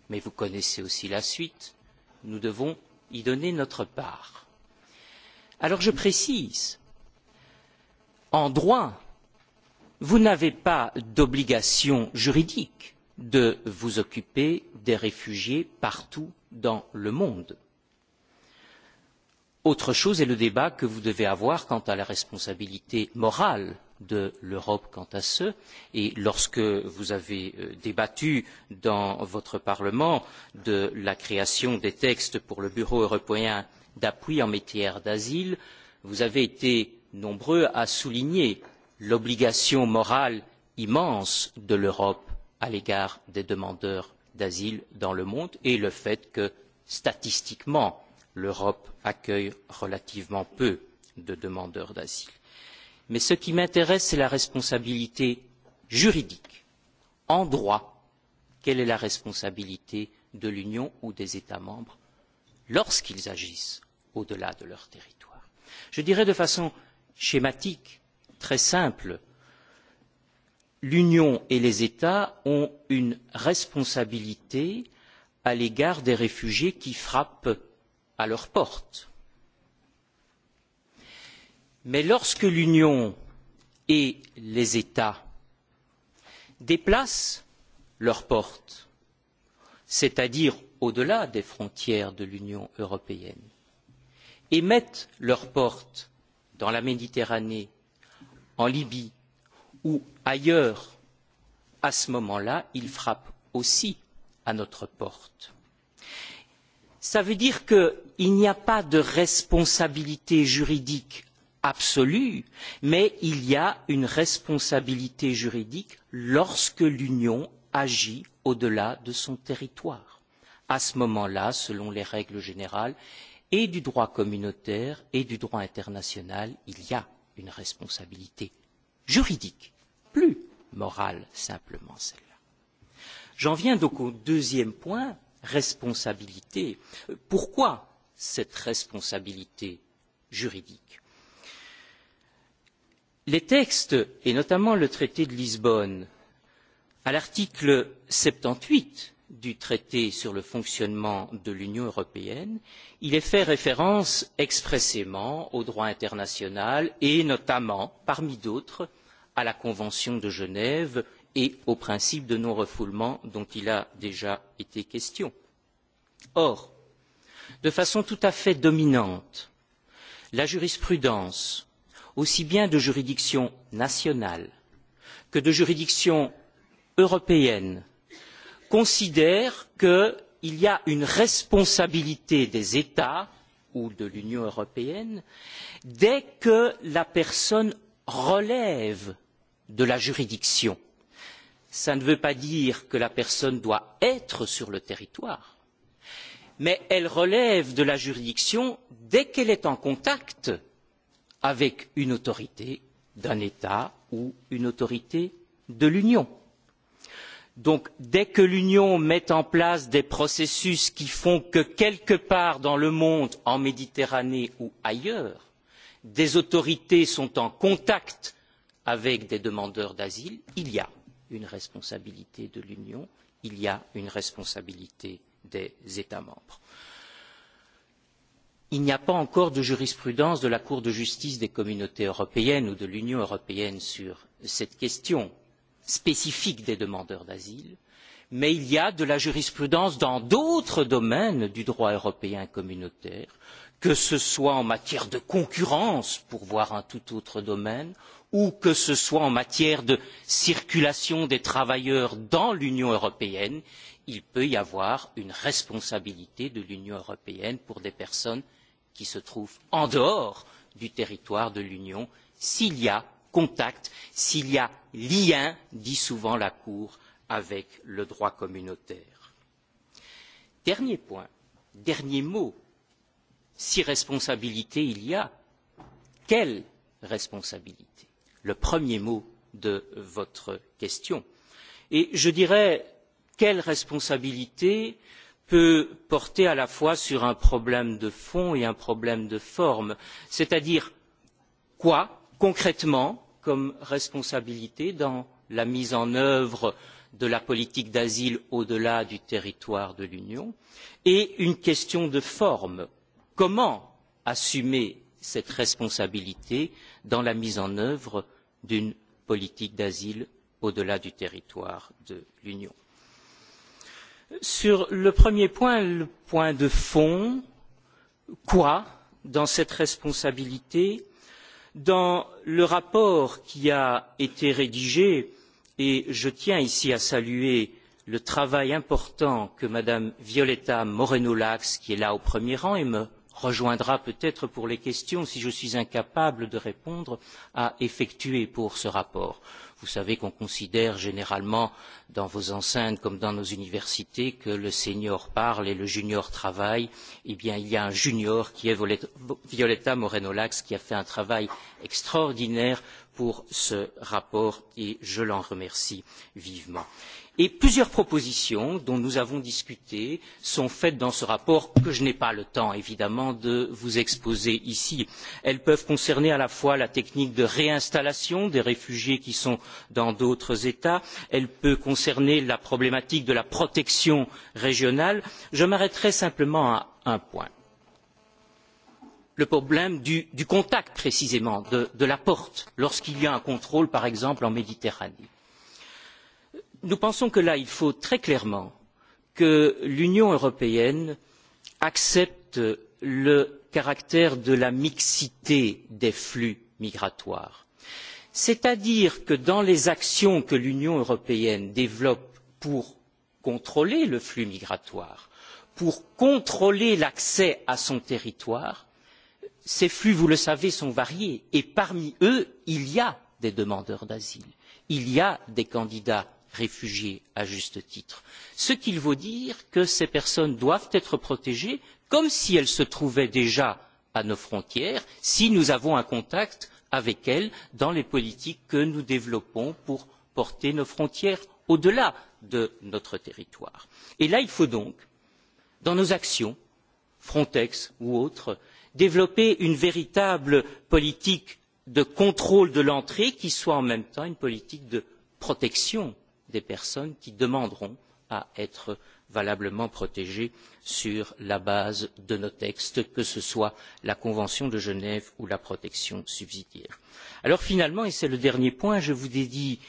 Speaker 15: mais vous connaissez aussi la suite nous devons y donner notre part. alors je précise en droit vous n'avez pas d'obligation juridique de vous occuper des réfugiés partout dans le monde Autre chose est le débat que vous devez avoir quant à la responsabilité morale de l'Europe quant à ce. Et lorsque vous avez euh, débattu dans votre Parlement de la création des textes pour le Bureau européen d'appui en matière d'asile, vous avez été nombreux à souligner l'obligation morale immense de l'Europe à l'égard des demandeurs d'asile dans le monde et le fait que, statistiquement, l'Europe accueille relativement peu de demandeurs d'asile. Mais ce qui m'intéresse, c'est la responsabilité juridique. En droit, quelle est la responsabilité de l'Union ou des États membres lorsqu'ils agissent au-delà de leur territoire Je dirais de façon schématique, très simple, l'Union et les États ont une responsabilité à l'égard des réfugiés qui frappent à leur porte. Mais lorsque l'Union et les États déplacent leurs portes, c'est-à-dire au-delà des frontières de l'Union européenne, et mettent leurs portes dans la Méditerranée, en Libye ou ailleurs, à ce moment-là, ils frappent aussi à notre porte cela veut dire qu'il n'y a pas de responsabilité juridique absolue mais il y a une responsabilité juridique lorsque l'union agit au delà de son territoire. à ce moment là selon les règles générales et du droit communautaire et du droit international il y a une responsabilité juridique plus morale simplement celle là. j'en viens donc au deuxième point responsabilité. Pourquoi cette responsabilité juridique Les textes, et notamment le traité de Lisbonne, à l'article 78 du traité sur le fonctionnement de l'Union européenne, il est fait référence expressément au droit international et notamment, parmi d'autres, à la Convention de Genève et au principe de non refoulement dont il a déjà été question. Or, de façon tout à fait dominante, la jurisprudence, aussi bien de juridictions nationales que de juridictions européennes, considère qu'il y a une responsabilité des États ou de l'Union européenne dès que la personne relève de la juridiction ça ne veut pas dire que la personne doit être sur le territoire, mais elle relève de la juridiction dès qu'elle est en contact avec une autorité d'un État ou une autorité de l'Union. Donc, dès que l'Union met en place des processus qui font que quelque part dans le monde, en Méditerranée ou ailleurs, des autorités sont en contact avec des demandeurs d'asile, il y a une responsabilité de l'Union, il y a une responsabilité des États membres. Il n'y a pas encore de jurisprudence de la Cour de justice des communautés européennes ou de l'Union européenne sur cette question spécifique des demandeurs d'asile, mais il y a de la jurisprudence dans d'autres domaines du droit européen communautaire, que ce soit en matière de concurrence pour voir un tout autre domaine ou que ce soit en matière de circulation des travailleurs dans l'Union européenne, il peut y avoir une responsabilité de l'Union européenne pour des personnes qui se trouvent en dehors du territoire de l'Union s'il y a contact, s'il y a lien, dit souvent la Cour, avec le droit communautaire. Dernier point, dernier mot. Si responsabilité il y a, quelle responsabilité le premier mot de votre question. Et je dirais quelle responsabilité peut porter à la fois sur un problème de fond et un problème de forme, c'est-à-dire quoi concrètement comme responsabilité dans la mise en œuvre de la politique d'asile au-delà du territoire de l'Union et une question de forme comment assumer cette responsabilité dans la mise en œuvre d'une politique d'asile au-delà du territoire de l'Union. Sur le premier point, le point de fond, quoi dans cette responsabilité Dans le rapport qui a été rédigé, et je tiens ici à saluer le travail important que Mme Violeta Moreno-Lax, qui est là au premier rang et rejoindra peut être pour les questions si je suis incapable de répondre à effectuer pour ce rapport. Vous savez qu'on considère généralement dans vos enceintes comme dans nos universités que le senior parle et le junior travaille. Eh bien, il y a un junior qui est violeta Moreno-Lax qui a fait un travail extraordinaire pour ce rapport et je l'en remercie vivement. Et plusieurs propositions dont nous avons discuté sont faites dans ce rapport que je n'ai pas le temps évidemment de vous exposer ici. Elles peuvent concerner à la fois la technique de réinstallation des réfugiés qui sont dans d'autres États, elles peuvent concerner la problématique de la protection régionale. Je m'arrêterai simplement à un point le problème du, contact précisément de la porte lorsqu'il y a un contrôle par exemple en Méditerranée nous pensons que là il faut très clairement que l'union européenne accepte le caractère de la mixité des flux migratoires c'est à dire que dans les actions que l'union européenne développe pour contrôler le flux migratoire pour contrôler l'accès à son territoire ces flux vous le savez sont variés et parmi eux il y a des demandeurs d'asile il y a des candidats réfugiés à juste titre. Ce qui veut dire que ces personnes doivent être protégées comme si elles se trouvaient déjà à nos frontières, si nous avons un contact avec elles dans les politiques que nous développons pour porter nos frontières au-delà de notre territoire. Et là, il faut donc, dans nos actions, Frontex ou autres, développer une véritable politique de contrôle de l'entrée qui soit en même temps une politique de protection des personnes qui demanderont à être valablement protégées sur la base de nos textes, que ce soit la Convention de Genève ou la protection subsidiaire. Alors finalement, et c'est le dernier point, je vous dédie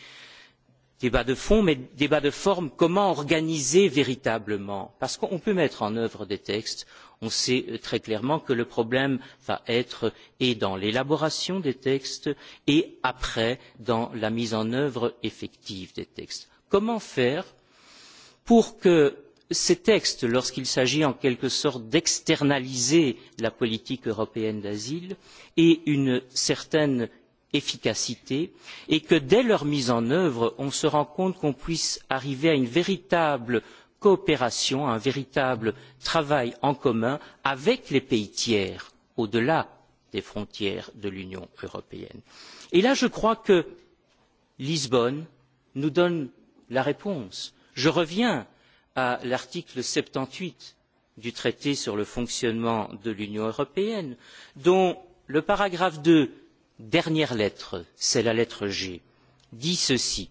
Speaker 15: débat de fond, mais débat de forme, comment organiser véritablement Parce qu'on peut mettre en œuvre des textes, on sait euh, très clairement que le problème va être et dans l'élaboration des textes et après dans la mise en œuvre effective des textes comment faire pour que ces textes lorsqu'il s'agit en quelque sorte d'externaliser la politique européenne d'asile aient une certaine efficacité et que dès leur mise en œuvre on se rende compte qu'on puisse arriver à une véritable coopération à un véritable travail en commun avec les pays tiers au delà des frontières de l'union européenne. et là je crois que lisbonne nous donne la réponse. je reviens à l'article soixante dix huit du traité sur le fonctionnement de l'union européenne dont le paragraphe deux dernière lettre c'est la lettre g dit ceci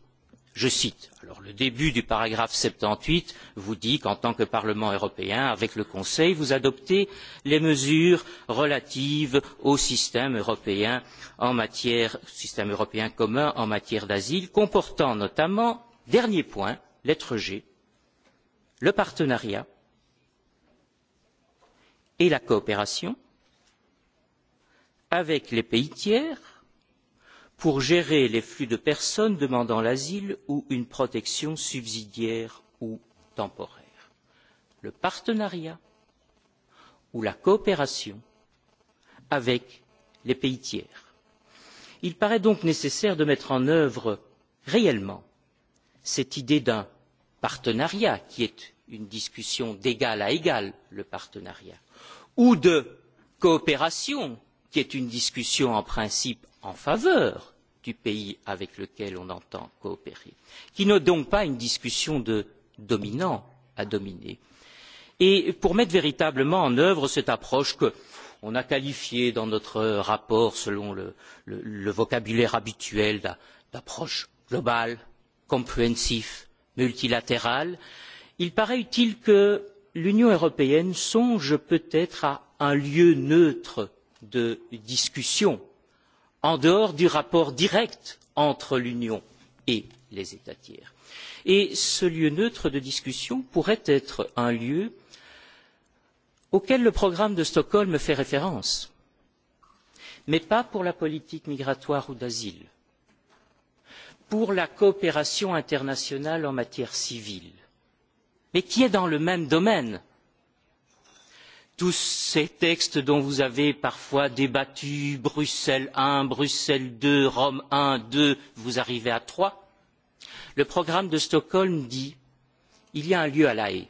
Speaker 15: je cite alors le début du paragraphe soixante dix huit vous dit qu'en tant que parlement européen avec le conseil vous adoptez les mesures relatives au système européen en matière système européen commun en matière d'asile comportant notamment dernier point lettre g le partenariat et la coopération avec les pays tiers pour gérer les flux de personnes demandant l'asile ou une protection subsidiaire ou temporaire. le partenariat ou la coopération avec les pays tiers. il paraît donc nécessaire de mettre en œuvre réellement cette idée d'un partenariat qui est une discussion d'égal à égal le partenariat ou de coopération qui est une discussion en principe en faveur du pays avec lequel on entend coopérer qui n'est donc pas une discussion de dominant à dominé. Et pour mettre véritablement en œuvre cette approche que on a qualifiée dans notre rapport selon le, le, le vocabulaire habituel d'a, d'approche globale comprehensive multilatéral il paraît utile que l'union européenne songe peut être à un lieu neutre de discussion en dehors du rapport direct entre l'union et les états tiers et ce lieu neutre de discussion pourrait être un lieu auquel le programme de stockholm fait référence mais pas pour la politique migratoire ou d'asile pour la coopération internationale en matière civile, mais qui est dans le même domaine. Tous ces textes dont vous avez parfois débattu, Bruxelles I, Bruxelles II, Rome I, II, vous arrivez à trois, le programme de Stockholm dit il y a un lieu à La Haye.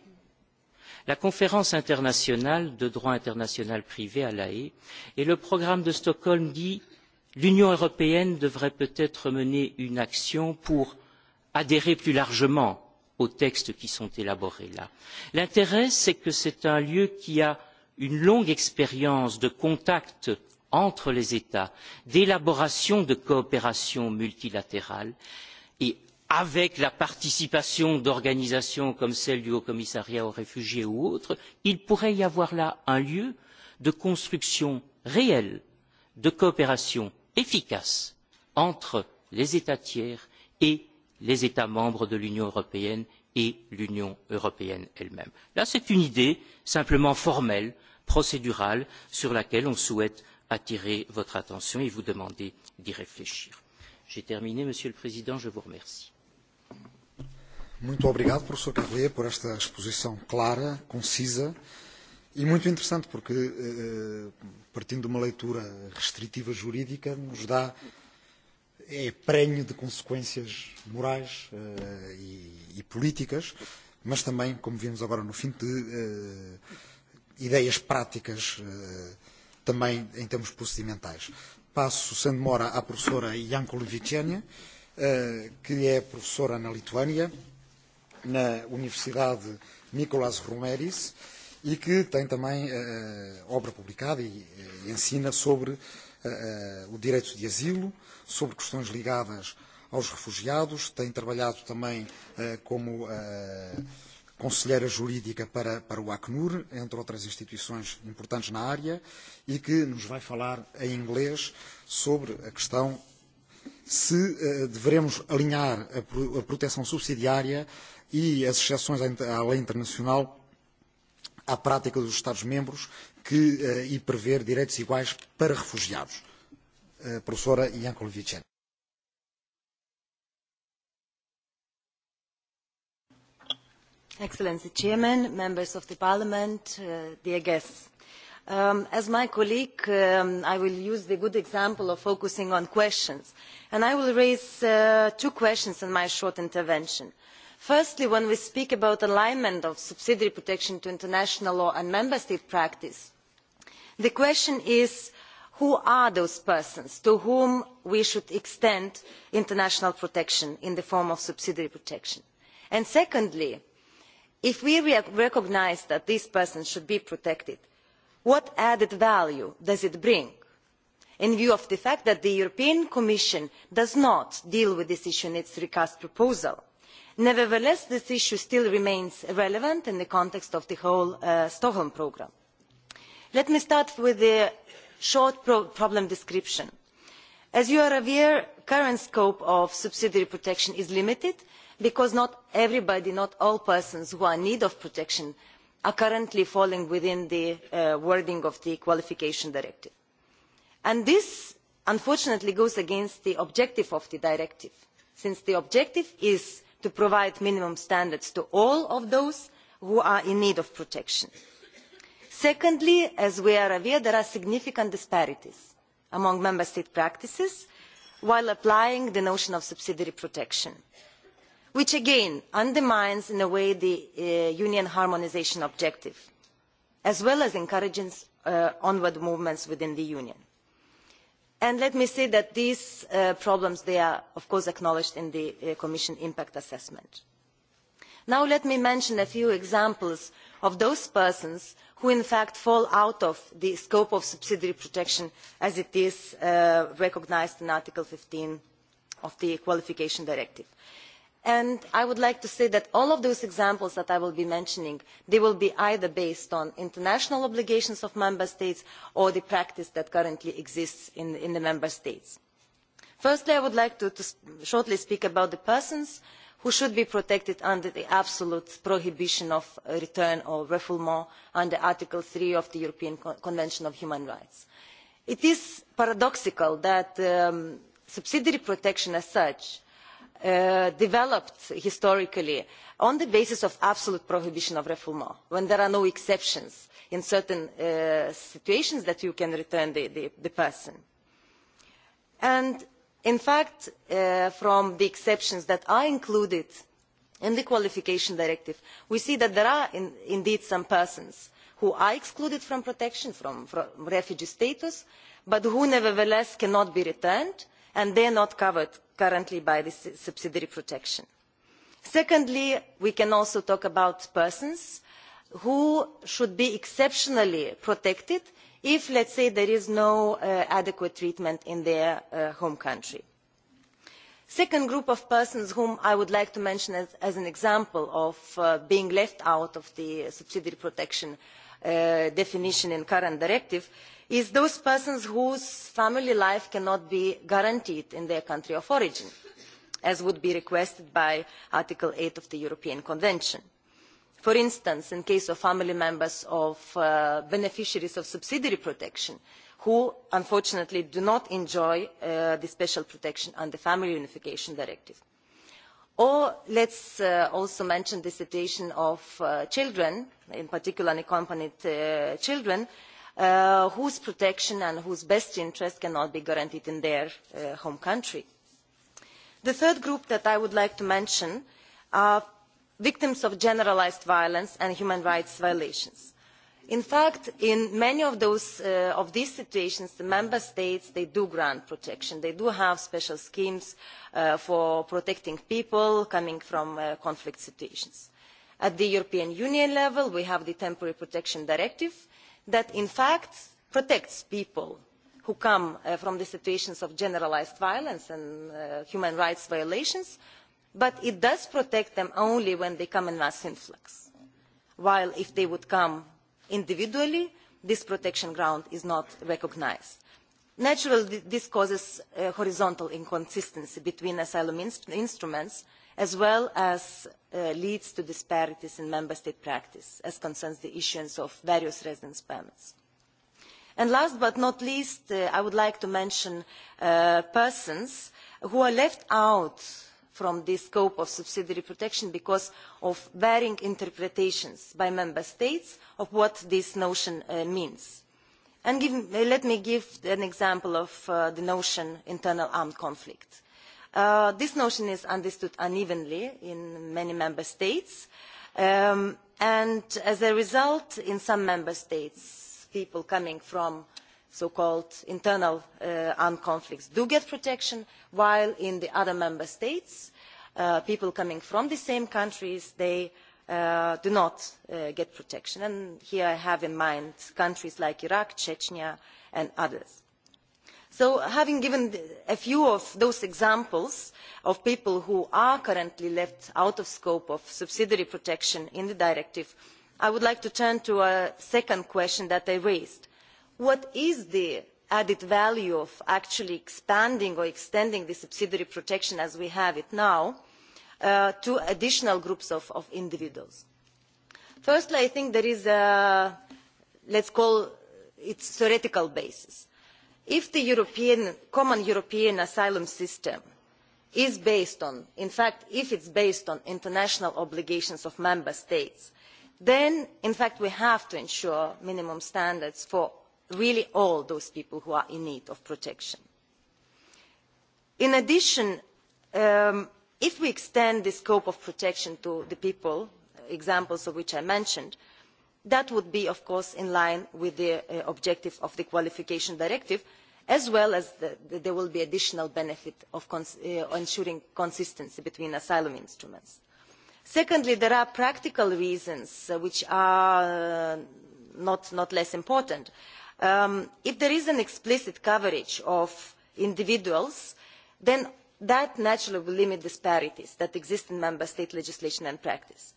Speaker 15: La conférence internationale de droit international privé à La Haye et le programme de Stockholm dit l'union européenne devrait peut être mener une action pour adhérer plus largement aux textes qui sont élaborés là. l'intérêt c'est que c'est un lieu qui a une longue expérience de contact entre les états d'élaboration de coopération multilatérale et avec la participation d'organisations comme celle du haut commissariat aux réfugiés ou autres il pourrait y avoir là un lieu de construction réelle de coopération efficace entre les États tiers et les États membres de l'Union européenne et l'Union européenne elle-même. Là, c'est une idée simplement formelle, procédurale, sur laquelle on souhaite attirer votre attention et vous demander d'y réfléchir. J'ai terminé, Monsieur le Président, je vous remercie.
Speaker 14: E muito interessante, porque, eh, partindo de uma leitura restritiva jurídica, nos dá é prenho de consequências morais eh, e, políticas, mas também, como vimos agora no fim, de eh, ideias práticas também em termos procedimentais. Passo, sem demora, à professora Janko Levitiania, que é professora na Lituânia, na Universidade Nicolás Romeris, e que tem também uh, obra publicada e e eh, ensina sobre uh, o direito de asilo, sobre questões ligadas aos refugiados, tem trabalhado também uh, como uh, conselheira jurídica para, para o Acnur, entre outras instituições importantes na área, e que nos vai falar em inglês sobre a questão se uh, devemos alinhar a, pro, a proteção subsidiária e as exceções à lei internacional à prática dos Estados-membros que, eh, e prever direitos iguais para refugiados. Eh, professora Iancol Vicente.
Speaker 16: Excellency Chairman, members of the Parliament, uh, dear guests. Um, as my colleague, um, I will use the good example of focusing on questions. And I will raise uh, two questions in my short intervention. Uh, firstly when we speak about alignment of subsidiary protection to international law and member state practice the question is who are those persons to whom we should extend international protection in the form of subsidiary protection? and secondly if we recognise that these persons should be protected what added value does it bring in view of the fact that the european commission does not deal with this issue in its recast proposal? nevertheless this issue still remains relevant in the context of the whole uh, stockholm programme. let me start with a short problem description. as you are aware the current scope of subsidiary protection is limited because not everybody not all persons who are in need of protection are currently falling within the uh, wording of the qualification directive. And this unfortunately goes against the objective of the directive since the objective is to provide minimum standards to all of those who are in need of protection. secondly as we are aware there are significant disparities among member state practices while applying the notion of subsidiary protection which again undermines in a way the uh, union harmonisation objective as well as encouraging uh, onward movements within the union and let me say that these uh, problems they are of course acknowledged in the uh, commission impact assessment. now let me mention a few examples of those persons who in fact fall out of the scope of subsidiary protection as it is uh, recognised in article fifteen of the qualification directive and i would like to say that all of those examples that i will be mentioning will be either based on international obligations of member states or the practice that currently exists in, the member states. firstly i would like to, shortly speak about the persons who should be protected under the absolute prohibition of return or refoulement under article three of the european convention on human rights. it is paradoxical that um, subsidiary protection as such Uh, developed historically on the basis of absolute prohibition of refoulement when there are no exceptions in certain uh, situations that you can return the, person. And in fact uh, from the exceptions that are included in the qualification directive we see that there are indeed some persons who are excluded from protection from refugee status but who nevertheless cannot be returned and they are not covered currently by this subsidiary protection. secondly we can also talk about persons who should be exceptionally protected if let us say there is no uh, adequate treatment in their uh, home country. the second group of persons whom i would like to mention as, as an example of uh, being left out of the subsidiary protection uh, definition in the current directive is those persons whose family life cannot be guaranteed in their country of origin as would be requested by article eight of the european convention. for instance in the case of family members of uh, beneficiaries of subsidiary protection who unfortunately do not enjoy uh, the special protection under the family unification directive. or let us uh, also mention the situation of children in particular unaccompanied children Uh, whose protection and whose best interest cannot be guaranteed in their uh, home country. The third group that I would like to mention are victims of generalised violence and human rights violations. In fact, in many of, uh, of these situations, the member states, they do grant protection. They do have special schemes for protecting people coming from conflict situations. At the European Union level, we have the Temporary Protection Directive, that in fact protects people who come uh, from the situations of generalised violence and uh, human rights violations but it does protect them only when they come in mass influx while if they would come individually this protection ground is not recognised. naturally this causes uh, horizontal inconsistency between asylum inst instruments as well as uh, leads to disparities in member state practice as concerns the issuance of various residence permits. And last but not least, uh, I would like to mention uh, persons who are left out from the scope of subsidiary protection because of varying interpretations by member states of what this notion means. And give, let me give an example of the notion internal armed conflict Uh, this notion is understood unevenly in many member states um, and as a result in some member states people coming from so called internal uh, armed conflicts do get protection while in the other member states uh, people coming from the same countries they uh, do not uh, get protection and here i have in mind countries like iraq chechnya and others so having given a few of those examples of people who are currently left out of the scope of subsidiary protection in the directive i would like to turn to a second question that i raised what is the added value of actually expanding or extending the subsidiary protection as we have it now uh, to additional groups of, of individuals? firstly i think there is a let's call it theoretical basis if the common european asylum system is based on in fact if it is based on international obligations of member states then in fact we have to ensure minimum standards for really all those people who are in need of protection. in addition um, if we extend the scope of protection to the people examples of which i mentioned that would be of course in line with the uh, objective of the qualification directive as well as there will be additional benefit of uh, ensuring consistency between asylum instruments. secondly there are practical reasons uh, which are not, not less important. Um, if there is an explicit coverage of individuals then that naturally will limit disparities that exist in member state legislation and practice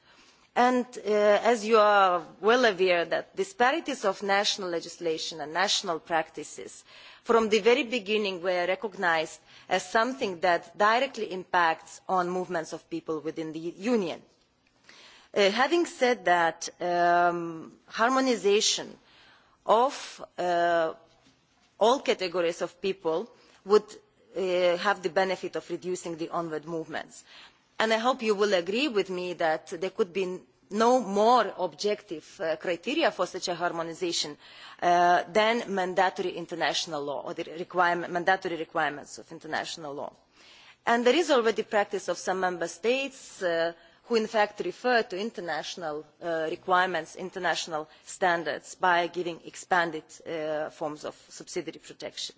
Speaker 16: and uh, as you are well aware that disparities of national legislation and national practices from the very beginning were recognised as something that directly impacts on movements of people within the union. Uh, having said that um, harmonisation of uh, all categories of people would have the benefit of reducing the onward movements and i hope you will agree with me that there could be no more objective uh, criteria for such a harmonisation uh, than mandatory international law or the mandatory requirements of international law. And there is already practice of some member states uh, who in fact refer to international requirements, international standards by giving expanded forms of subsidiary protection.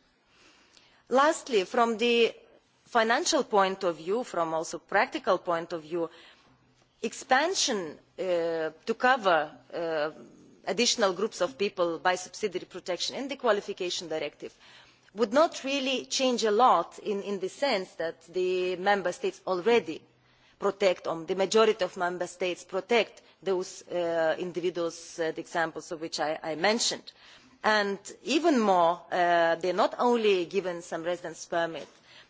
Speaker 16: Lastly, from the financial point of view, from also practical point of view, expansion uh, to cover uh, additional groups of people by subsidiary protection in the qualification directive would not really change a lot in, in the sense that the member states already protect, or the majority of member states protect those uh, individuals, uh, the examples of which I, I mentioned. And even more, uh, they are not only given some residence permit,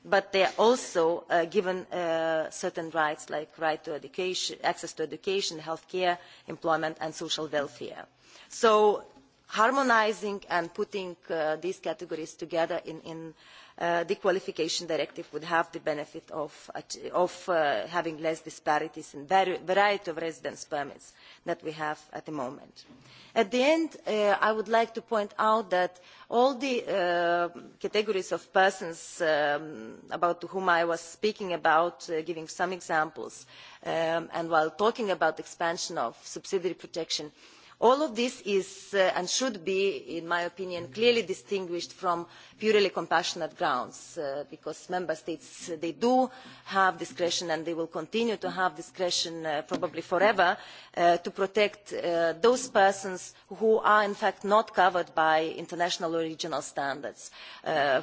Speaker 16: but they are also uh, given uh, certain rights like right to education, access to education, healthcare, employment and social welfare. So harmonising and putting uh, these categories together in Uh, the qualification directive would have the benefit of, uh, of uh, having less disparities in the variety of residence permits that we have at the moment. At the end, uh, I would like to point out that all the uh, categories of persons um, about whom I was speaking about, giving some examples, um, and while talking about expansion of subsidiary protection, uh, all of this is uh, and should be in my opinion clearly distinguished from purely compassionate grounds uh, because member states they do have discretion and they will continue to have discretion uh, probably forever to protect those persons who are in fact not covered by international or regional standards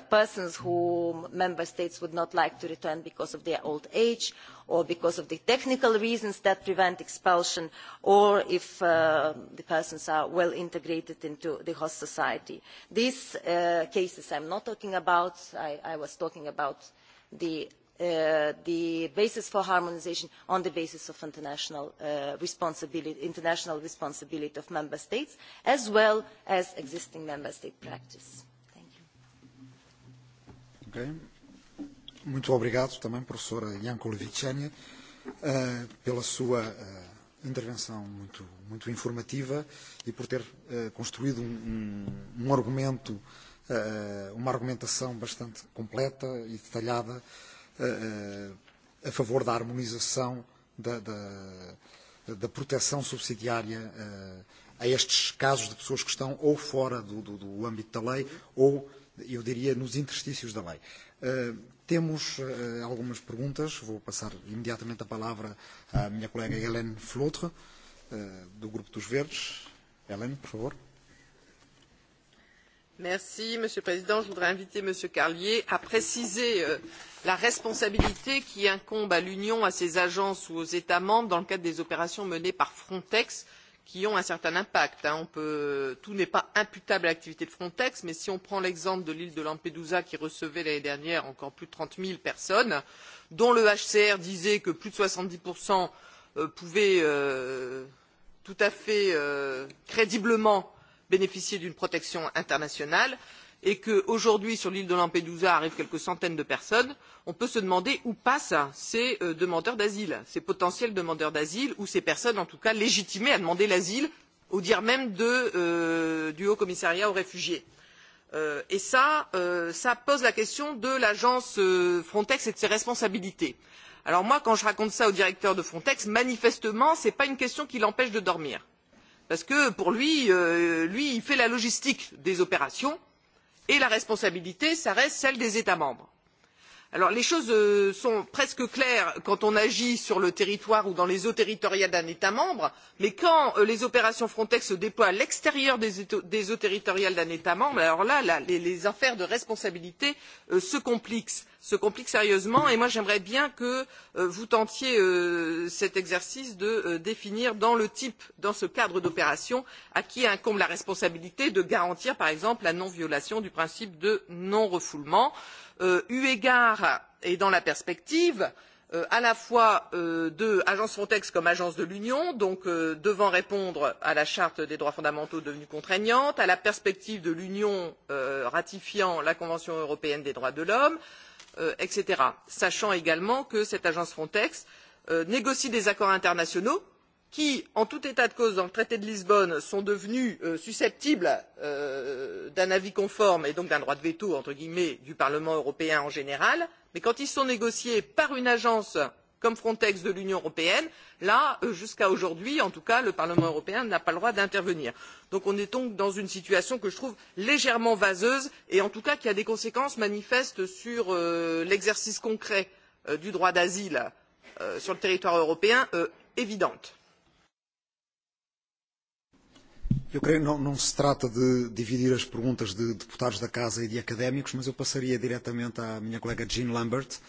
Speaker 16: persons whom member states would not like to return because of their old age or because of the technical reasons that prevent expulsion or if uh, the persons are well integrated into the host society. These uh, cases I'm not talking about. I, I was talking about the Uh, the basis for harmonisation on the basis of international, uh, responsibility, international responsibility of member states as well as existing member state practice. Thank
Speaker 14: you. Okay. Muito obrigado também, professora Jankolovicene, eh, pela sua eh, intervenção muito, muito informativa e por ter eh, construído um, um, um argumento, uma argumentação bastante completa e detalhada a favor da harmonização da, da, da proteção subsidiária a estes casos de pessoas que estão ou fora do, do, do âmbito da lei ou, eu diria, nos interstícios da lei. Temos uh, algumas perguntas, vou passar imediatamente a palavra à minha colega Helene Flotre, uh, eh, do Grupo dos Verdes. Helene, por favor.
Speaker 9: Merci, Monsieur le Président. Je voudrais inviter Monsieur Carlier à préciser euh, la responsabilité qui incombe à l'Union, à ses agences ou aux États membres dans le cadre des opérations menées par Frontex euh, qui ont un certain impact. Hein. On peut, tout n'est pas imputable à l'activité de Frontex, mais si on prend l'exemple de l'île de Lampedusa qui recevait l'année dernière encore plus de 30 000 personnes, dont le HCR disait que plus de 70 euh, pouvaient euh, tout à fait euh, crédiblement bénéficier d'une protection internationale, euh, et qu'aujourd'hui sur l'île de lampedusa arrivent quelques centaines de personnes on peut se demander où passent ces euh, demandeurs d'asile ces potentiels demandeurs d'asile ou ces personnes en tout cas légitimées à demander l'asile au dire même de, euh, du haut commissariat aux réfugiés. Euh, et cela euh, pose la question de l'agence euh, frontex et de ses responsabilités. alors moi quand je raconte cela au directeur de frontex manifestement ce n'est pas une question qui l'empêche de dormir parce que pour lui, euh, lui il fait la logistique des opérations et la responsabilité reste celle des états membres. Alors, les choses euh, sont presque claires quand on agit sur le territoire ou dans les eaux territoriales d'un état membre mais quand euh, les opérations frontex se déploient à l'extérieur des, eaux territoriales d'un état membre alors là, là les, les affaires de responsabilité euh, se compliquent se compliquent sérieusement et moi j'aimerais bien que euh, vous tentiez cet exercice de définir dans le type dans ce cadre d'opération à qui incombe la responsabilité de garantir par exemple la non violation du principe de non refoulement. Euh, Euh, eu égard et dans la perspective euh, à la fois euh, de l'agence frontex comme agence de l'union donc devant répondre à la charte des droits fondamentaux devenue contraignante à la perspective de l'union ratifiant la convention européenne des droits de l'homme etc. sachant également que cette agence frontex négocie des accords internationaux qui en tout état de cause dans le traité de lisbonne sont devenus euh, susceptibles euh, d'un avis conforme et donc d'un droit de veto entre guillemets du parlement européen en général mais quand ils sont négociés par une agence comme frontex de l'union européenne là euh, jusqu'à aujourd'hui en tout cas le parlement européen n'a pas le droit d'intervenir. donc on est donc dans une situation que je trouve légèrement vaseuse et en tout cas qui a des conséquences manifestes sur l'exercice concret du droit d'asile sur le territoire européen évidentes
Speaker 14: Eu creio que não, não se trata de dividir as perguntas de deputados da Casa e de académicos, mas eu passaria diretamente à minha colega Jean Lambert,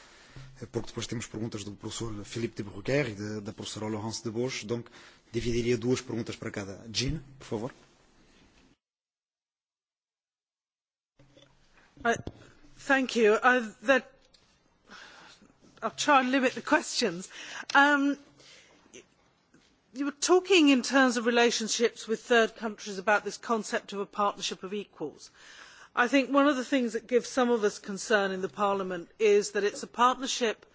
Speaker 14: eh, porque depois temos perguntas do professor Filipe de Bruguer e de, da, da professora Laurence de Bosch, então dividiria duas perguntas para cada. Jean, por favor.
Speaker 1: Uh, thank you. Uh, that... I'll try and limit the questions. Um, you were talking in terms of relationships with third countries about this concept of a partnership of equals. I think one of the things that gives some of us concern in Parliament is that it is a partnership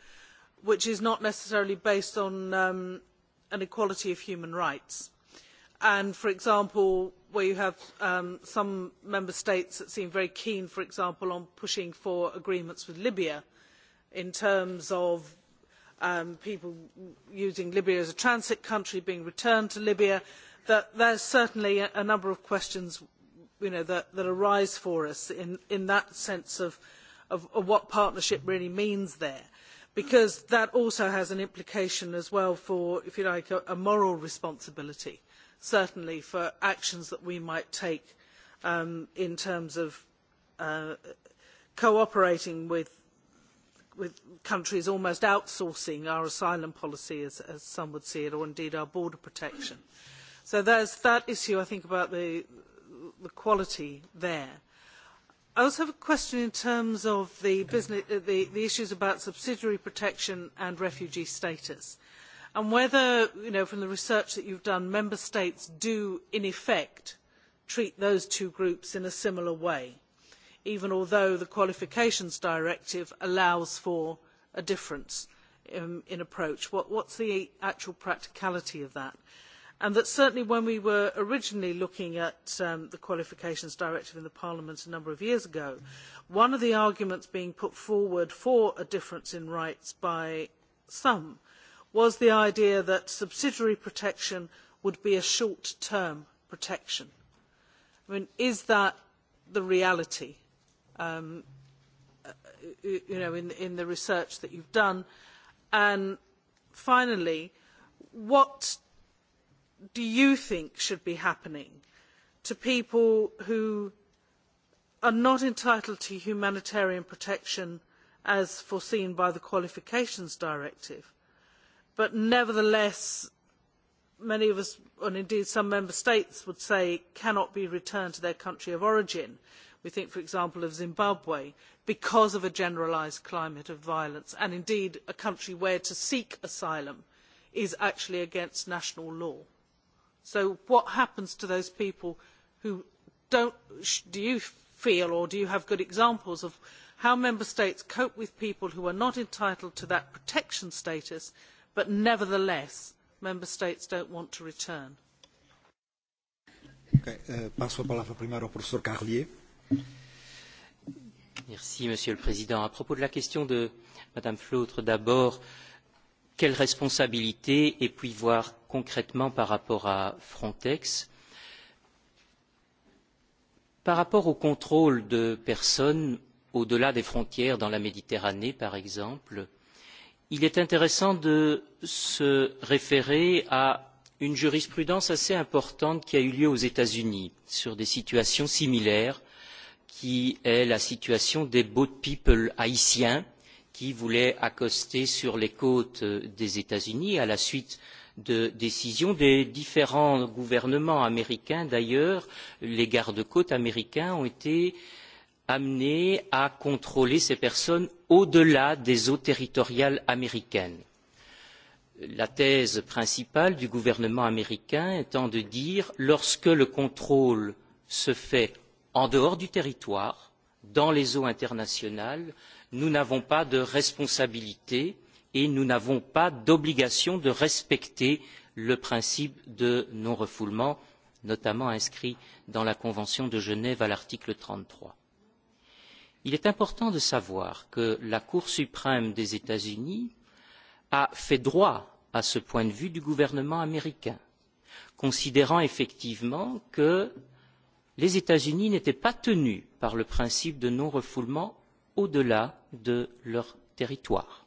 Speaker 1: which is not necessarily based on um, an equality of human rights. And, for example, where you have um, some member states that seem very keen, for example, on pushing for agreements with Libya in terms of Um, people using Libya as a transit country being returned to Libya, that are certainly a, a number of questions you know, that, that arise for us in, in that sense of, of, of what partnership really means there because that also has an implication as well for, if you like, a, a moral responsibility, certainly for actions that we might take um, in terms of uh, cooperating with with countries almost outsourcing our asylum policy, as, as some would see it, or indeed our border protection. So there's that issue, I think, about the, the quality there. I also have a question in terms of the, business, uh, the, the issues about subsidiary protection and refugee status, and whether, you know, from the research that you've done, member states do, in effect, treat those two groups in a similar way even although the qualifications directive allows for a difference in, um, in approach. What, what's the actual practicality of that? And that certainly when we were originally looking at um, the qualifications directive in the Parliament a number of years ago, one of the arguments being put forward for a difference in rights by some was the idea that subsidiary protection would be a short-term protection. I mean, is that the reality? um, uh, you know, in, in the research that you've done? And finally, what do you think should be happening to people who are not entitled to humanitarian protection as foreseen by the qualifications directive but nevertheless many of us and indeed some member states would say cannot be returned to their country of origin We think, for example, of Zimbabwe because of a generalised climate of violence and indeed a country where to seek asylum is actually against national law. So what happens to those people who don't, do you feel or do you have good examples of how member states cope with people who are not entitled to that protection status but nevertheless member states don't want to return?
Speaker 14: Okay, uh,
Speaker 15: Monsieur le Président. À propos de la question de mme Flautre, d'abord, quelles responsabilités et puis voir concrètement par rapport à Frontex Par rapport au contrôle de personnes au-delà des frontières dans la Méditerranée, par exemple, il est intéressant de se référer à une jurisprudence assez importante qui a eu lieu aux États-Unis sur des situations similaires qui est la situation des boat people haïtiens qui voulaient accoster sur les côtes des États-Unis à la suite de décisions des différents gouvernements américains. D'ailleurs, les gardes-côtes américains ont été amenés à contrôler ces personnes au-delà des eaux territoriales américaines. La thèse principale du gouvernement américain étant de dire lorsque le contrôle se fait en dehors du territoire, dans les eaux internationales, nous n'avons pas de responsabilité et nous n'avons pas d'obligation de respecter le principe de non refoulement, notamment inscrit dans la Convention de Genève à l'article trente trois. Il est important de savoir que la Cour suprême des États Unis a fait droit à ce point de vue du gouvernement américain, considérant effectivement que les états unis n'étaient pas tenus par le principe de non refoulement au delà de leur territoire.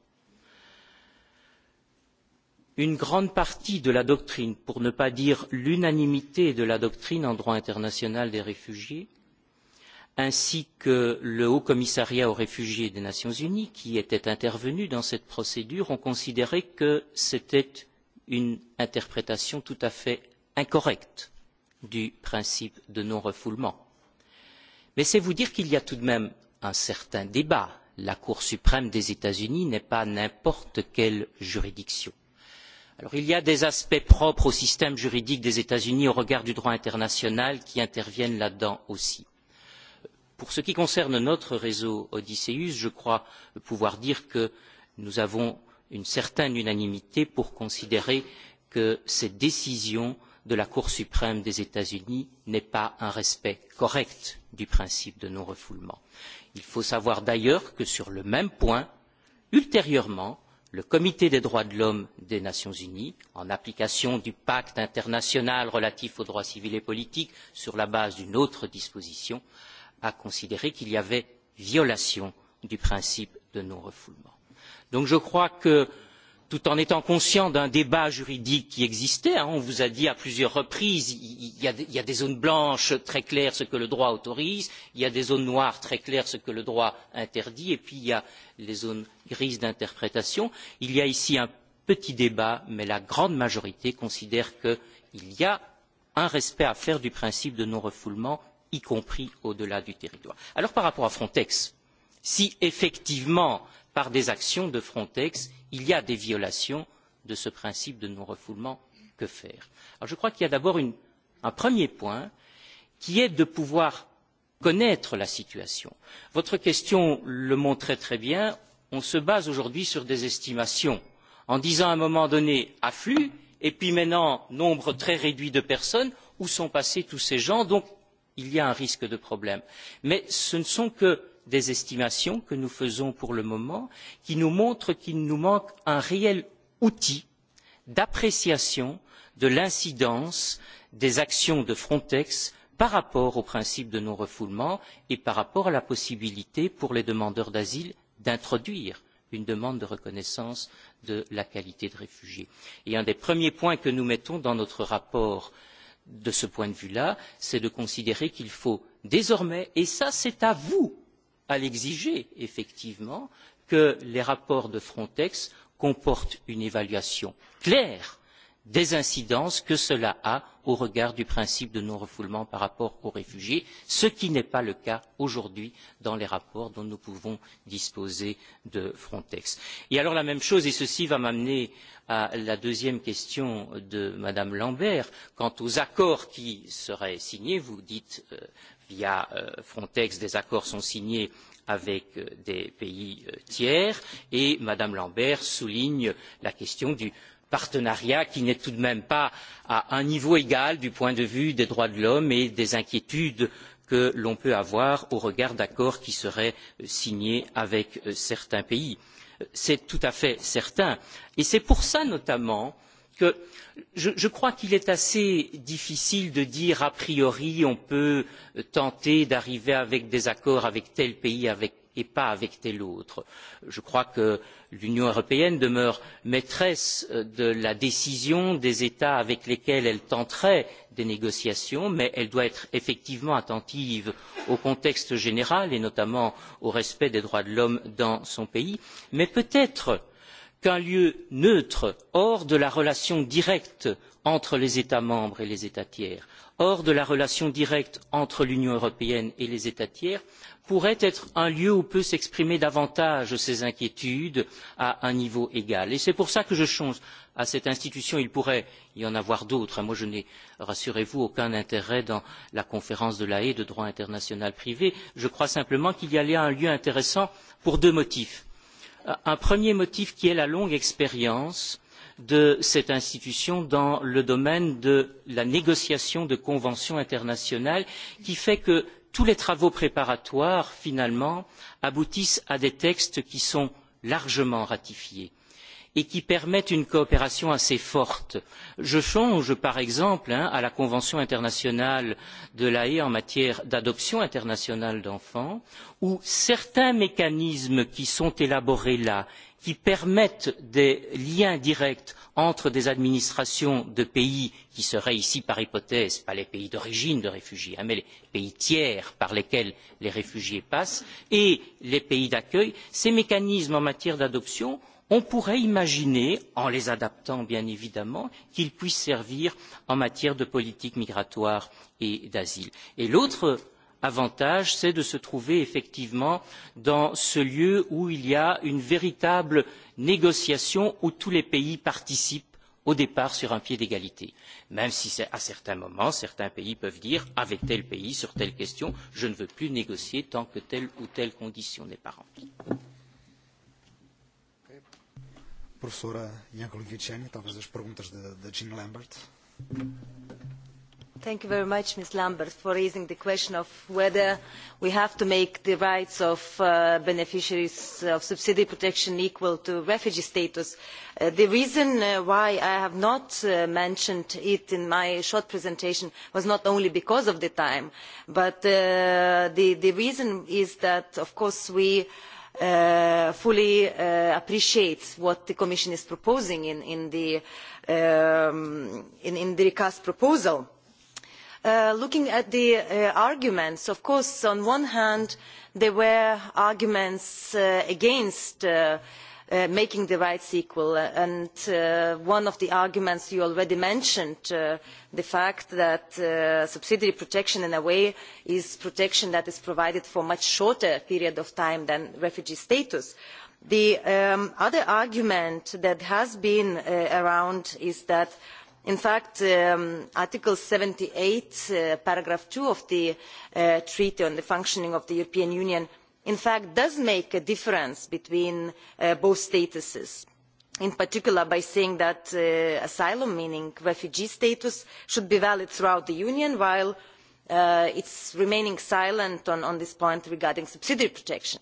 Speaker 15: une grande partie de la doctrine pour ne pas dire l'unanimité de la doctrine en droit international des réfugiés ainsi que le haut commissariat aux réfugiés des nations unies qui était intervenu dans cette procédure ont considéré que c'était une interprétation tout à fait incorrecte du principe de non refoulement. Mais c'est vous dire qu'il y a tout de même un certain débat. La Cour suprême des États Unis n'est pas n'importe quelle juridiction. Alors, il y a des aspects propres au système juridique des États Unis au regard du droit international qui interviennent là dedans aussi. Pour ce qui concerne notre réseau Odysseus, je crois pouvoir dire que nous avons une certaine unanimité pour considérer que cette décision euh, de la Cour suprême des États-Unis n'est pas un respect correct du principe de non-refoulement. Il faut savoir d'ailleurs que sur le même point, ultérieurement, le Comité des droits de l'homme des Nations Unies, en application du pacte international relatif aux droits civils et politiques, sur la base d'une autre disposition, a considéré qu'il y avait violation du principe de non-refoulement. Donc je crois que tout en étant conscient d'un débat juridique qui existait on vous a dit à plusieurs reprises il y, a, y a des zones blanches très claires ce que le droit autorise il y a des zones noires très claires ce que le droit interdit et puis il y a les zones grises d'interprétation. il y a ici un petit débat mais la grande majorité considère qu'il y a un respect à faire du principe de non refoulement y compris au delà du territoire. alors par rapport à frontex si effectivement par des actions de Frontex, il y a des violations de ce principe de non-refoulement. Que faire Alors Je crois qu'il y a d'abord un premier point qui est de pouvoir connaître la situation. Votre question le montrait très bien. On se base aujourd'hui sur des estimations en disant à un moment donné afflux et puis maintenant nombre très réduit de personnes, où sont passés tous ces gens, donc il y a un risque de problème. Mais ce ne sont que des estimations que nous faisons pour le moment qui nous montrent qu'il nous manque un réel outil d'appréciation de l'incidence des actions de frontex par rapport au principe de non refoulement et par rapport à la possibilité pour les demandeurs d'asile d'introduire une demande de reconnaissance de la qualité de réfugié. Et un des premiers points que nous mettons dans notre rapport de ce point de vue là c'est de considérer qu'il faut désormais et ça c'est à vous à l'exiger effectivement que les rapports de Frontex comportent une évaluation claire des incidences que cela a au regard du principe de non refoulement par rapport aux réfugiés, ce qui n'est pas le cas aujourd'hui dans les rapports dont nous pouvons disposer de Frontex. Et alors la même chose, et ceci va m'amener à la deuxième question de mme Lambert, quant aux accords qui seraient signés, vous dites euh, via euh, Frontex, des accords sont signés avec euh, des pays euh, tiers et Mme Lambert souligne la question du partenariat qui n'est tout de même pas à un niveau égal du point de vue des droits de l'homme et des inquiétudes que l'on peut avoir au regard d'accords qui seraient signés avec certains pays. C'est tout à fait certain. Et c'est pour cela notamment euh, que je, je crois qu'il est assez difficile de dire a priori on peut tenter d'arriver avec des accords avec tel pays avec, et pas avec tel autre. Je crois que l'Union européenne demeure maîtresse euh, de la décision des États avec lesquels elle tenterait des négociations, mais elle doit être effectivement attentive au contexte général et notamment au respect des droits de l'homme dans son pays. Mais peut-être qu'un lieu neutre hors de la relation directe entre les états membres et les états tiers hors de la relation directe entre l'union européenne et les états tiers pourrait être un lieu où peuvent s'exprimer davantage ces inquiétudes à un niveau égal. c'est pour cela que je songe à cette institution il pourrait y en avoir d'autres moi je n'ai rassurez vous aucun intérêt dans la conférence de la haye de droit international privé je crois simplement qu'il y a là un lieu intéressant pour deux motifs un premier motif qui est la longue expérience de cette institution dans le domaine de la négociation de conventions internationales qui fait que tous les travaux préparatoires finalement aboutissent à des textes qui sont largement ratifiés et qui permettent une coopération assez forte. Je songe par exemple à la Convention internationale de la Haye en matière d'adoption internationale d'enfants, où certains mécanismes qui sont élaborés là, qui permettent des liens directs entre des administrations de pays qui seraient ici par hypothèse pas les pays d'origine des réfugiés mais les pays tiers par lesquels les réfugiés passent et les pays d'accueil ces mécanismes en matière d'adoption on pourrait imaginer en les adaptant bien évidemment qu'ils puissent servir en matière de politique migratoire et d'asile. l'autre avantage c'est de se trouver effectivement dans ce lieu où il y a une véritable négociation où tous les pays participent au départ sur un pied d'égalité même si à certains moments certains pays peuvent dire avec tel pays sur telle question je ne veux plus négocier tant que telle ou telle condition n'est
Speaker 14: pas remplie professora Yankovic Viceni, talvez as perguntas da Jean Lambert.
Speaker 16: Thank you very much, Ms. Lambert, for raising the question of whether we have to make the rights of uh, beneficiaries of subsidy protection equal to refugee status. Uh, the reason uh, why I have not uh, mentioned it in my short presentation was not only because of the time, but uh, the, the reason is that, of course, we uh, Uh, fully uh, appreciates what the commission is proposing in, in, the, um, in, in the recast proposal. Uh, looking at the uh, arguments of course on one hand there were arguments against Uh, making the rights equal. And uh, one of the arguments you already mentioned, uh, the fact that subsidiary protection in a way is protection that is provided for a much shorter period of time than refugee status. The um, other argument that has been around is that in fact um, article seventy eight paragraph two of the treaty on the functioning of the european union in fact does make a difference between uh, both statuses in particular by saying that uh, asylum meaning refugee status should be valid throughout the union while uh, it's remaining silent on, on this point regarding subsidiary protection.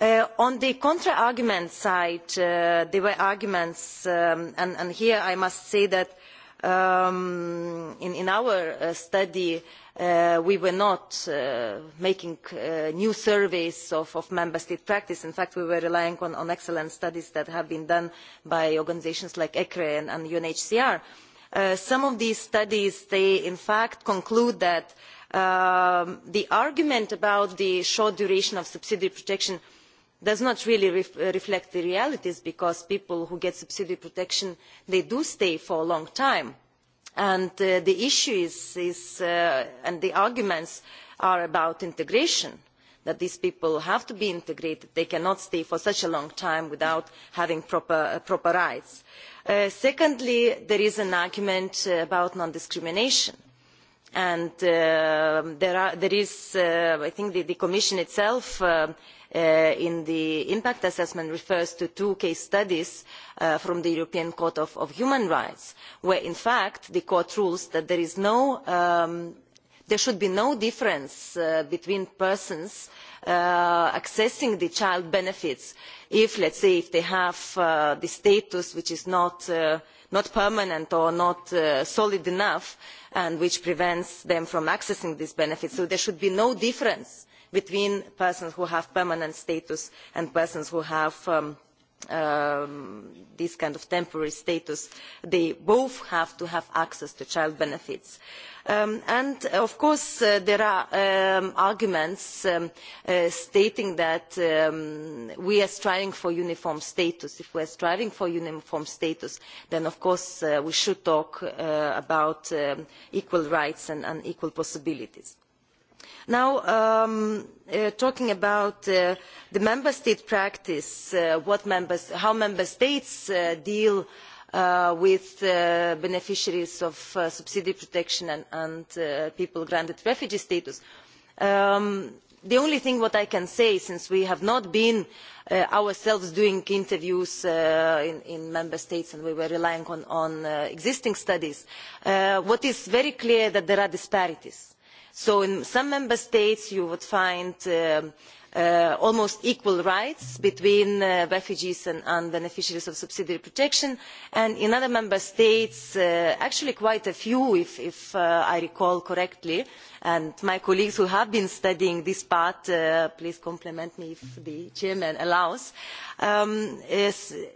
Speaker 16: Uh, on the contra argument side uh, there were arguments um, and, and here i must say that um, in, in our uh, study Uh, we were not uh, making uh, new surveys of, member state practice in fact we were relying on, excellent studies that have been done by organisations like ecre and, unhcr. some of these studies they in fact conclude that um, the argument about the short duration of subsidiary protection does not really reflect the realities because people who get subsidiary protection they do stay for a long time and uh, the issues uh, and the arguments are about integration that these people have to be integrated they cannot stay for such a long time without having proper, uh, proper rights. Uh, secondly there is an argument about non discrimination and um, there, are, there is i think the, the commission itself um, Uh, in the impact assessment refers to two case studies uh, from the european court of, human rights where in fact the court rules that there um, should be no difference uh, between persons accessing the child benefits if let's say if they have the status which is not permanent or not solid enough and which prevents them from accessing these benefits so there should be no difference between persons who have permanent status and persons who have um, um, this kind of temporary status, they both have to have access to child benefits. Um, and of course uh, there are um, arguments um, uh, stating that um, we are striving for uniform status. if we are striving for uniform status then of course uh, we should talk uh, about um, equal rights and, and equal possibilities now um, uh, talking about uh, the member state practice uh, what members, how member states uh, deal uh, with uh, beneficiaries of subsidy protection and, and people granted refugee status um, the only thing what i can say since we have not been uh, ourselves doing interviews uh, in, in member states and we were relying on, on uh, existing studies what is very clear that there are disparities so in some member states you would find um, Uh, almost equal rights between uh, refugees and, beneficiaries of subsidiary protection and in other member states uh, actually quite a few if, i recall correctly and my colleagues who have been studying this part please compliment me if the chairman allows um,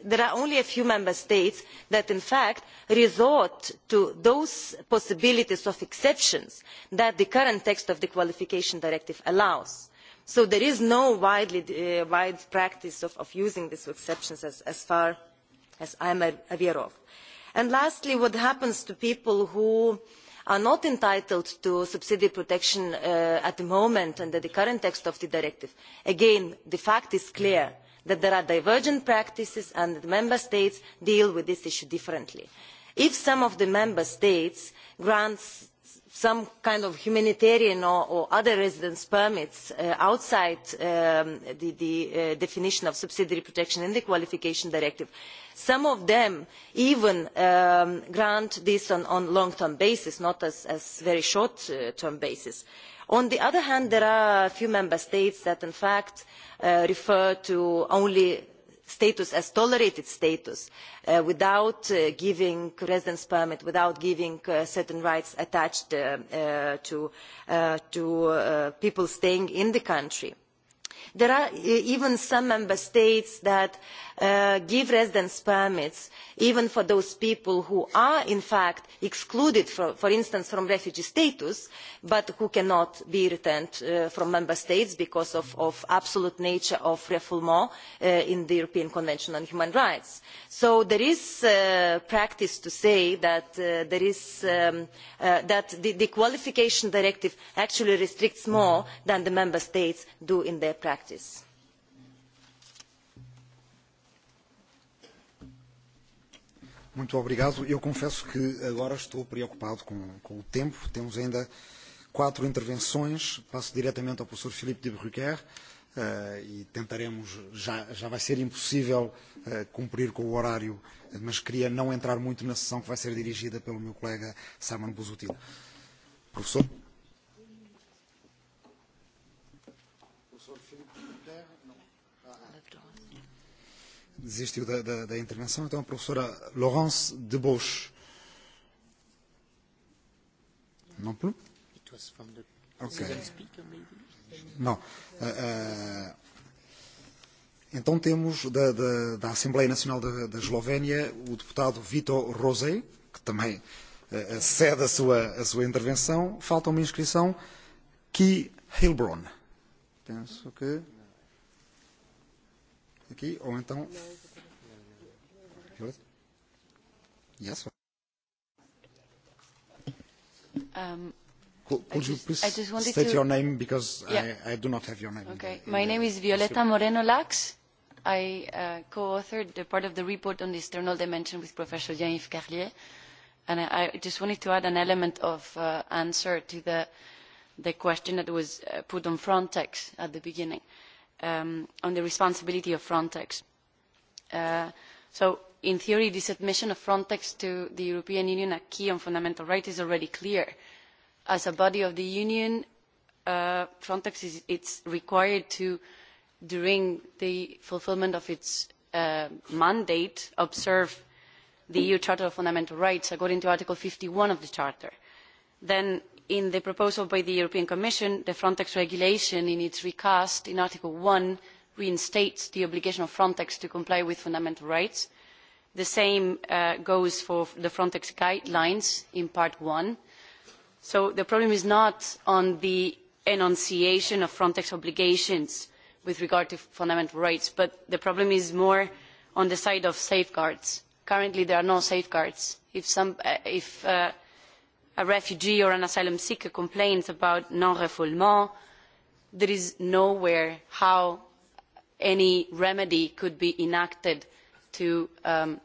Speaker 16: there are only a few member states that in fact resort to those possibilities of exceptions that the current text of the qualification directive allows so there is no widely, uh, wide practice of, using these exceptions as, far as i am aware of. And lastly what happens to people who are not entitled to subsidy protection uh, at the moment under the current text of the directive again the fact is clear that there are divergent practices and the member states deal with this issue differently. if some of the member states grant some kind of humanitarian or, or other residence permits uh, outside um, the, the uh, definition of subsidiary protection in the qualification directive some of them even um, grant this on a long term basis not as a very short term basis. on the other hand there are a few member states that in fact uh, refer to only status as tolerated status uh, without uh, giving residence permit without giving uh, certain rights attached uh, uh, to, uh, to people staying in the country there are even some member states that uh, give residence permits even for those people who are in fact excluded for, instance from refugee status but who cannot be returned uh, from member states because of, the absolute nature of refoulement uh, in the european convention on human rights. so there is practice to say um, that the, the qualification directive actually restricts more than the member states do in their practice practice.
Speaker 14: Muito obrigado. Eu confesso que agora estou preocupado com, com o tempo. Temos ainda quatro intervenções. Passo diretamente ao professor Filipe de Bruguer uh, eh, e tentaremos, já, já vai ser impossível uh, cumprir com o horário, mas queria não entrar muito na sessão que vai ser dirigida pelo meu colega Simon Busutil. Professor? desistiu da, da, da intervenção, então a professora Laurence de Bosch. Não por Ok. Não. Uh, uh, então temos da, da, da Assembleia Nacional da, da Eslovénia o deputado Vito Rosé, que também uh, cede a sua, a sua intervenção. Falta uma inscrição, Key Heilbron. Penso que aqui, ou então... Yes. Um, Could, I you please I just state to... your name because yeah. I, I do not have your name. Okay, in the, in my the... name is Violeta Moreno
Speaker 17: Lax. I uh, co-authored the part of the report on the external dimension with Professor Jean-Yves Carlier. And I, I just wanted to add an element of uh, answer to the, the question that was uh, put on Frontex at the beginning. Uh, um, on the responsibility of Frontex. Uh, so in theory, this admission of Frontex to the European Union acquis on fundamental rights is already clear. As a body of the Union, uh, Frontex is it's required to, during the fulfilment of its uh, mandate, observe the EU Charter of Fundamental Rights according to Article 51 of the Charter. Then in the proposal by the European Commission, the Frontex regulation in its recast in Article 1 reinstates the obligation of Frontex to comply with fundamental rights. The same uh, goes for the Frontex guidelines in Part 1. So the problem is not on the enunciation of Frontex obligations with regard to fundamental rights, but the problem is more on the side of safeguards. Currently, there are no safeguards. If, some, uh, if uh, a refugee or an asylum seeker complains about non-refoulement, there is nowhere how any remedy could be enacted to um,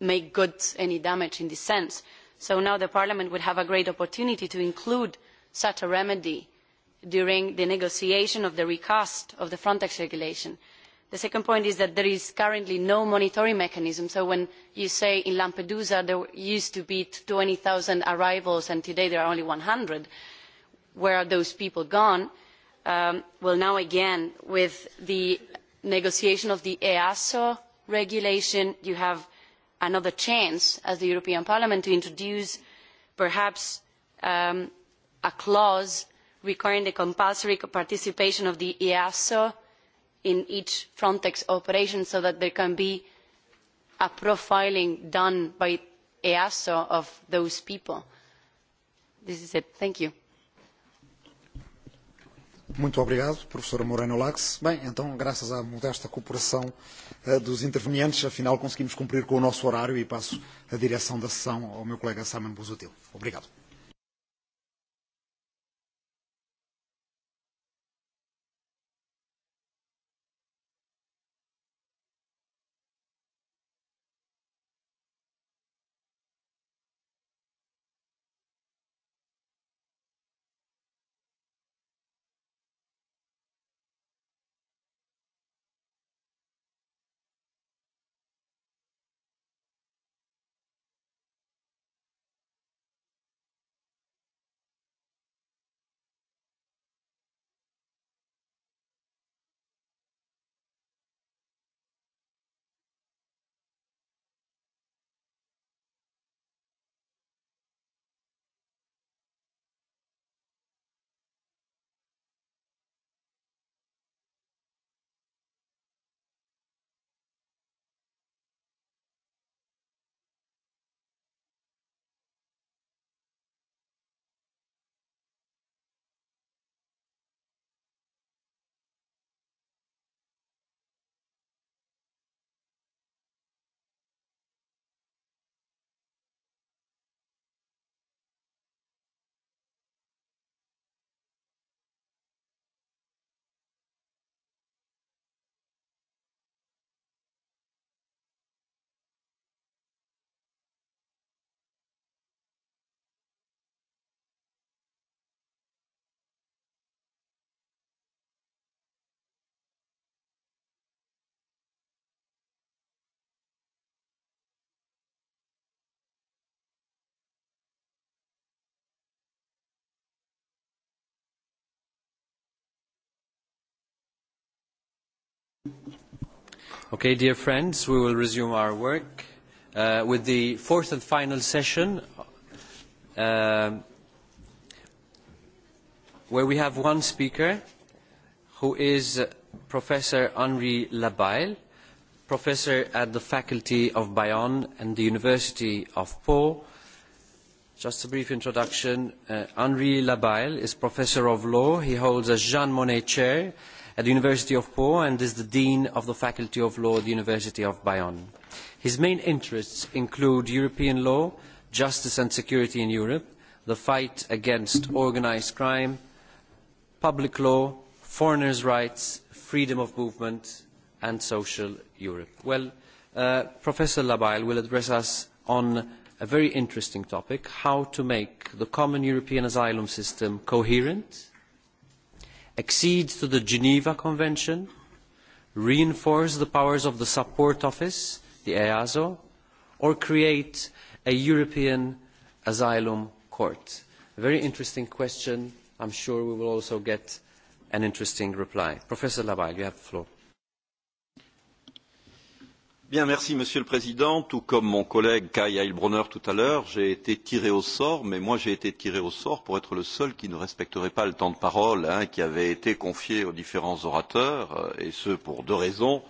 Speaker 17: make good any damage in this sense. So now the Parliament would have a great opportunity to include such a remedy during the negotiation of the recast of the Frontex regulation the second point is that there is currently no monitoring mechanism so when you say in lampedusa there used to be twenty zero arrivals and today there are only one hundred where are those people gone? Um, well now again with the negotiation of the easo regulation you have another chance as the european parliament to introduce perhaps um, a clause requiring the compulsory participation of the easo in each Frontex operation so that there can be a profiling done by EASO of those people. This is it. Thank you.
Speaker 14: Muito obrigado, professora Moreno Lax. Bem, então, graças à modesta cooperação uh, dos intervenientes, afinal conseguimos cumprir com o nosso horário e passo a direção da sessão ao meu colega Simon Busutil. Obrigado.
Speaker 18: Okay, dear friends, we will resume our work uh, with the fourth and final session uh, where we have one speaker who is Professor Henri Labaille, professor at the Faculty of Bayonne and the University of Pau. Just a brief introduction. Uh, Henri Labaille is professor of law. He holds a Jean Monnet Chair at the University of Pau and is the Dean of the Faculty of Law at the University of Bayonne. His main interests include European law, justice and security in Europe, the fight against organised crime, public law, foreigners' rights, freedom of movement and social Europe. Well, uh, Professor Labile will address us on a very interesting topic, how to make the common European asylum system coherent, accede to the Geneva Convention, reinforce the powers of the support office, the EASO, or create a European asylum court? A very interesting question. I'm sure we will also get an interesting reply. Professor Laval, you have the floor.
Speaker 19: Bien, merci Monsieur le Président. Tout comme mon collègue Kai Heilbronner tout à l'heure, j'ai été tiré au sort, mais moi j'ai été tiré au sort pour être le seul qui ne respecterait pas le temps de parole hein, qui avait été confié aux différents orateurs, euh, et ce pour deux raisons.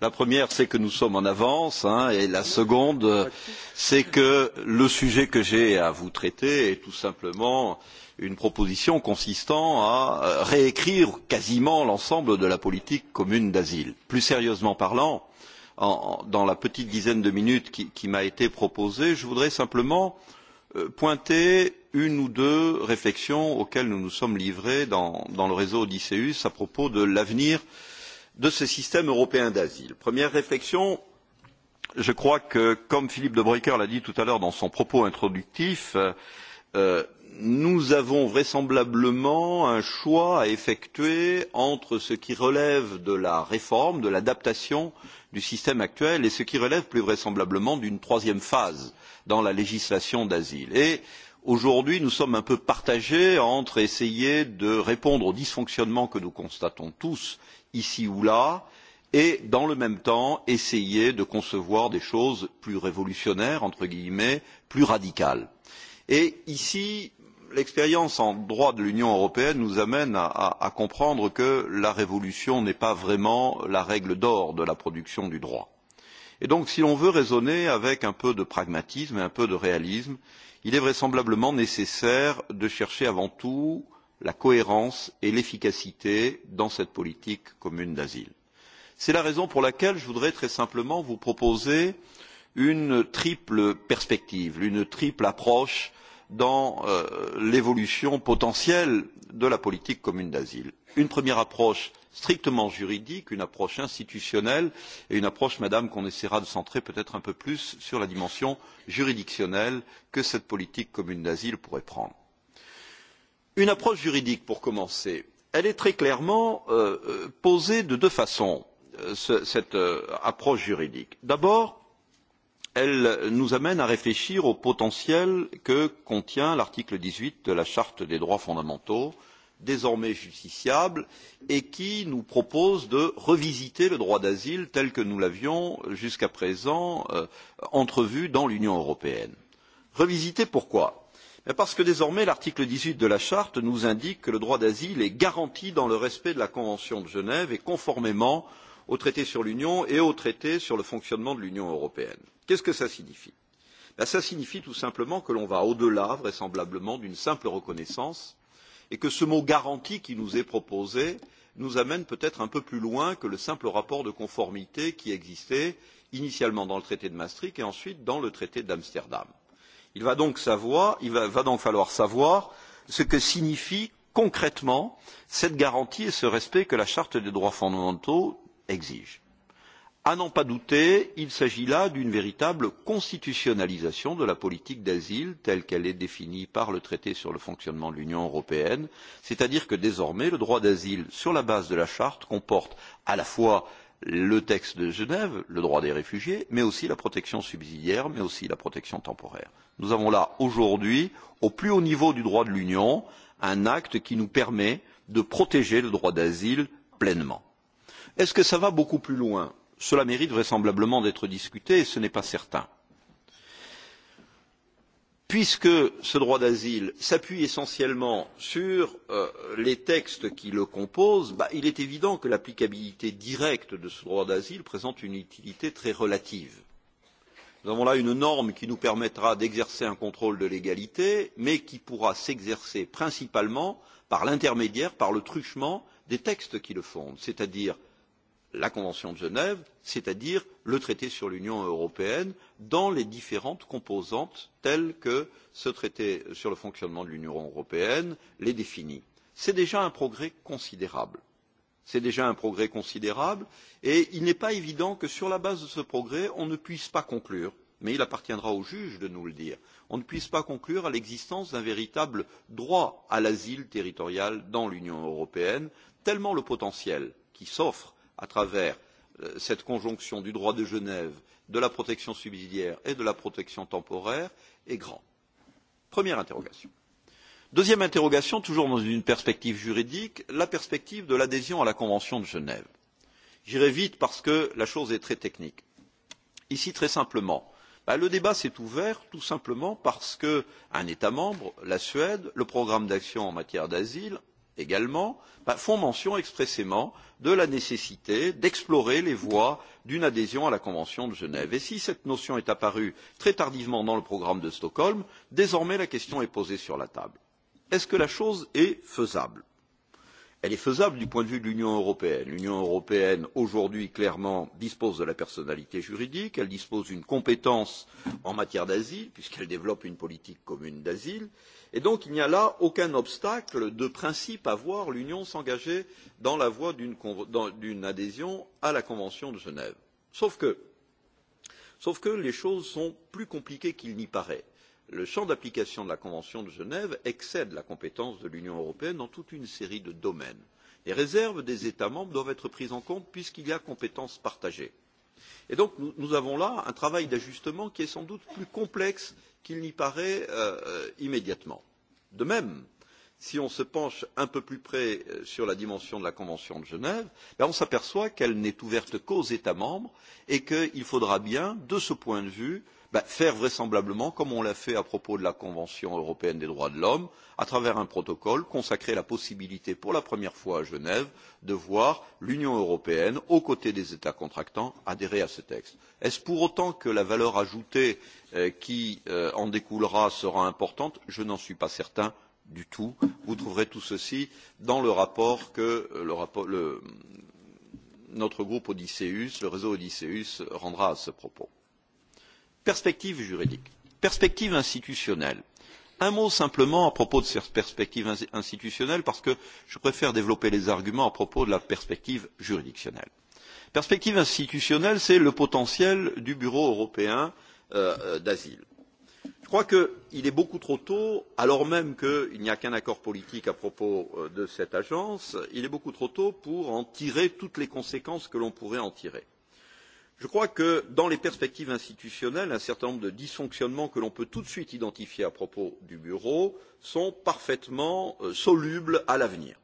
Speaker 19: La première, c'est que nous sommes en avance, hein, et la seconde, c'est que le sujet que j'ai à vous traiter est tout simplement une proposition consistant à euh, réécrire quasiment l'ensemble de la politique commune d'asile. Plus sérieusement parlant, dans la petite dizaine de minutes qui, qui m'a été proposée, je voudrais simplement euh, pointer une ou deux réflexions auxquelles nous nous sommes livrés dans, dans le réseau Odysseus à propos de l'avenir de ce système européen d'asile. Première réflexion, je crois que, comme Philippe de Bruycker l'a dit tout à l'heure dans son propos introductif, euh, Euh, nous avons vraisemblablement un choix à effectuer entre ce qui relève de la réforme, de l'adaptation du système actuel et ce qui relève plus vraisemblablement d'une troisième phase dans la législation d'asile. Et aujourd'hui, nous sommes un peu partagés entre essayer de répondre aux dysfonctionnements que nous constatons tous ici ou là et, dans le même temps, essayer de concevoir des choses plus révolutionnaires, entre guillemets, plus radicales Et ici, l'expérience en droit de l'Union européenne nous amène à, à, à comprendre que la révolution n'est pas vraiment la règle d'or de la production du droit. Et donc, si l'on veut raisonner avec un peu de pragmatisme et un peu de réalisme, il est vraisemblablement nécessaire de chercher avant tout la cohérence et l'efficacité dans cette politique commune d'asile. C'est la raison pour laquelle je voudrais très simplement vous proposer euh, une triple perspective, une triple approche dans euh, l'évolution potentielle de la politique commune d'asile. Une première approche strictement juridique, une approche institutionnelle et une approche, Madame, qu'on essaiera de centrer peut-être un peu plus sur la dimension juridictionnelle que cette politique commune d'asile pourrait prendre. Une approche juridique, pour commencer, elle est très clairement euh, euh posée de deux façons, euh, ce, cette euh, approche juridique. D'abord, elle nous amène à réfléchir au potentiel que contient l'article dix huit de la charte des droits fondamentaux désormais justiciable et qui nous propose de revisiter le droit d'asile tel que nous l'avions jusqu'à présent euh, entrevu dans l'union européenne. revisiter pourquoi? parce que désormais l'article dix huit de la charte nous indique que le droit d'asile est garanti dans le respect de la convention de genève et conformément aux au traité sur l'union et au traité sur le fonctionnement de l'union européenne. qu'est ce que cela signifie? Ben, ça signifie tout simplement que l'on va au delà vraisemblablement d'une simple reconnaissance et que ce mot garantie qui nous est proposé nous amène peut être un peu plus loin que le simple rapport de conformité qui existait initialement dans le traité de maastricht et ensuite dans le traité d'amsterdam. il va donc, savoir, il va, va donc falloir savoir ce que signifie concrètement cette garantie et ce respect que la charte des droits fondamentaux exige. À n'en pas douter, il s'agit là d'une véritable constitutionnalisation de la politique d'asile telle qu'elle est définie par le traité sur le fonctionnement de l'Union européenne, c'est-à-dire que désormais le droit d'asile sur la base de la charte comporte à la fois le texte de Genève, le droit des réfugiés, mais aussi la protection subsidiaire, mais aussi la protection temporaire. Nous avons là aujourd'hui, au plus haut niveau du droit de l'Union, un acte qui nous permet de protéger le droit d'asile pleinement. Est ce que ça va beaucoup plus loin? Cela mérite vraisemblablement d'être discuté et ce n'est pas certain. Puisque ce droit d'asile s'appuie essentiellement sur euh, les textes qui le composent, bah, il est évident que l'applicabilité directe de ce droit d'asile présente une utilité très relative. Nous avons là une norme qui nous permettra d'exercer un contrôle de légalité, mais qui pourra s'exercer principalement par l'intermédiaire, par le truchement des textes qui le fondent, c'est-à-dire la Convention de Genève, c'est-à-dire le traité sur l'Union européenne, dans les différentes composantes telles que ce traité sur le fonctionnement de l'Union européenne les définit. C'est déjà un progrès considérable. C'est déjà un progrès considérable et il n'est pas évident que sur la base de ce progrès, on ne puisse pas conclure, mais il appartiendra aux juges de nous le dire, on ne puisse pas conclure à l'existence d'un véritable droit à l'asile territorial dans l'Union européenne, tellement le potentiel qui s'offre à travers euh, cette conjonction du droit de Genève, de la protection subsidiaire et de la protection temporaire est grand. Première interrogation. Deuxième interrogation, toujours dans une perspective juridique, la perspective de l'adhésion à la Convention de Genève. J'irai vite parce que la chose est très technique. Ici, très simplement, ben, le débat s'est ouvert tout simplement parce qu'un État membre, la Suède, le programme d'action en matière d'asile également font mention expressément de la nécessité d'explorer les voies d'une adhésion à la convention de genève. et si cette notion est apparue très tardivement dans le programme de stockholm désormais la question est posée sur la table est ce que la chose est faisable? elle est faisable du point de vue de l'union européenne. l'union européenne aujourd'hui clairement dispose de la personnalité juridique elle dispose d'une compétence en matière d'asile puisqu'elle développe une politique commune d'asile et Et donc il n'y a là aucun obstacle de principe à voir l'Union s'engager dans la voie d'une adhésion à la Convention de Genève. Sauf que, sauf que les choses sont plus compliquées qu'il n'y paraît. Le champ d'application de la Convention de Genève excède la compétence de l'Union européenne dans toute une série de domaines. Les réserves des États membres doivent être prises en compte puisqu'il y a compétence partagée. Et donc nous, nous avons là un travail d'ajustement qui est sans doute plus complexe qu'il n'y paraît euh, euh, immédiatement. De même, si on se penche un peu plus près euh, sur la dimension de la Convention de Genève, ben on s'aperçoit qu'elle n'est ouverte qu'aux États membres et qu'il faudra bien, de ce point de vue, euh, ben, faire vraisemblablement comme on l'a fait à propos de la Convention européenne des droits de l'homme, à travers un protocole, consacrer la possibilité pour la première fois à Genève de voir l'Union européenne, aux côtés des États contractants, adhérer à ce texte. Est-ce pour autant que la valeur ajoutée euh, qui euh, en découlera sera importante Je n'en suis pas certain du tout. Vous trouverez tout ceci dans le rapport que euh, le rapport, le, notre groupe Odysseus, le réseau Odysseus, rendra à ce propos. Perspective juridique, perspective institutionnelle. Un mot simplement à propos de cette perspective institutionnelle, parce que je préfère développer les arguments à propos de la perspective juridictionnelle. Perspective institutionnelle, c'est le potentiel du Bureau européen euh, euh d'asile. Je crois qu'il est beaucoup trop tôt, alors même qu'il n'y a qu'un accord politique à propos euh, de cette agence, il est beaucoup trop tôt pour en tirer toutes les conséquences que l'on pourrait en tirer je crois que dans les perspectives institutionnelles un certain nombre de dysfonctionnements que l'on peut tout de suite identifier à propos du bureau sont parfaitement euh, solubles à l'avenir.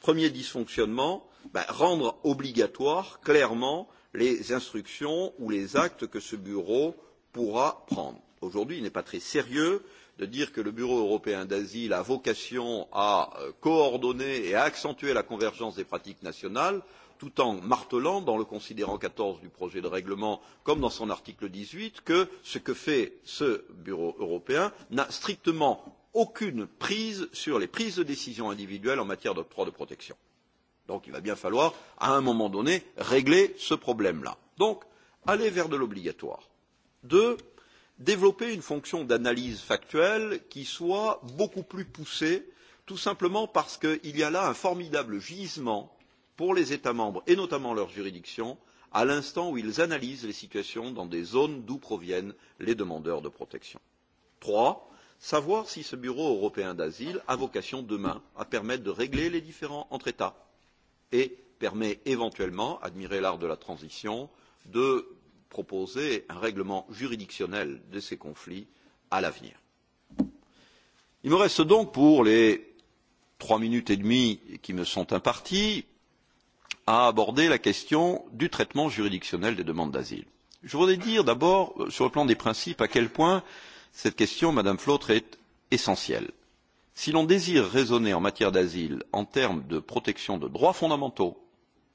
Speaker 19: premier dysfonctionnement ben, rendre obligatoires clairement les instructions ou les actes que ce bureau pourra prendre. aujourd'hui il n'est pas très sérieux de dire que le bureau européen d'asile a vocation à euh, coordonner et à accentuer la convergence des pratiques nationales tout en martelant dans le considérant quatorze du projet de règlement comme dans son article dix huit que ce que fait ce bureau européen n'a strictement aucune prise sur les prises de décision individuelles en matière d'octroi de protection. donc il va bien falloir à un moment donné régler ce problème là. donc aller vers de l'obligatoire. deuxièmement développer une fonction d'analyse factuelle qui soit beaucoup plus poussée tout simplement parce qu'il y a là un formidable gisement pour les États membres et notamment leurs juridictions à l'instant où ils analysent les situations dans des zones d'où proviennent les demandeurs de protection. Trois, savoir si ce Bureau européen d'asile a vocation demain à permettre de régler les différends entre États et permet éventuellement, admirer l'art de la transition, de proposer un règlement juridictionnel de ces conflits à l'avenir. Il me reste donc pour les trois minutes et demie qui me sont imparties à aborder la question du traitement juridictionnel des demandes d'asile. Je voudrais dire d'abord, euh, sur le plan des principes, à quel point cette question, Madame Flautre, est essentielle. Si l'on désire raisonner en matière d'asile en termes de protection de droits fondamentaux,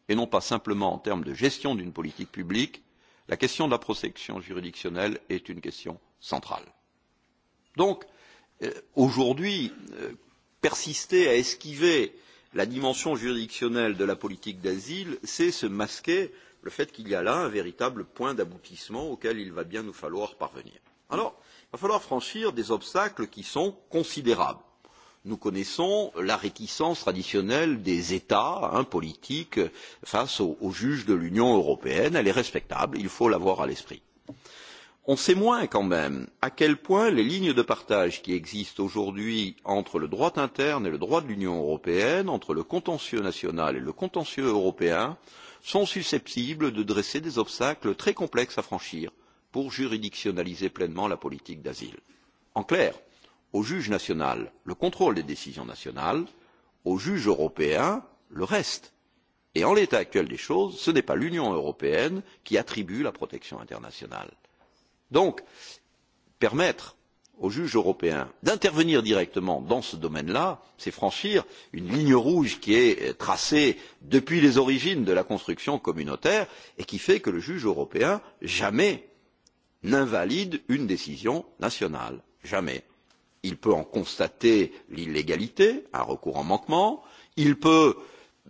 Speaker 19: et non pas simplement en termes de gestion d'une politique publique, la question de la protection juridictionnelle est une question centrale. Donc, euh, aujourd'hui, euh, persister à esquiver euh, la dimension juridictionnelle de la politique d'asile, c'est se masquer le fait qu'il y a là un véritable point d'aboutissement auquel il va bien nous falloir parvenir. Alors, il va falloir franchir des obstacles qui sont considérables. Nous connaissons la réticence traditionnelle des États hein, politiques face aux, aux juges de l'Union européenne. Elle est respectable, il faut l'avoir à l'esprit on sait moins quand même à quel point les lignes de partage qui existent aujourd'hui entre le droit interne et le droit de l'union européenne entre le contentieux national et le contentieux européen sont susceptibles de dresser des obstacles très complexes à franchir pour juridictionnaliser pleinement la politique d'asile. en clair au juge national le contrôle des décisions nationales au juge européen le reste et en l'état actuel des choses ce n'est pas l'union européenne qui attribue la protection internationale donc permettre au juge européen d'intervenir directement dans ce domaine là c'est franchir une ligne rouge qui est tracée depuis les origines de la construction communautaire et qui fait que le juge européen jamais n'invalide une décision nationale jamais. il peut en constater l'illégalité un recours en manquement il peut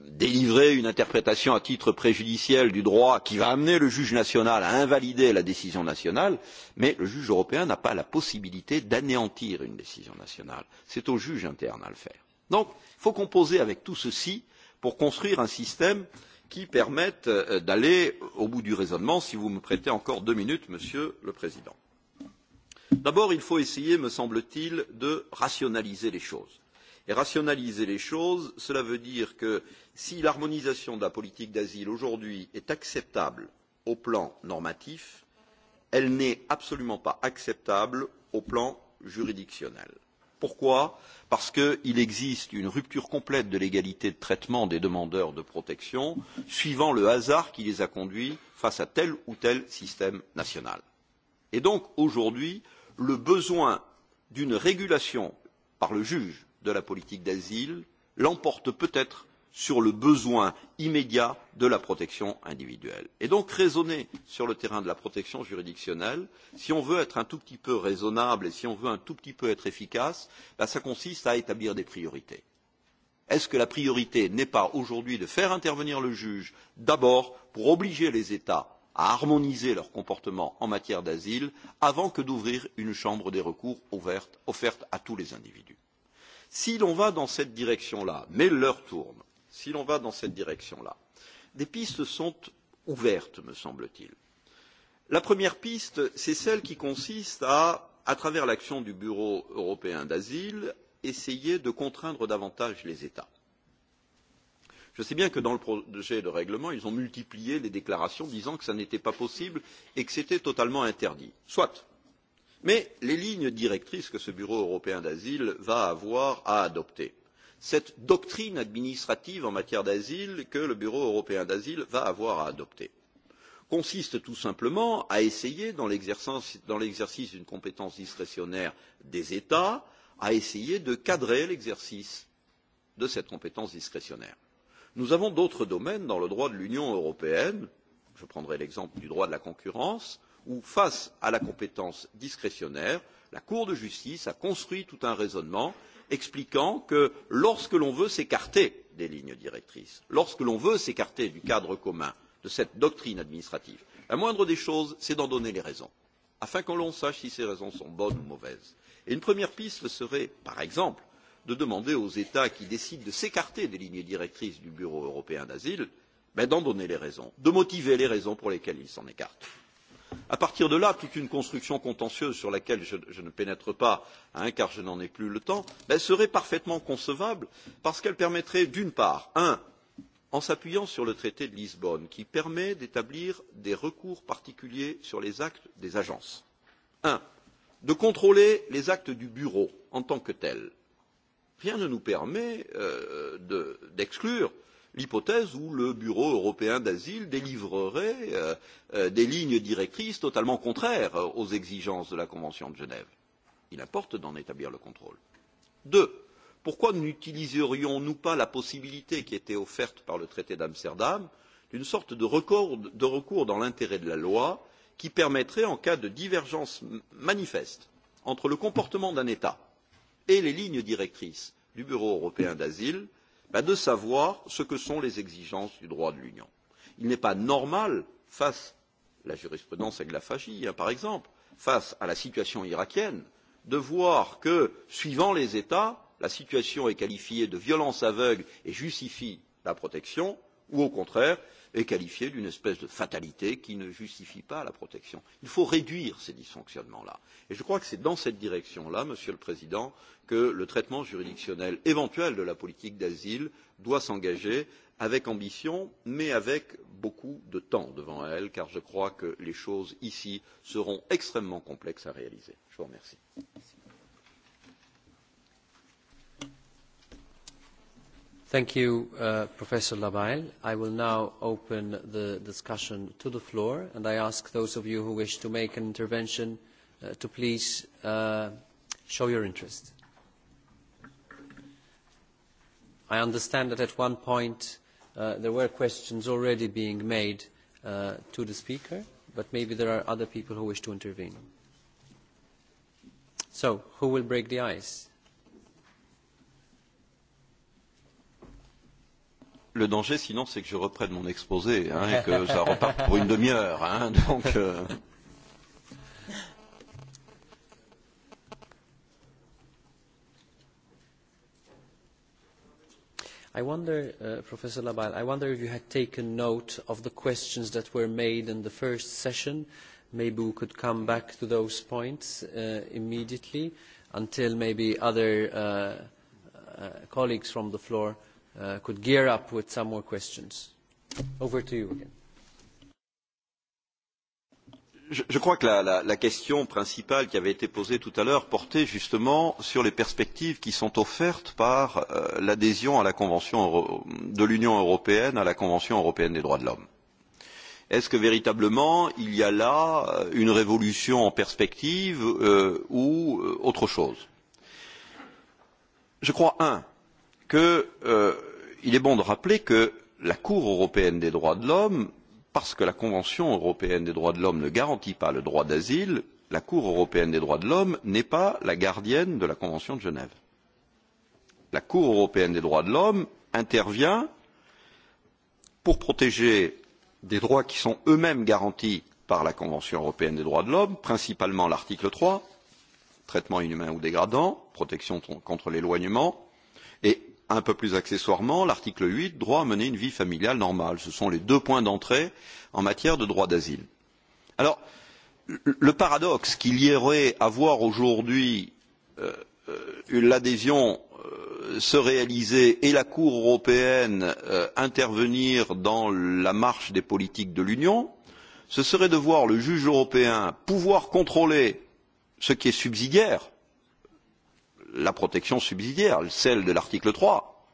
Speaker 19: délivrer une interprétation à titre préjudiciel du droit qui va amener le juge national à invalider la décision nationale, mais le juge européen n'a pas la possibilité d'anéantir une décision nationale. C'est au juge interne à le faire. Donc, il faut composer avec tout ceci pour construire un système qui permette euh, d'aller au bout du raisonnement, si vous me prêtez encore deux minutes, Monsieur le Président. D'abord, il faut essayer, me semble-t-il, de rationaliser les choses Et rationaliser les choses, cela veut dire que si l'harmonisation de la politique d'asile aujourd'hui est acceptable au plan normatif, elle n'est absolument pas acceptable au plan juridictionnel. Pourquoi Parce qu'il existe une rupture complète de l'égalité de traitement des demandeurs de protection suivant le hasard qui les a conduits face à tel ou tel système national. Et donc aujourd'hui, le besoin d'une régulation par le juge de la politique d'asile l'emporte peut être sur le besoin immédiat de la protection individuelle. Et donc raisonner sur le terrain de la protection juridictionnelle, si on veut être un tout petit peu raisonnable et si on veut un tout petit peu être efficace, ben, ça consiste à établir des priorités. Est-ce que la priorité n'est pas aujourd'hui de faire intervenir le juge d'abord pour obliger les États à harmoniser leur comportement en matière d'asile avant que d'ouvrir une chambre des recours ouverte, offerte à tous les individus Si l'on va dans cette direction-là, mais l'heure tourne, si l'on va dans cette direction-là, des pistes sont ouvertes, me semble-t-il. La première piste, c'est celle qui consiste à, à travers l'action du Bureau européen d'asile, essayer de contraindre davantage les États. Je sais bien que dans le projet de règlement, ils ont multiplié les déclarations disant que ça n'était pas possible et que c'était totalement interdit. Soit. Mais les lignes directrices que ce Bureau européen d'asile va avoir à adopter, cette doctrine administrative en matière d'asile que le Bureau européen d'asile va avoir à adopter, consiste tout simplement à essayer, dans l'exercice d'une compétence discrétionnaire des États, à essayer de cadrer l'exercice de cette compétence discrétionnaire. Nous avons d'autres domaines dans le droit de l'Union européenne, je prendrai l'exemple du droit de la concurrence, où face à la compétence discrétionnaire la cour de justice a construit tout un raisonnement expliquant que lorsque l'on veut s'écarter des lignes directrices lorsque l'on veut s'écarter du cadre commun de cette doctrine administrative la moindre des choses c'est d'en donner les raisons afin que l'on sache si ces raisons sont bonnes ou mauvaises. Et une première piste serait par exemple de demander aux états qui décident de s'écarter des lignes directrices du bureau européen d'asile d'en donner les raisons de motiver les raisons pour lesquelles ils s'en écartent À partir de là, toute une construction contentieuse sur laquelle je, je ne pénètre pas, hein, car je n'en ai plus le temps, ben, serait parfaitement concevable parce qu'elle permettrait, d'une part, un, en s'appuyant sur le traité de Lisbonne, qui permet d'établir des recours particuliers sur les actes des agences, un, de contrôler les actes du bureau en tant que tel. Rien ne nous permet euh, d'exclure de, l'hypothèse où le Bureau européen d'asile délivrerait euh, euh, des lignes directrices totalement contraires euh, aux exigences de la Convention de Genève. Il importe d'en établir le contrôle. Deux, pourquoi n'utiliserions-nous pas la possibilité qui était offerte par le traité d'Amsterdam d'une sorte de de recours dans l'intérêt de la loi qui permettrait, en cas de divergence manifeste entre le comportement d'un État et les lignes directrices du Bureau européen d'asile, ben de savoir ce que sont les exigences du droit de l'Union. Il n'est pas normal, face à la jurisprudence Aglafachi, hein, par exemple, face à la situation irakienne, de voir que, suivant les États, la situation est qualifiée de violence aveugle et justifie la protection, ou au contraire, est qualifié d'une espèce de fatalité qui ne justifie pas la protection. Il faut réduire ces dysfonctionnements-là. Et je crois que c'est dans cette direction-là, Monsieur le Président, que le traitement juridictionnel éventuel de la politique d'asile doit s'engager avec ambition, mais avec beaucoup de temps devant elle, car je crois que les choses ici seront extrêmement complexes à réaliser. Je vous
Speaker 18: remercie. Merci. Thank you, uh, Professor Labail. I will now open the discussion to the floor, and I ask those of you who wish to make an intervention uh, to please uh, show your interest. I understand that at one point there were questions already being made to the speaker, but maybe there are other people who wish to intervene. So, who will break the ice?
Speaker 19: Le danger, sinon, c'est que je reprenne mon exposé hein, et que ça reparte pour une demi-heure. Hein, donc. Euh...
Speaker 18: I wonder, uh, Professor Labal, I wonder if you had taken note of the questions that were made in the first session. Maybe we could come back to those points uh, immediately until maybe other uh, uh colleagues from the floor uh, could gear up with some more questions. Over to you again.
Speaker 19: Je, crois que la, la, la question principale qui avait été posée tout à l'heure portait justement sur les perspectives qui sont offertes par euh, l'adhésion à la Convention Euro de l'Union européenne à la Convention européenne des droits de l'homme. Est-ce que véritablement il y a là euh, une révolution en perspective euh, ou euh, autre chose Je crois un qu'il euh, est bon de rappeler que la Cour européenne des droits de l'homme, parce que la Convention européenne des droits de l'homme ne garantit pas le droit d'asile, la Cour européenne des droits de l'homme n'est pas la gardienne de la Convention de Genève. La Cour européenne des droits de l'homme intervient pour protéger des droits qui sont eux-mêmes garantis par la Convention européenne des droits de l'homme, principalement l'article 3, traitement inhumain ou dégradant, protection contre l'éloignement, et un peu plus accessoirement l'article huit droit à mener une vie familiale normale ce sont les deux points d'entrée en matière de droit d'asile. alors le paradoxe qu'il y aurait à voir aujourd'hui euh, euh l'adhésion euh, se réaliser et la cour européenne euh, intervenir dans la marche des politiques de l'union ce serait de voir le juge européen pouvoir contrôler ce qui est subsidiaire la protection subsidiaire, celle de l'article 3,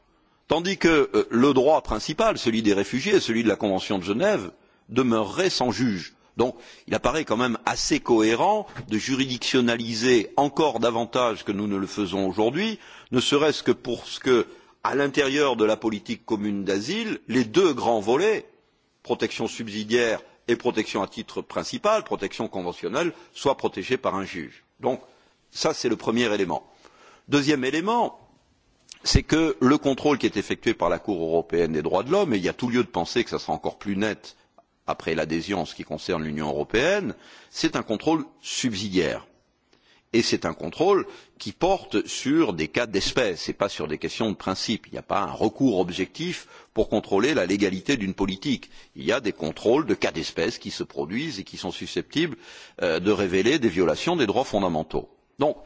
Speaker 19: tandis que euh, le droit principal, celui des réfugiés, celui de la Convention de Genève, demeurerait sans juge. Donc, il apparaît quand même assez cohérent de juridictionnaliser encore davantage que nous ne le faisons aujourd'hui, ne serait-ce que pour ce que, à l'intérieur de la politique commune d'asile, les deux grands volets, protection subsidiaire et protection à titre principal, protection conventionnelle, soient protégés par un juge. Donc, ça, c'est le premier élément. Deuxième élément, c'est que le contrôle qui est effectué par la Cour européenne des droits de l'homme, et il y a tout lieu de penser que ce sera encore plus net après l'adhésion en ce qui concerne l'Union européenne, c'est un contrôle subsidiaire. Et c'est un contrôle qui porte sur des cas d'espèce et pas sur des questions de principe. Il n'y a pas un recours objectif pour contrôler la légalité d'une politique. Il y a des contrôles de cas d'espèce qui se produisent et qui sont susceptibles euh, de révéler des violations des droits fondamentaux. Donc,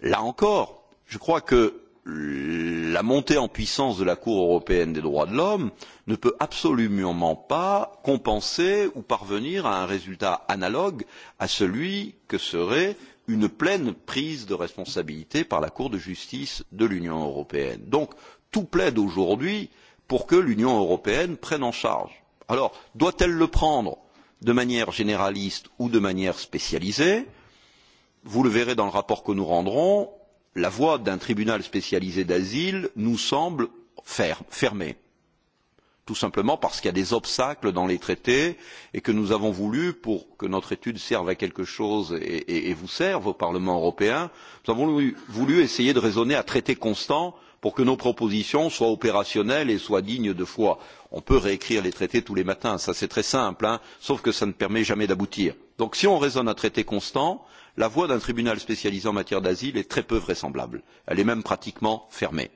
Speaker 19: là encore, je crois que la montée en puissance de la Cour européenne des droits de l'homme ne peut absolument pas compenser ou parvenir à un résultat analogue à celui que serait une pleine prise de responsabilité par la Cour de justice de l'Union européenne. Donc tout plaide aujourd'hui pour que l'Union européenne prenne en charge. Alors doit-elle le prendre de manière généraliste ou de manière spécialisée Vous le verrez dans le rapport que nous rendrons, la voie d'un tribunal spécialisé d'asile nous semble ferme, fermée tout simplement parce qu'il y a des obstacles dans les traités et que nous avons voulu, pour que notre étude serve à quelque chose et, et, et vous serve au Parlement européen, nous avons voulu, voulu essayer de raisonner à traité constant pour que nos propositions soient opérationnelles et soient dignes de foi. On peut réécrire les traités tous les matins, ça c'est très simple, hein, sauf que ça ne permet jamais d'aboutir. Donc si on raisonne à traité constant, la voie d'un tribunal spécialisé en matière d'asile est très peu vraisemblable elle est même pratiquement fermée.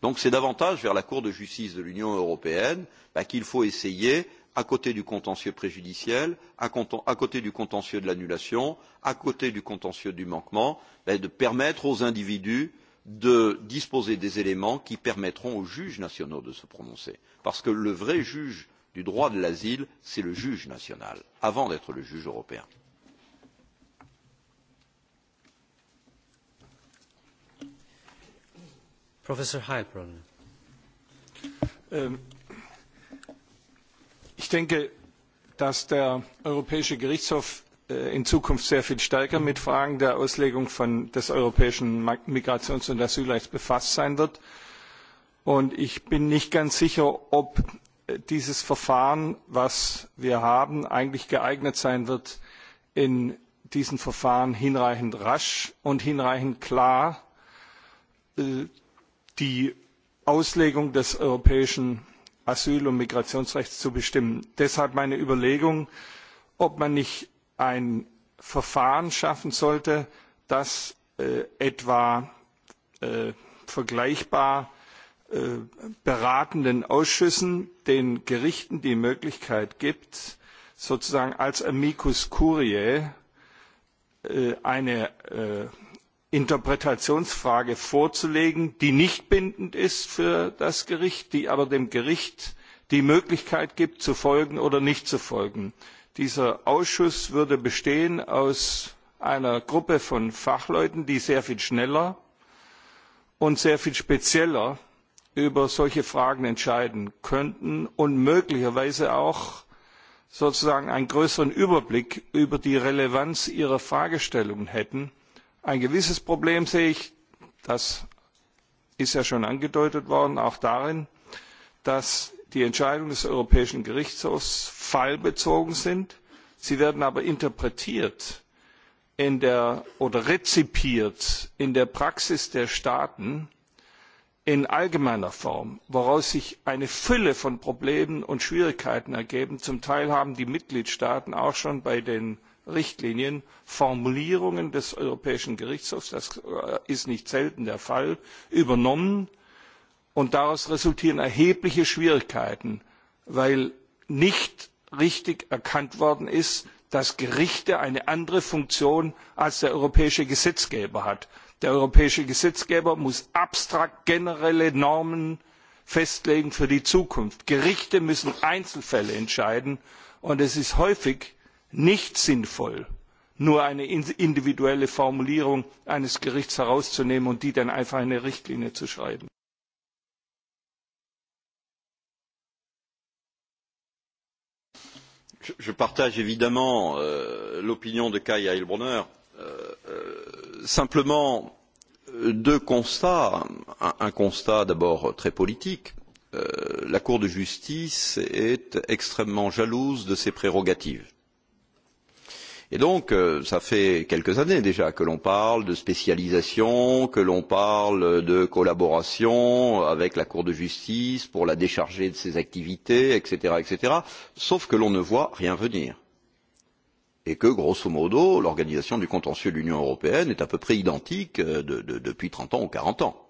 Speaker 19: donc c'est davantage vers la cour de justice de l'union européenne bah, qu'il faut essayer à côté du contentieux préjudiciel à, content, à côté du contentieux de l'annulation à côté du contentieux du manquement bah, de permettre aux individus de disposer des éléments qui permettront aux juges nationaux de se prononcer parce que le vrai juge du droit de l'asile c'est le juge national avant d'être le juge européen.
Speaker 11: Professor Heilbronn. Ähm, ich denke, dass der Europäische Gerichtshof äh, in Zukunft sehr viel stärker mit Fragen der Auslegung des europäischen Migrations- und Asylrechts befasst sein wird. Und ich bin nicht ganz sicher, ob äh, dieses Verfahren, das wir haben, eigentlich geeignet sein wird, in diesen Verfahren hinreichend rasch und hinreichend klar äh, die auslegung des europäischen asyl und migrationsrechts zu bestimmen. deshalb meine überlegung ob man nicht ein verfahren schaffen sollte das äh, etwa äh, vergleichbar äh, beratenden ausschüssen den gerichten die möglichkeit gibt sozusagen als amicus curiae eine Interpretationsfrage vorzulegen, die nicht bindend ist für das Gericht, die aber dem Gericht die Möglichkeit gibt, zu folgen oder nicht zu folgen. Dieser Ausschuss würde aus einer Gruppe von Fachleuten, bestehen die sehr viel schneller und sehr viel spezieller über solche Fragen entscheiden könnten und möglicherweise auch einen größeren Überblick über die Relevanz ihrer Fragestellungen hätten Ein gewisses Problem sehe ich, das ist ja schon angedeutet worden, auch darin, dass die Entscheidungen des Europäischen Gerichtshofs fallbezogen sind. Sie werden aber interpretiert in der, oder rezipiert in der Praxis der Staaten in allgemeiner Form, woraus sich eine Fülle von Problemen und Schwierigkeiten ergeben. Zum Teil haben die Mitgliedstaaten auch schon bei den richtlinien formulierungen des europäischen gerichtshofs das äh, ist nicht selten der fall übernommen und daraus resultieren erhebliche schwierigkeiten weil nicht richtig erkannt worden ist dass gerichte eine andere funktion als der europäische gesetzgeber haben. der europäische gesetzgeber muss abstrakt generelle normen festlegen für die zukunft gerichte müssen einzelfälle entscheiden und es ist häufig nicht sinnvoll nur eine individuelle formulierung eines gerichts herauszunehmen und die dann einfach in eine richtlinie zu schreiben. je, partage
Speaker 19: évidemment euh, l'opinion de kai heilbronner. Euh, euh, simplement euh, deux constats un, un constat d'abord très politique euh, la cour de justice est extrêmement jalouse de ses prérogatives Et donc, euh, ça fait quelques années déjà que l'on parle de spécialisation, que l'on parle de collaboration avec la Cour de justice pour la décharger de ses activités, etc., etc. Sauf que l'on ne voit rien venir. Et que, grosso modo, l'organisation du contentieux de l'Union européenne est à peu près identique euh, de, de, depuis 30 ans ou 40 ans.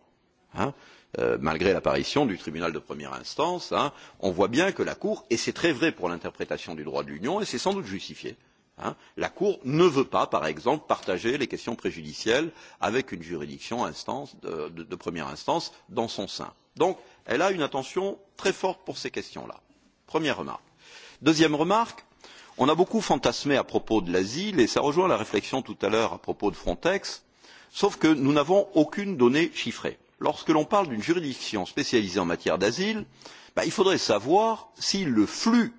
Speaker 19: Hein euh, malgré l'apparition du tribunal de première instance, hein, on voit bien que la Cour, et c'est très vrai pour l'interprétation du droit de l'Union, et c'est sans doute justifié, euh, Hein. La Cour ne veut pas, par exemple, partager les questions préjudicielles avec une juridiction instance, de, de, de première instance dans son sein. Donc, elle a une attention très forte pour ces questions-là. Première remarque. Deuxième remarque, on a beaucoup fantasmé à propos de l'asile et ça rejoint la réflexion tout à l'heure à propos de Frontex, sauf que nous n'avons aucune donnée chiffrée. Lorsque l'on parle d'une juridiction spécialisée en matière d'asile, ben, il faudrait savoir si le flux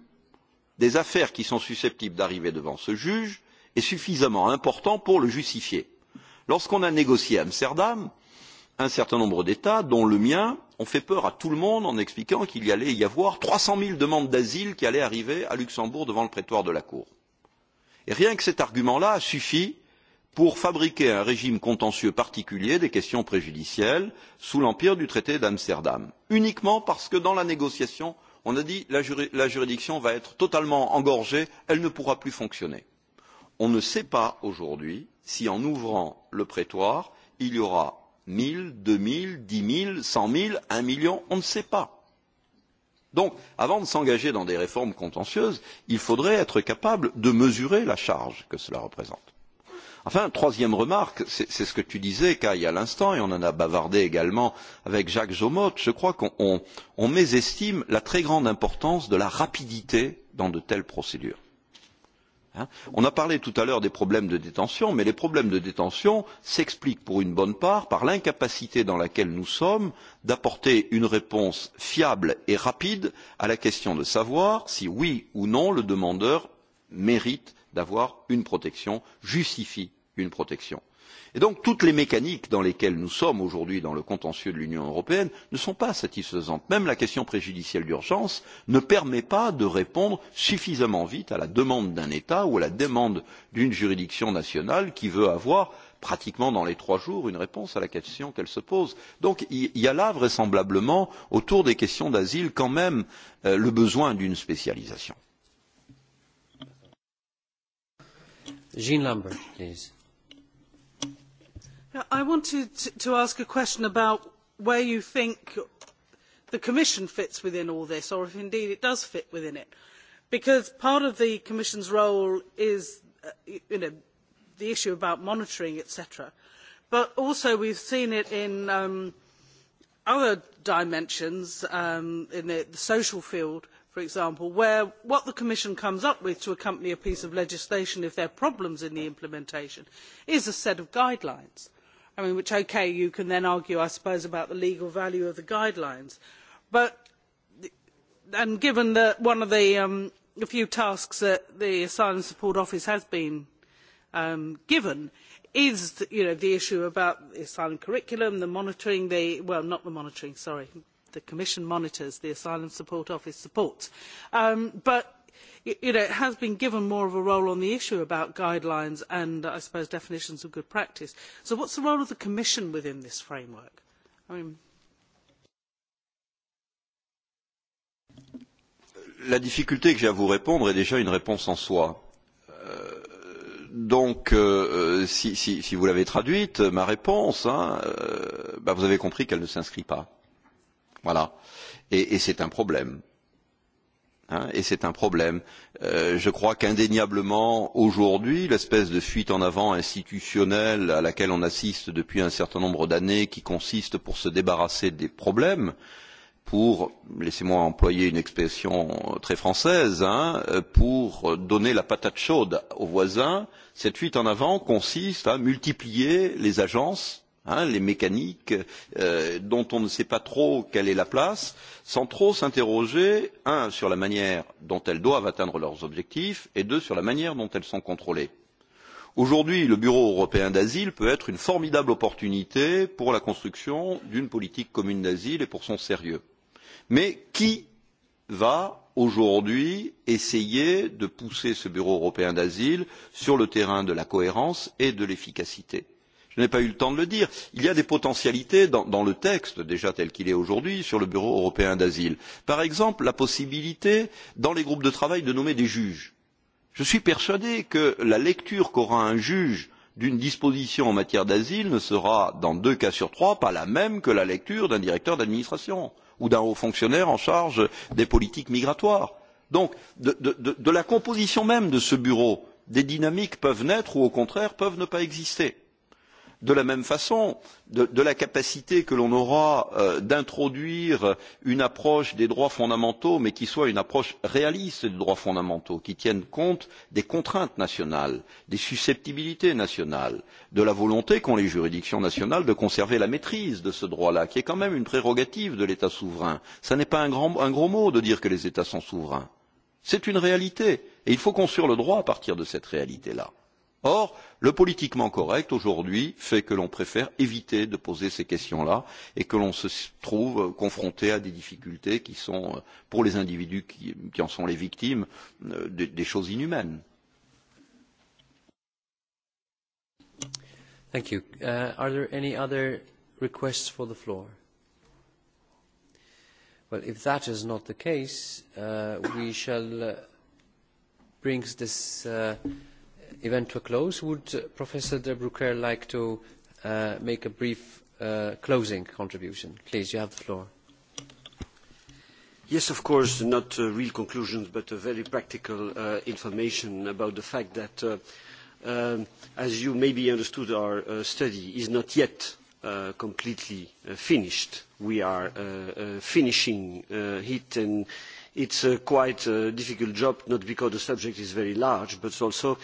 Speaker 19: des affaires qui sont susceptibles d'arriver devant ce juge est suffisamment important pour le justifier. Lorsqu'on a négocié à Amsterdam, un certain nombre d'États, dont le mien, ont fait peur à tout le monde en expliquant qu'il y allait y avoir 300 000 demandes d'asile qui allaient arriver à Luxembourg devant le prétoire de la Cour. Et rien que cet argument-là a suffi pour fabriquer un régime contentieux particulier des questions préjudicielles sous l'empire du traité d'Amsterdam, uniquement parce que dans la négociation, On a dit que la juridiction va être totalement engorgée, elle ne pourra plus fonctionner. On ne sait pas aujourd'hui si en ouvrant le prétoire, il y aura 1000, 2000, 10 000, 100 000, 1 million, on ne sait pas. Donc, avant de s'engager dans des réformes contentieuses, il faudrait être capable de mesurer la charge que cela représente. Enfin, troisième remarque, c'est ce que tu disais, Kai, à l'instant, et on en a bavardé également avec Jacques Jomotte, je crois qu'on mésestime la très grande importance de la rapidité dans de telles procédures. Hein on a parlé tout à l'heure des problèmes de détention, mais les problèmes de détention s'expliquent pour une bonne part par l'incapacité dans laquelle nous sommes d'apporter une réponse fiable et rapide à la question de savoir si oui ou non le demandeur mérite d'avoir une protection justifie une protection. Et donc toutes les mécaniques dans lesquelles nous sommes aujourd'hui dans le contentieux de l'Union européenne ne sont pas satisfaisantes. Même la question préjudicielle d'urgence ne permet pas de répondre suffisamment vite à la demande d'un État ou à la demande d'une juridiction nationale qui veut avoir pratiquement dans les trois jours une réponse à la question qu'elle se pose. Donc il y a là vraisemblablement autour des questions d'asile quand même euh, le besoin d'une spécialisation.
Speaker 18: Jean Lambert, please.
Speaker 1: I wanted to ask a question about where you think the Commission fits within all this, or if indeed it does fit within it. Because part of the Commission's role is uh, you know, the issue about monitoring, etc. But also we've seen it in um, other dimensions um, in the, the social field for example where what the commission comes up with to accompany a piece of legislation if there are problems in the implementation is a set of guidelines I mean, which okay you can then argue i suppose about the legal value of the guidelines but and given that one of the, um, few tasks that the asylum support office has been um, given is you know, the issue about the asylum curriculum the monitoring the well not the monitoring sorry the commission monitors the asylum support office supports um, but you know, it has been given more of a role on the issue about guidelines and i suppose definitions of good practice so what's the role of the commission within this framework I mean...
Speaker 19: la difficulté que j'ai à vous répondre est déjà une réponse en soi. Euh, donc, euh, si, si, si vous l'avez traduite, ma réponse, hein, euh, bah vous avez compris qu'elle ne s'inscrit pas Voilà. Et, et c'est un problème. Hein, et c'est un problème. Euh, je crois qu'indéniablement, aujourd'hui, l'espèce de fuite en avant institutionnelle à laquelle on assiste depuis un certain nombre d'années, qui consiste pour se débarrasser des problèmes, pour, laissez-moi employer une expression très française, hein, pour donner la patate chaude aux voisins, cette fuite en avant consiste à multiplier les agences hein, les mécaniques euh, dont on ne sait pas trop quelle est la place, sans trop s'interroger, un, sur la manière dont elles doivent atteindre leurs objectifs, et deux, sur la manière dont elles sont contrôlées. Aujourd'hui, le Bureau européen d'asile peut être une formidable opportunité pour la construction d'une politique commune d'asile et pour son sérieux. Mais qui va aujourd'hui essayer de pousser ce bureau européen d'asile sur le terrain de la cohérence et de l'efficacité je n'ai pas eu le temps de le dire il y a des potentialités dans, le texte déjà tel qu'il est aujourd'hui sur le bureau européen d'asile par exemple la possibilité dans les groupes de travail de nommer des juges. je suis persuadé que la lecture qu'aura un juge d'une disposition en matière d'asile ne sera dans deux cas sur trois pas la même que la lecture d'un directeur d'administration ou d'un haut fonctionnaire en charge des politiques migratoires. donc de, de, de, de la composition même de ce bureau des dynamiques peuvent naître ou au contraire peuvent ne pas exister de la même façon de, de la capacité que l'on aura euh, d'introduire une approche des droits fondamentaux mais qui soit une approche réaliste des droits fondamentaux qui tienne compte des contraintes nationales des susceptibilités nationales de la volonté qu'ont les juridictions nationales de conserver la maîtrise de ce droit là qui est quand même une prérogative de l'état souverain. ce n'est pas un, grand, un gros mot de dire que les états sont souverains c'est une réalité et il faut construire le droit à partir de cette réalité là. or le politiquement correct aujourd'hui fait que l'on préfère éviter de poser ces questions-là et que l'on se trouve confronté à des difficultés qui sont, euh, pour les individus qui, qui en sont les victimes, euh, des, des choses inhumaines.
Speaker 18: Thank you. Uh, are there any other requests for the floor? Well, if that is not the case, uh, we shall uh, bring this. Uh, event to a close, would uh, Professor de Brucker like to uh, make a brief uh, closing contribution? Please, you have the floor.
Speaker 3: Yes, of course, not uh, real conclusions, but a very practical uh, information about the fact that, uh, um, as you maybe understood, our study is not yet Uh, completely uh, finished. We are uh, finishing it and it's a quite difficult job, not because the subject is very large, but also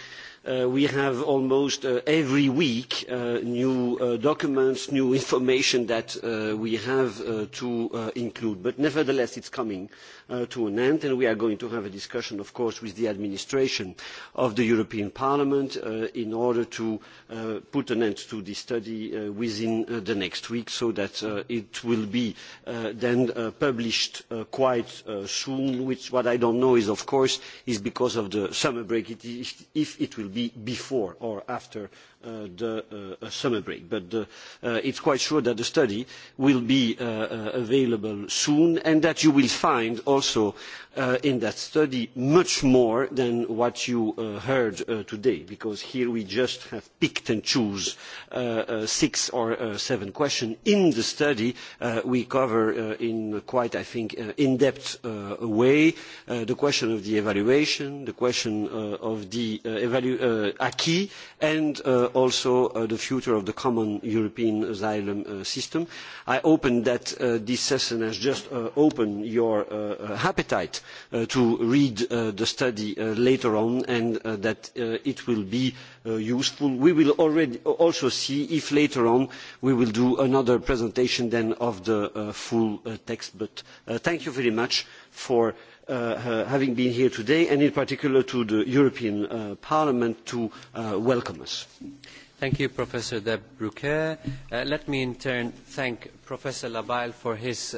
Speaker 3: Uh, we have almost uh, every week uh, new uh, documents, new information that uh, we have to include. But nevertheless, it's coming. Uh, uh, to an end and we are going to have a discussion of course with the administration of the European Parliament uh, in order to uh, put an end to this study uh, within uh, the next week so that it will be then published quite soon which what I don't know is of course is because of the summer break it, if it will be before or after Uh, the uh, summer break. But uh, uh, it's quite sure that the study will be available soon and that you will find also in that study much more than what you heard today because here we just have picked and choose six or seven questions. In the study we cover in quite, I think, in-depth way the question of the evaluation, the question of the acquis and also uh, the future of the common European asylum uh, system. I open that uh, this session has just opened your appetite to read the study later on and that it will be useful. We will already also see if later on we will do another presentation then of the full text. But thank you very much for Uh, uh, having been here today and in particular to the European uh, Parliament to welcome us.
Speaker 18: Thank you, Professor De Brucker. let me in turn thank Professor Labaille for his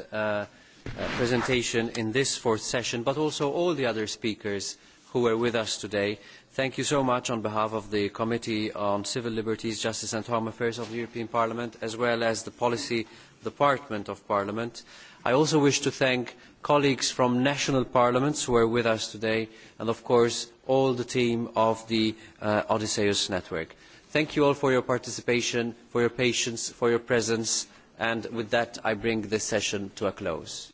Speaker 18: presentation in this fourth session, but also all the other speakers who were with us today. Thank you so much on behalf of the Committee on Civil Liberties, Justice and Home Affairs of the European Parliament, as well as the Policy Department of Parliament. I also wish to thank colleagues from national parliaments who are with us today, and of course all the team of the uh, Odysseus Network. Thank you all for your participation, for your patience,
Speaker 7: for your presence, and with that I bring this session to a close.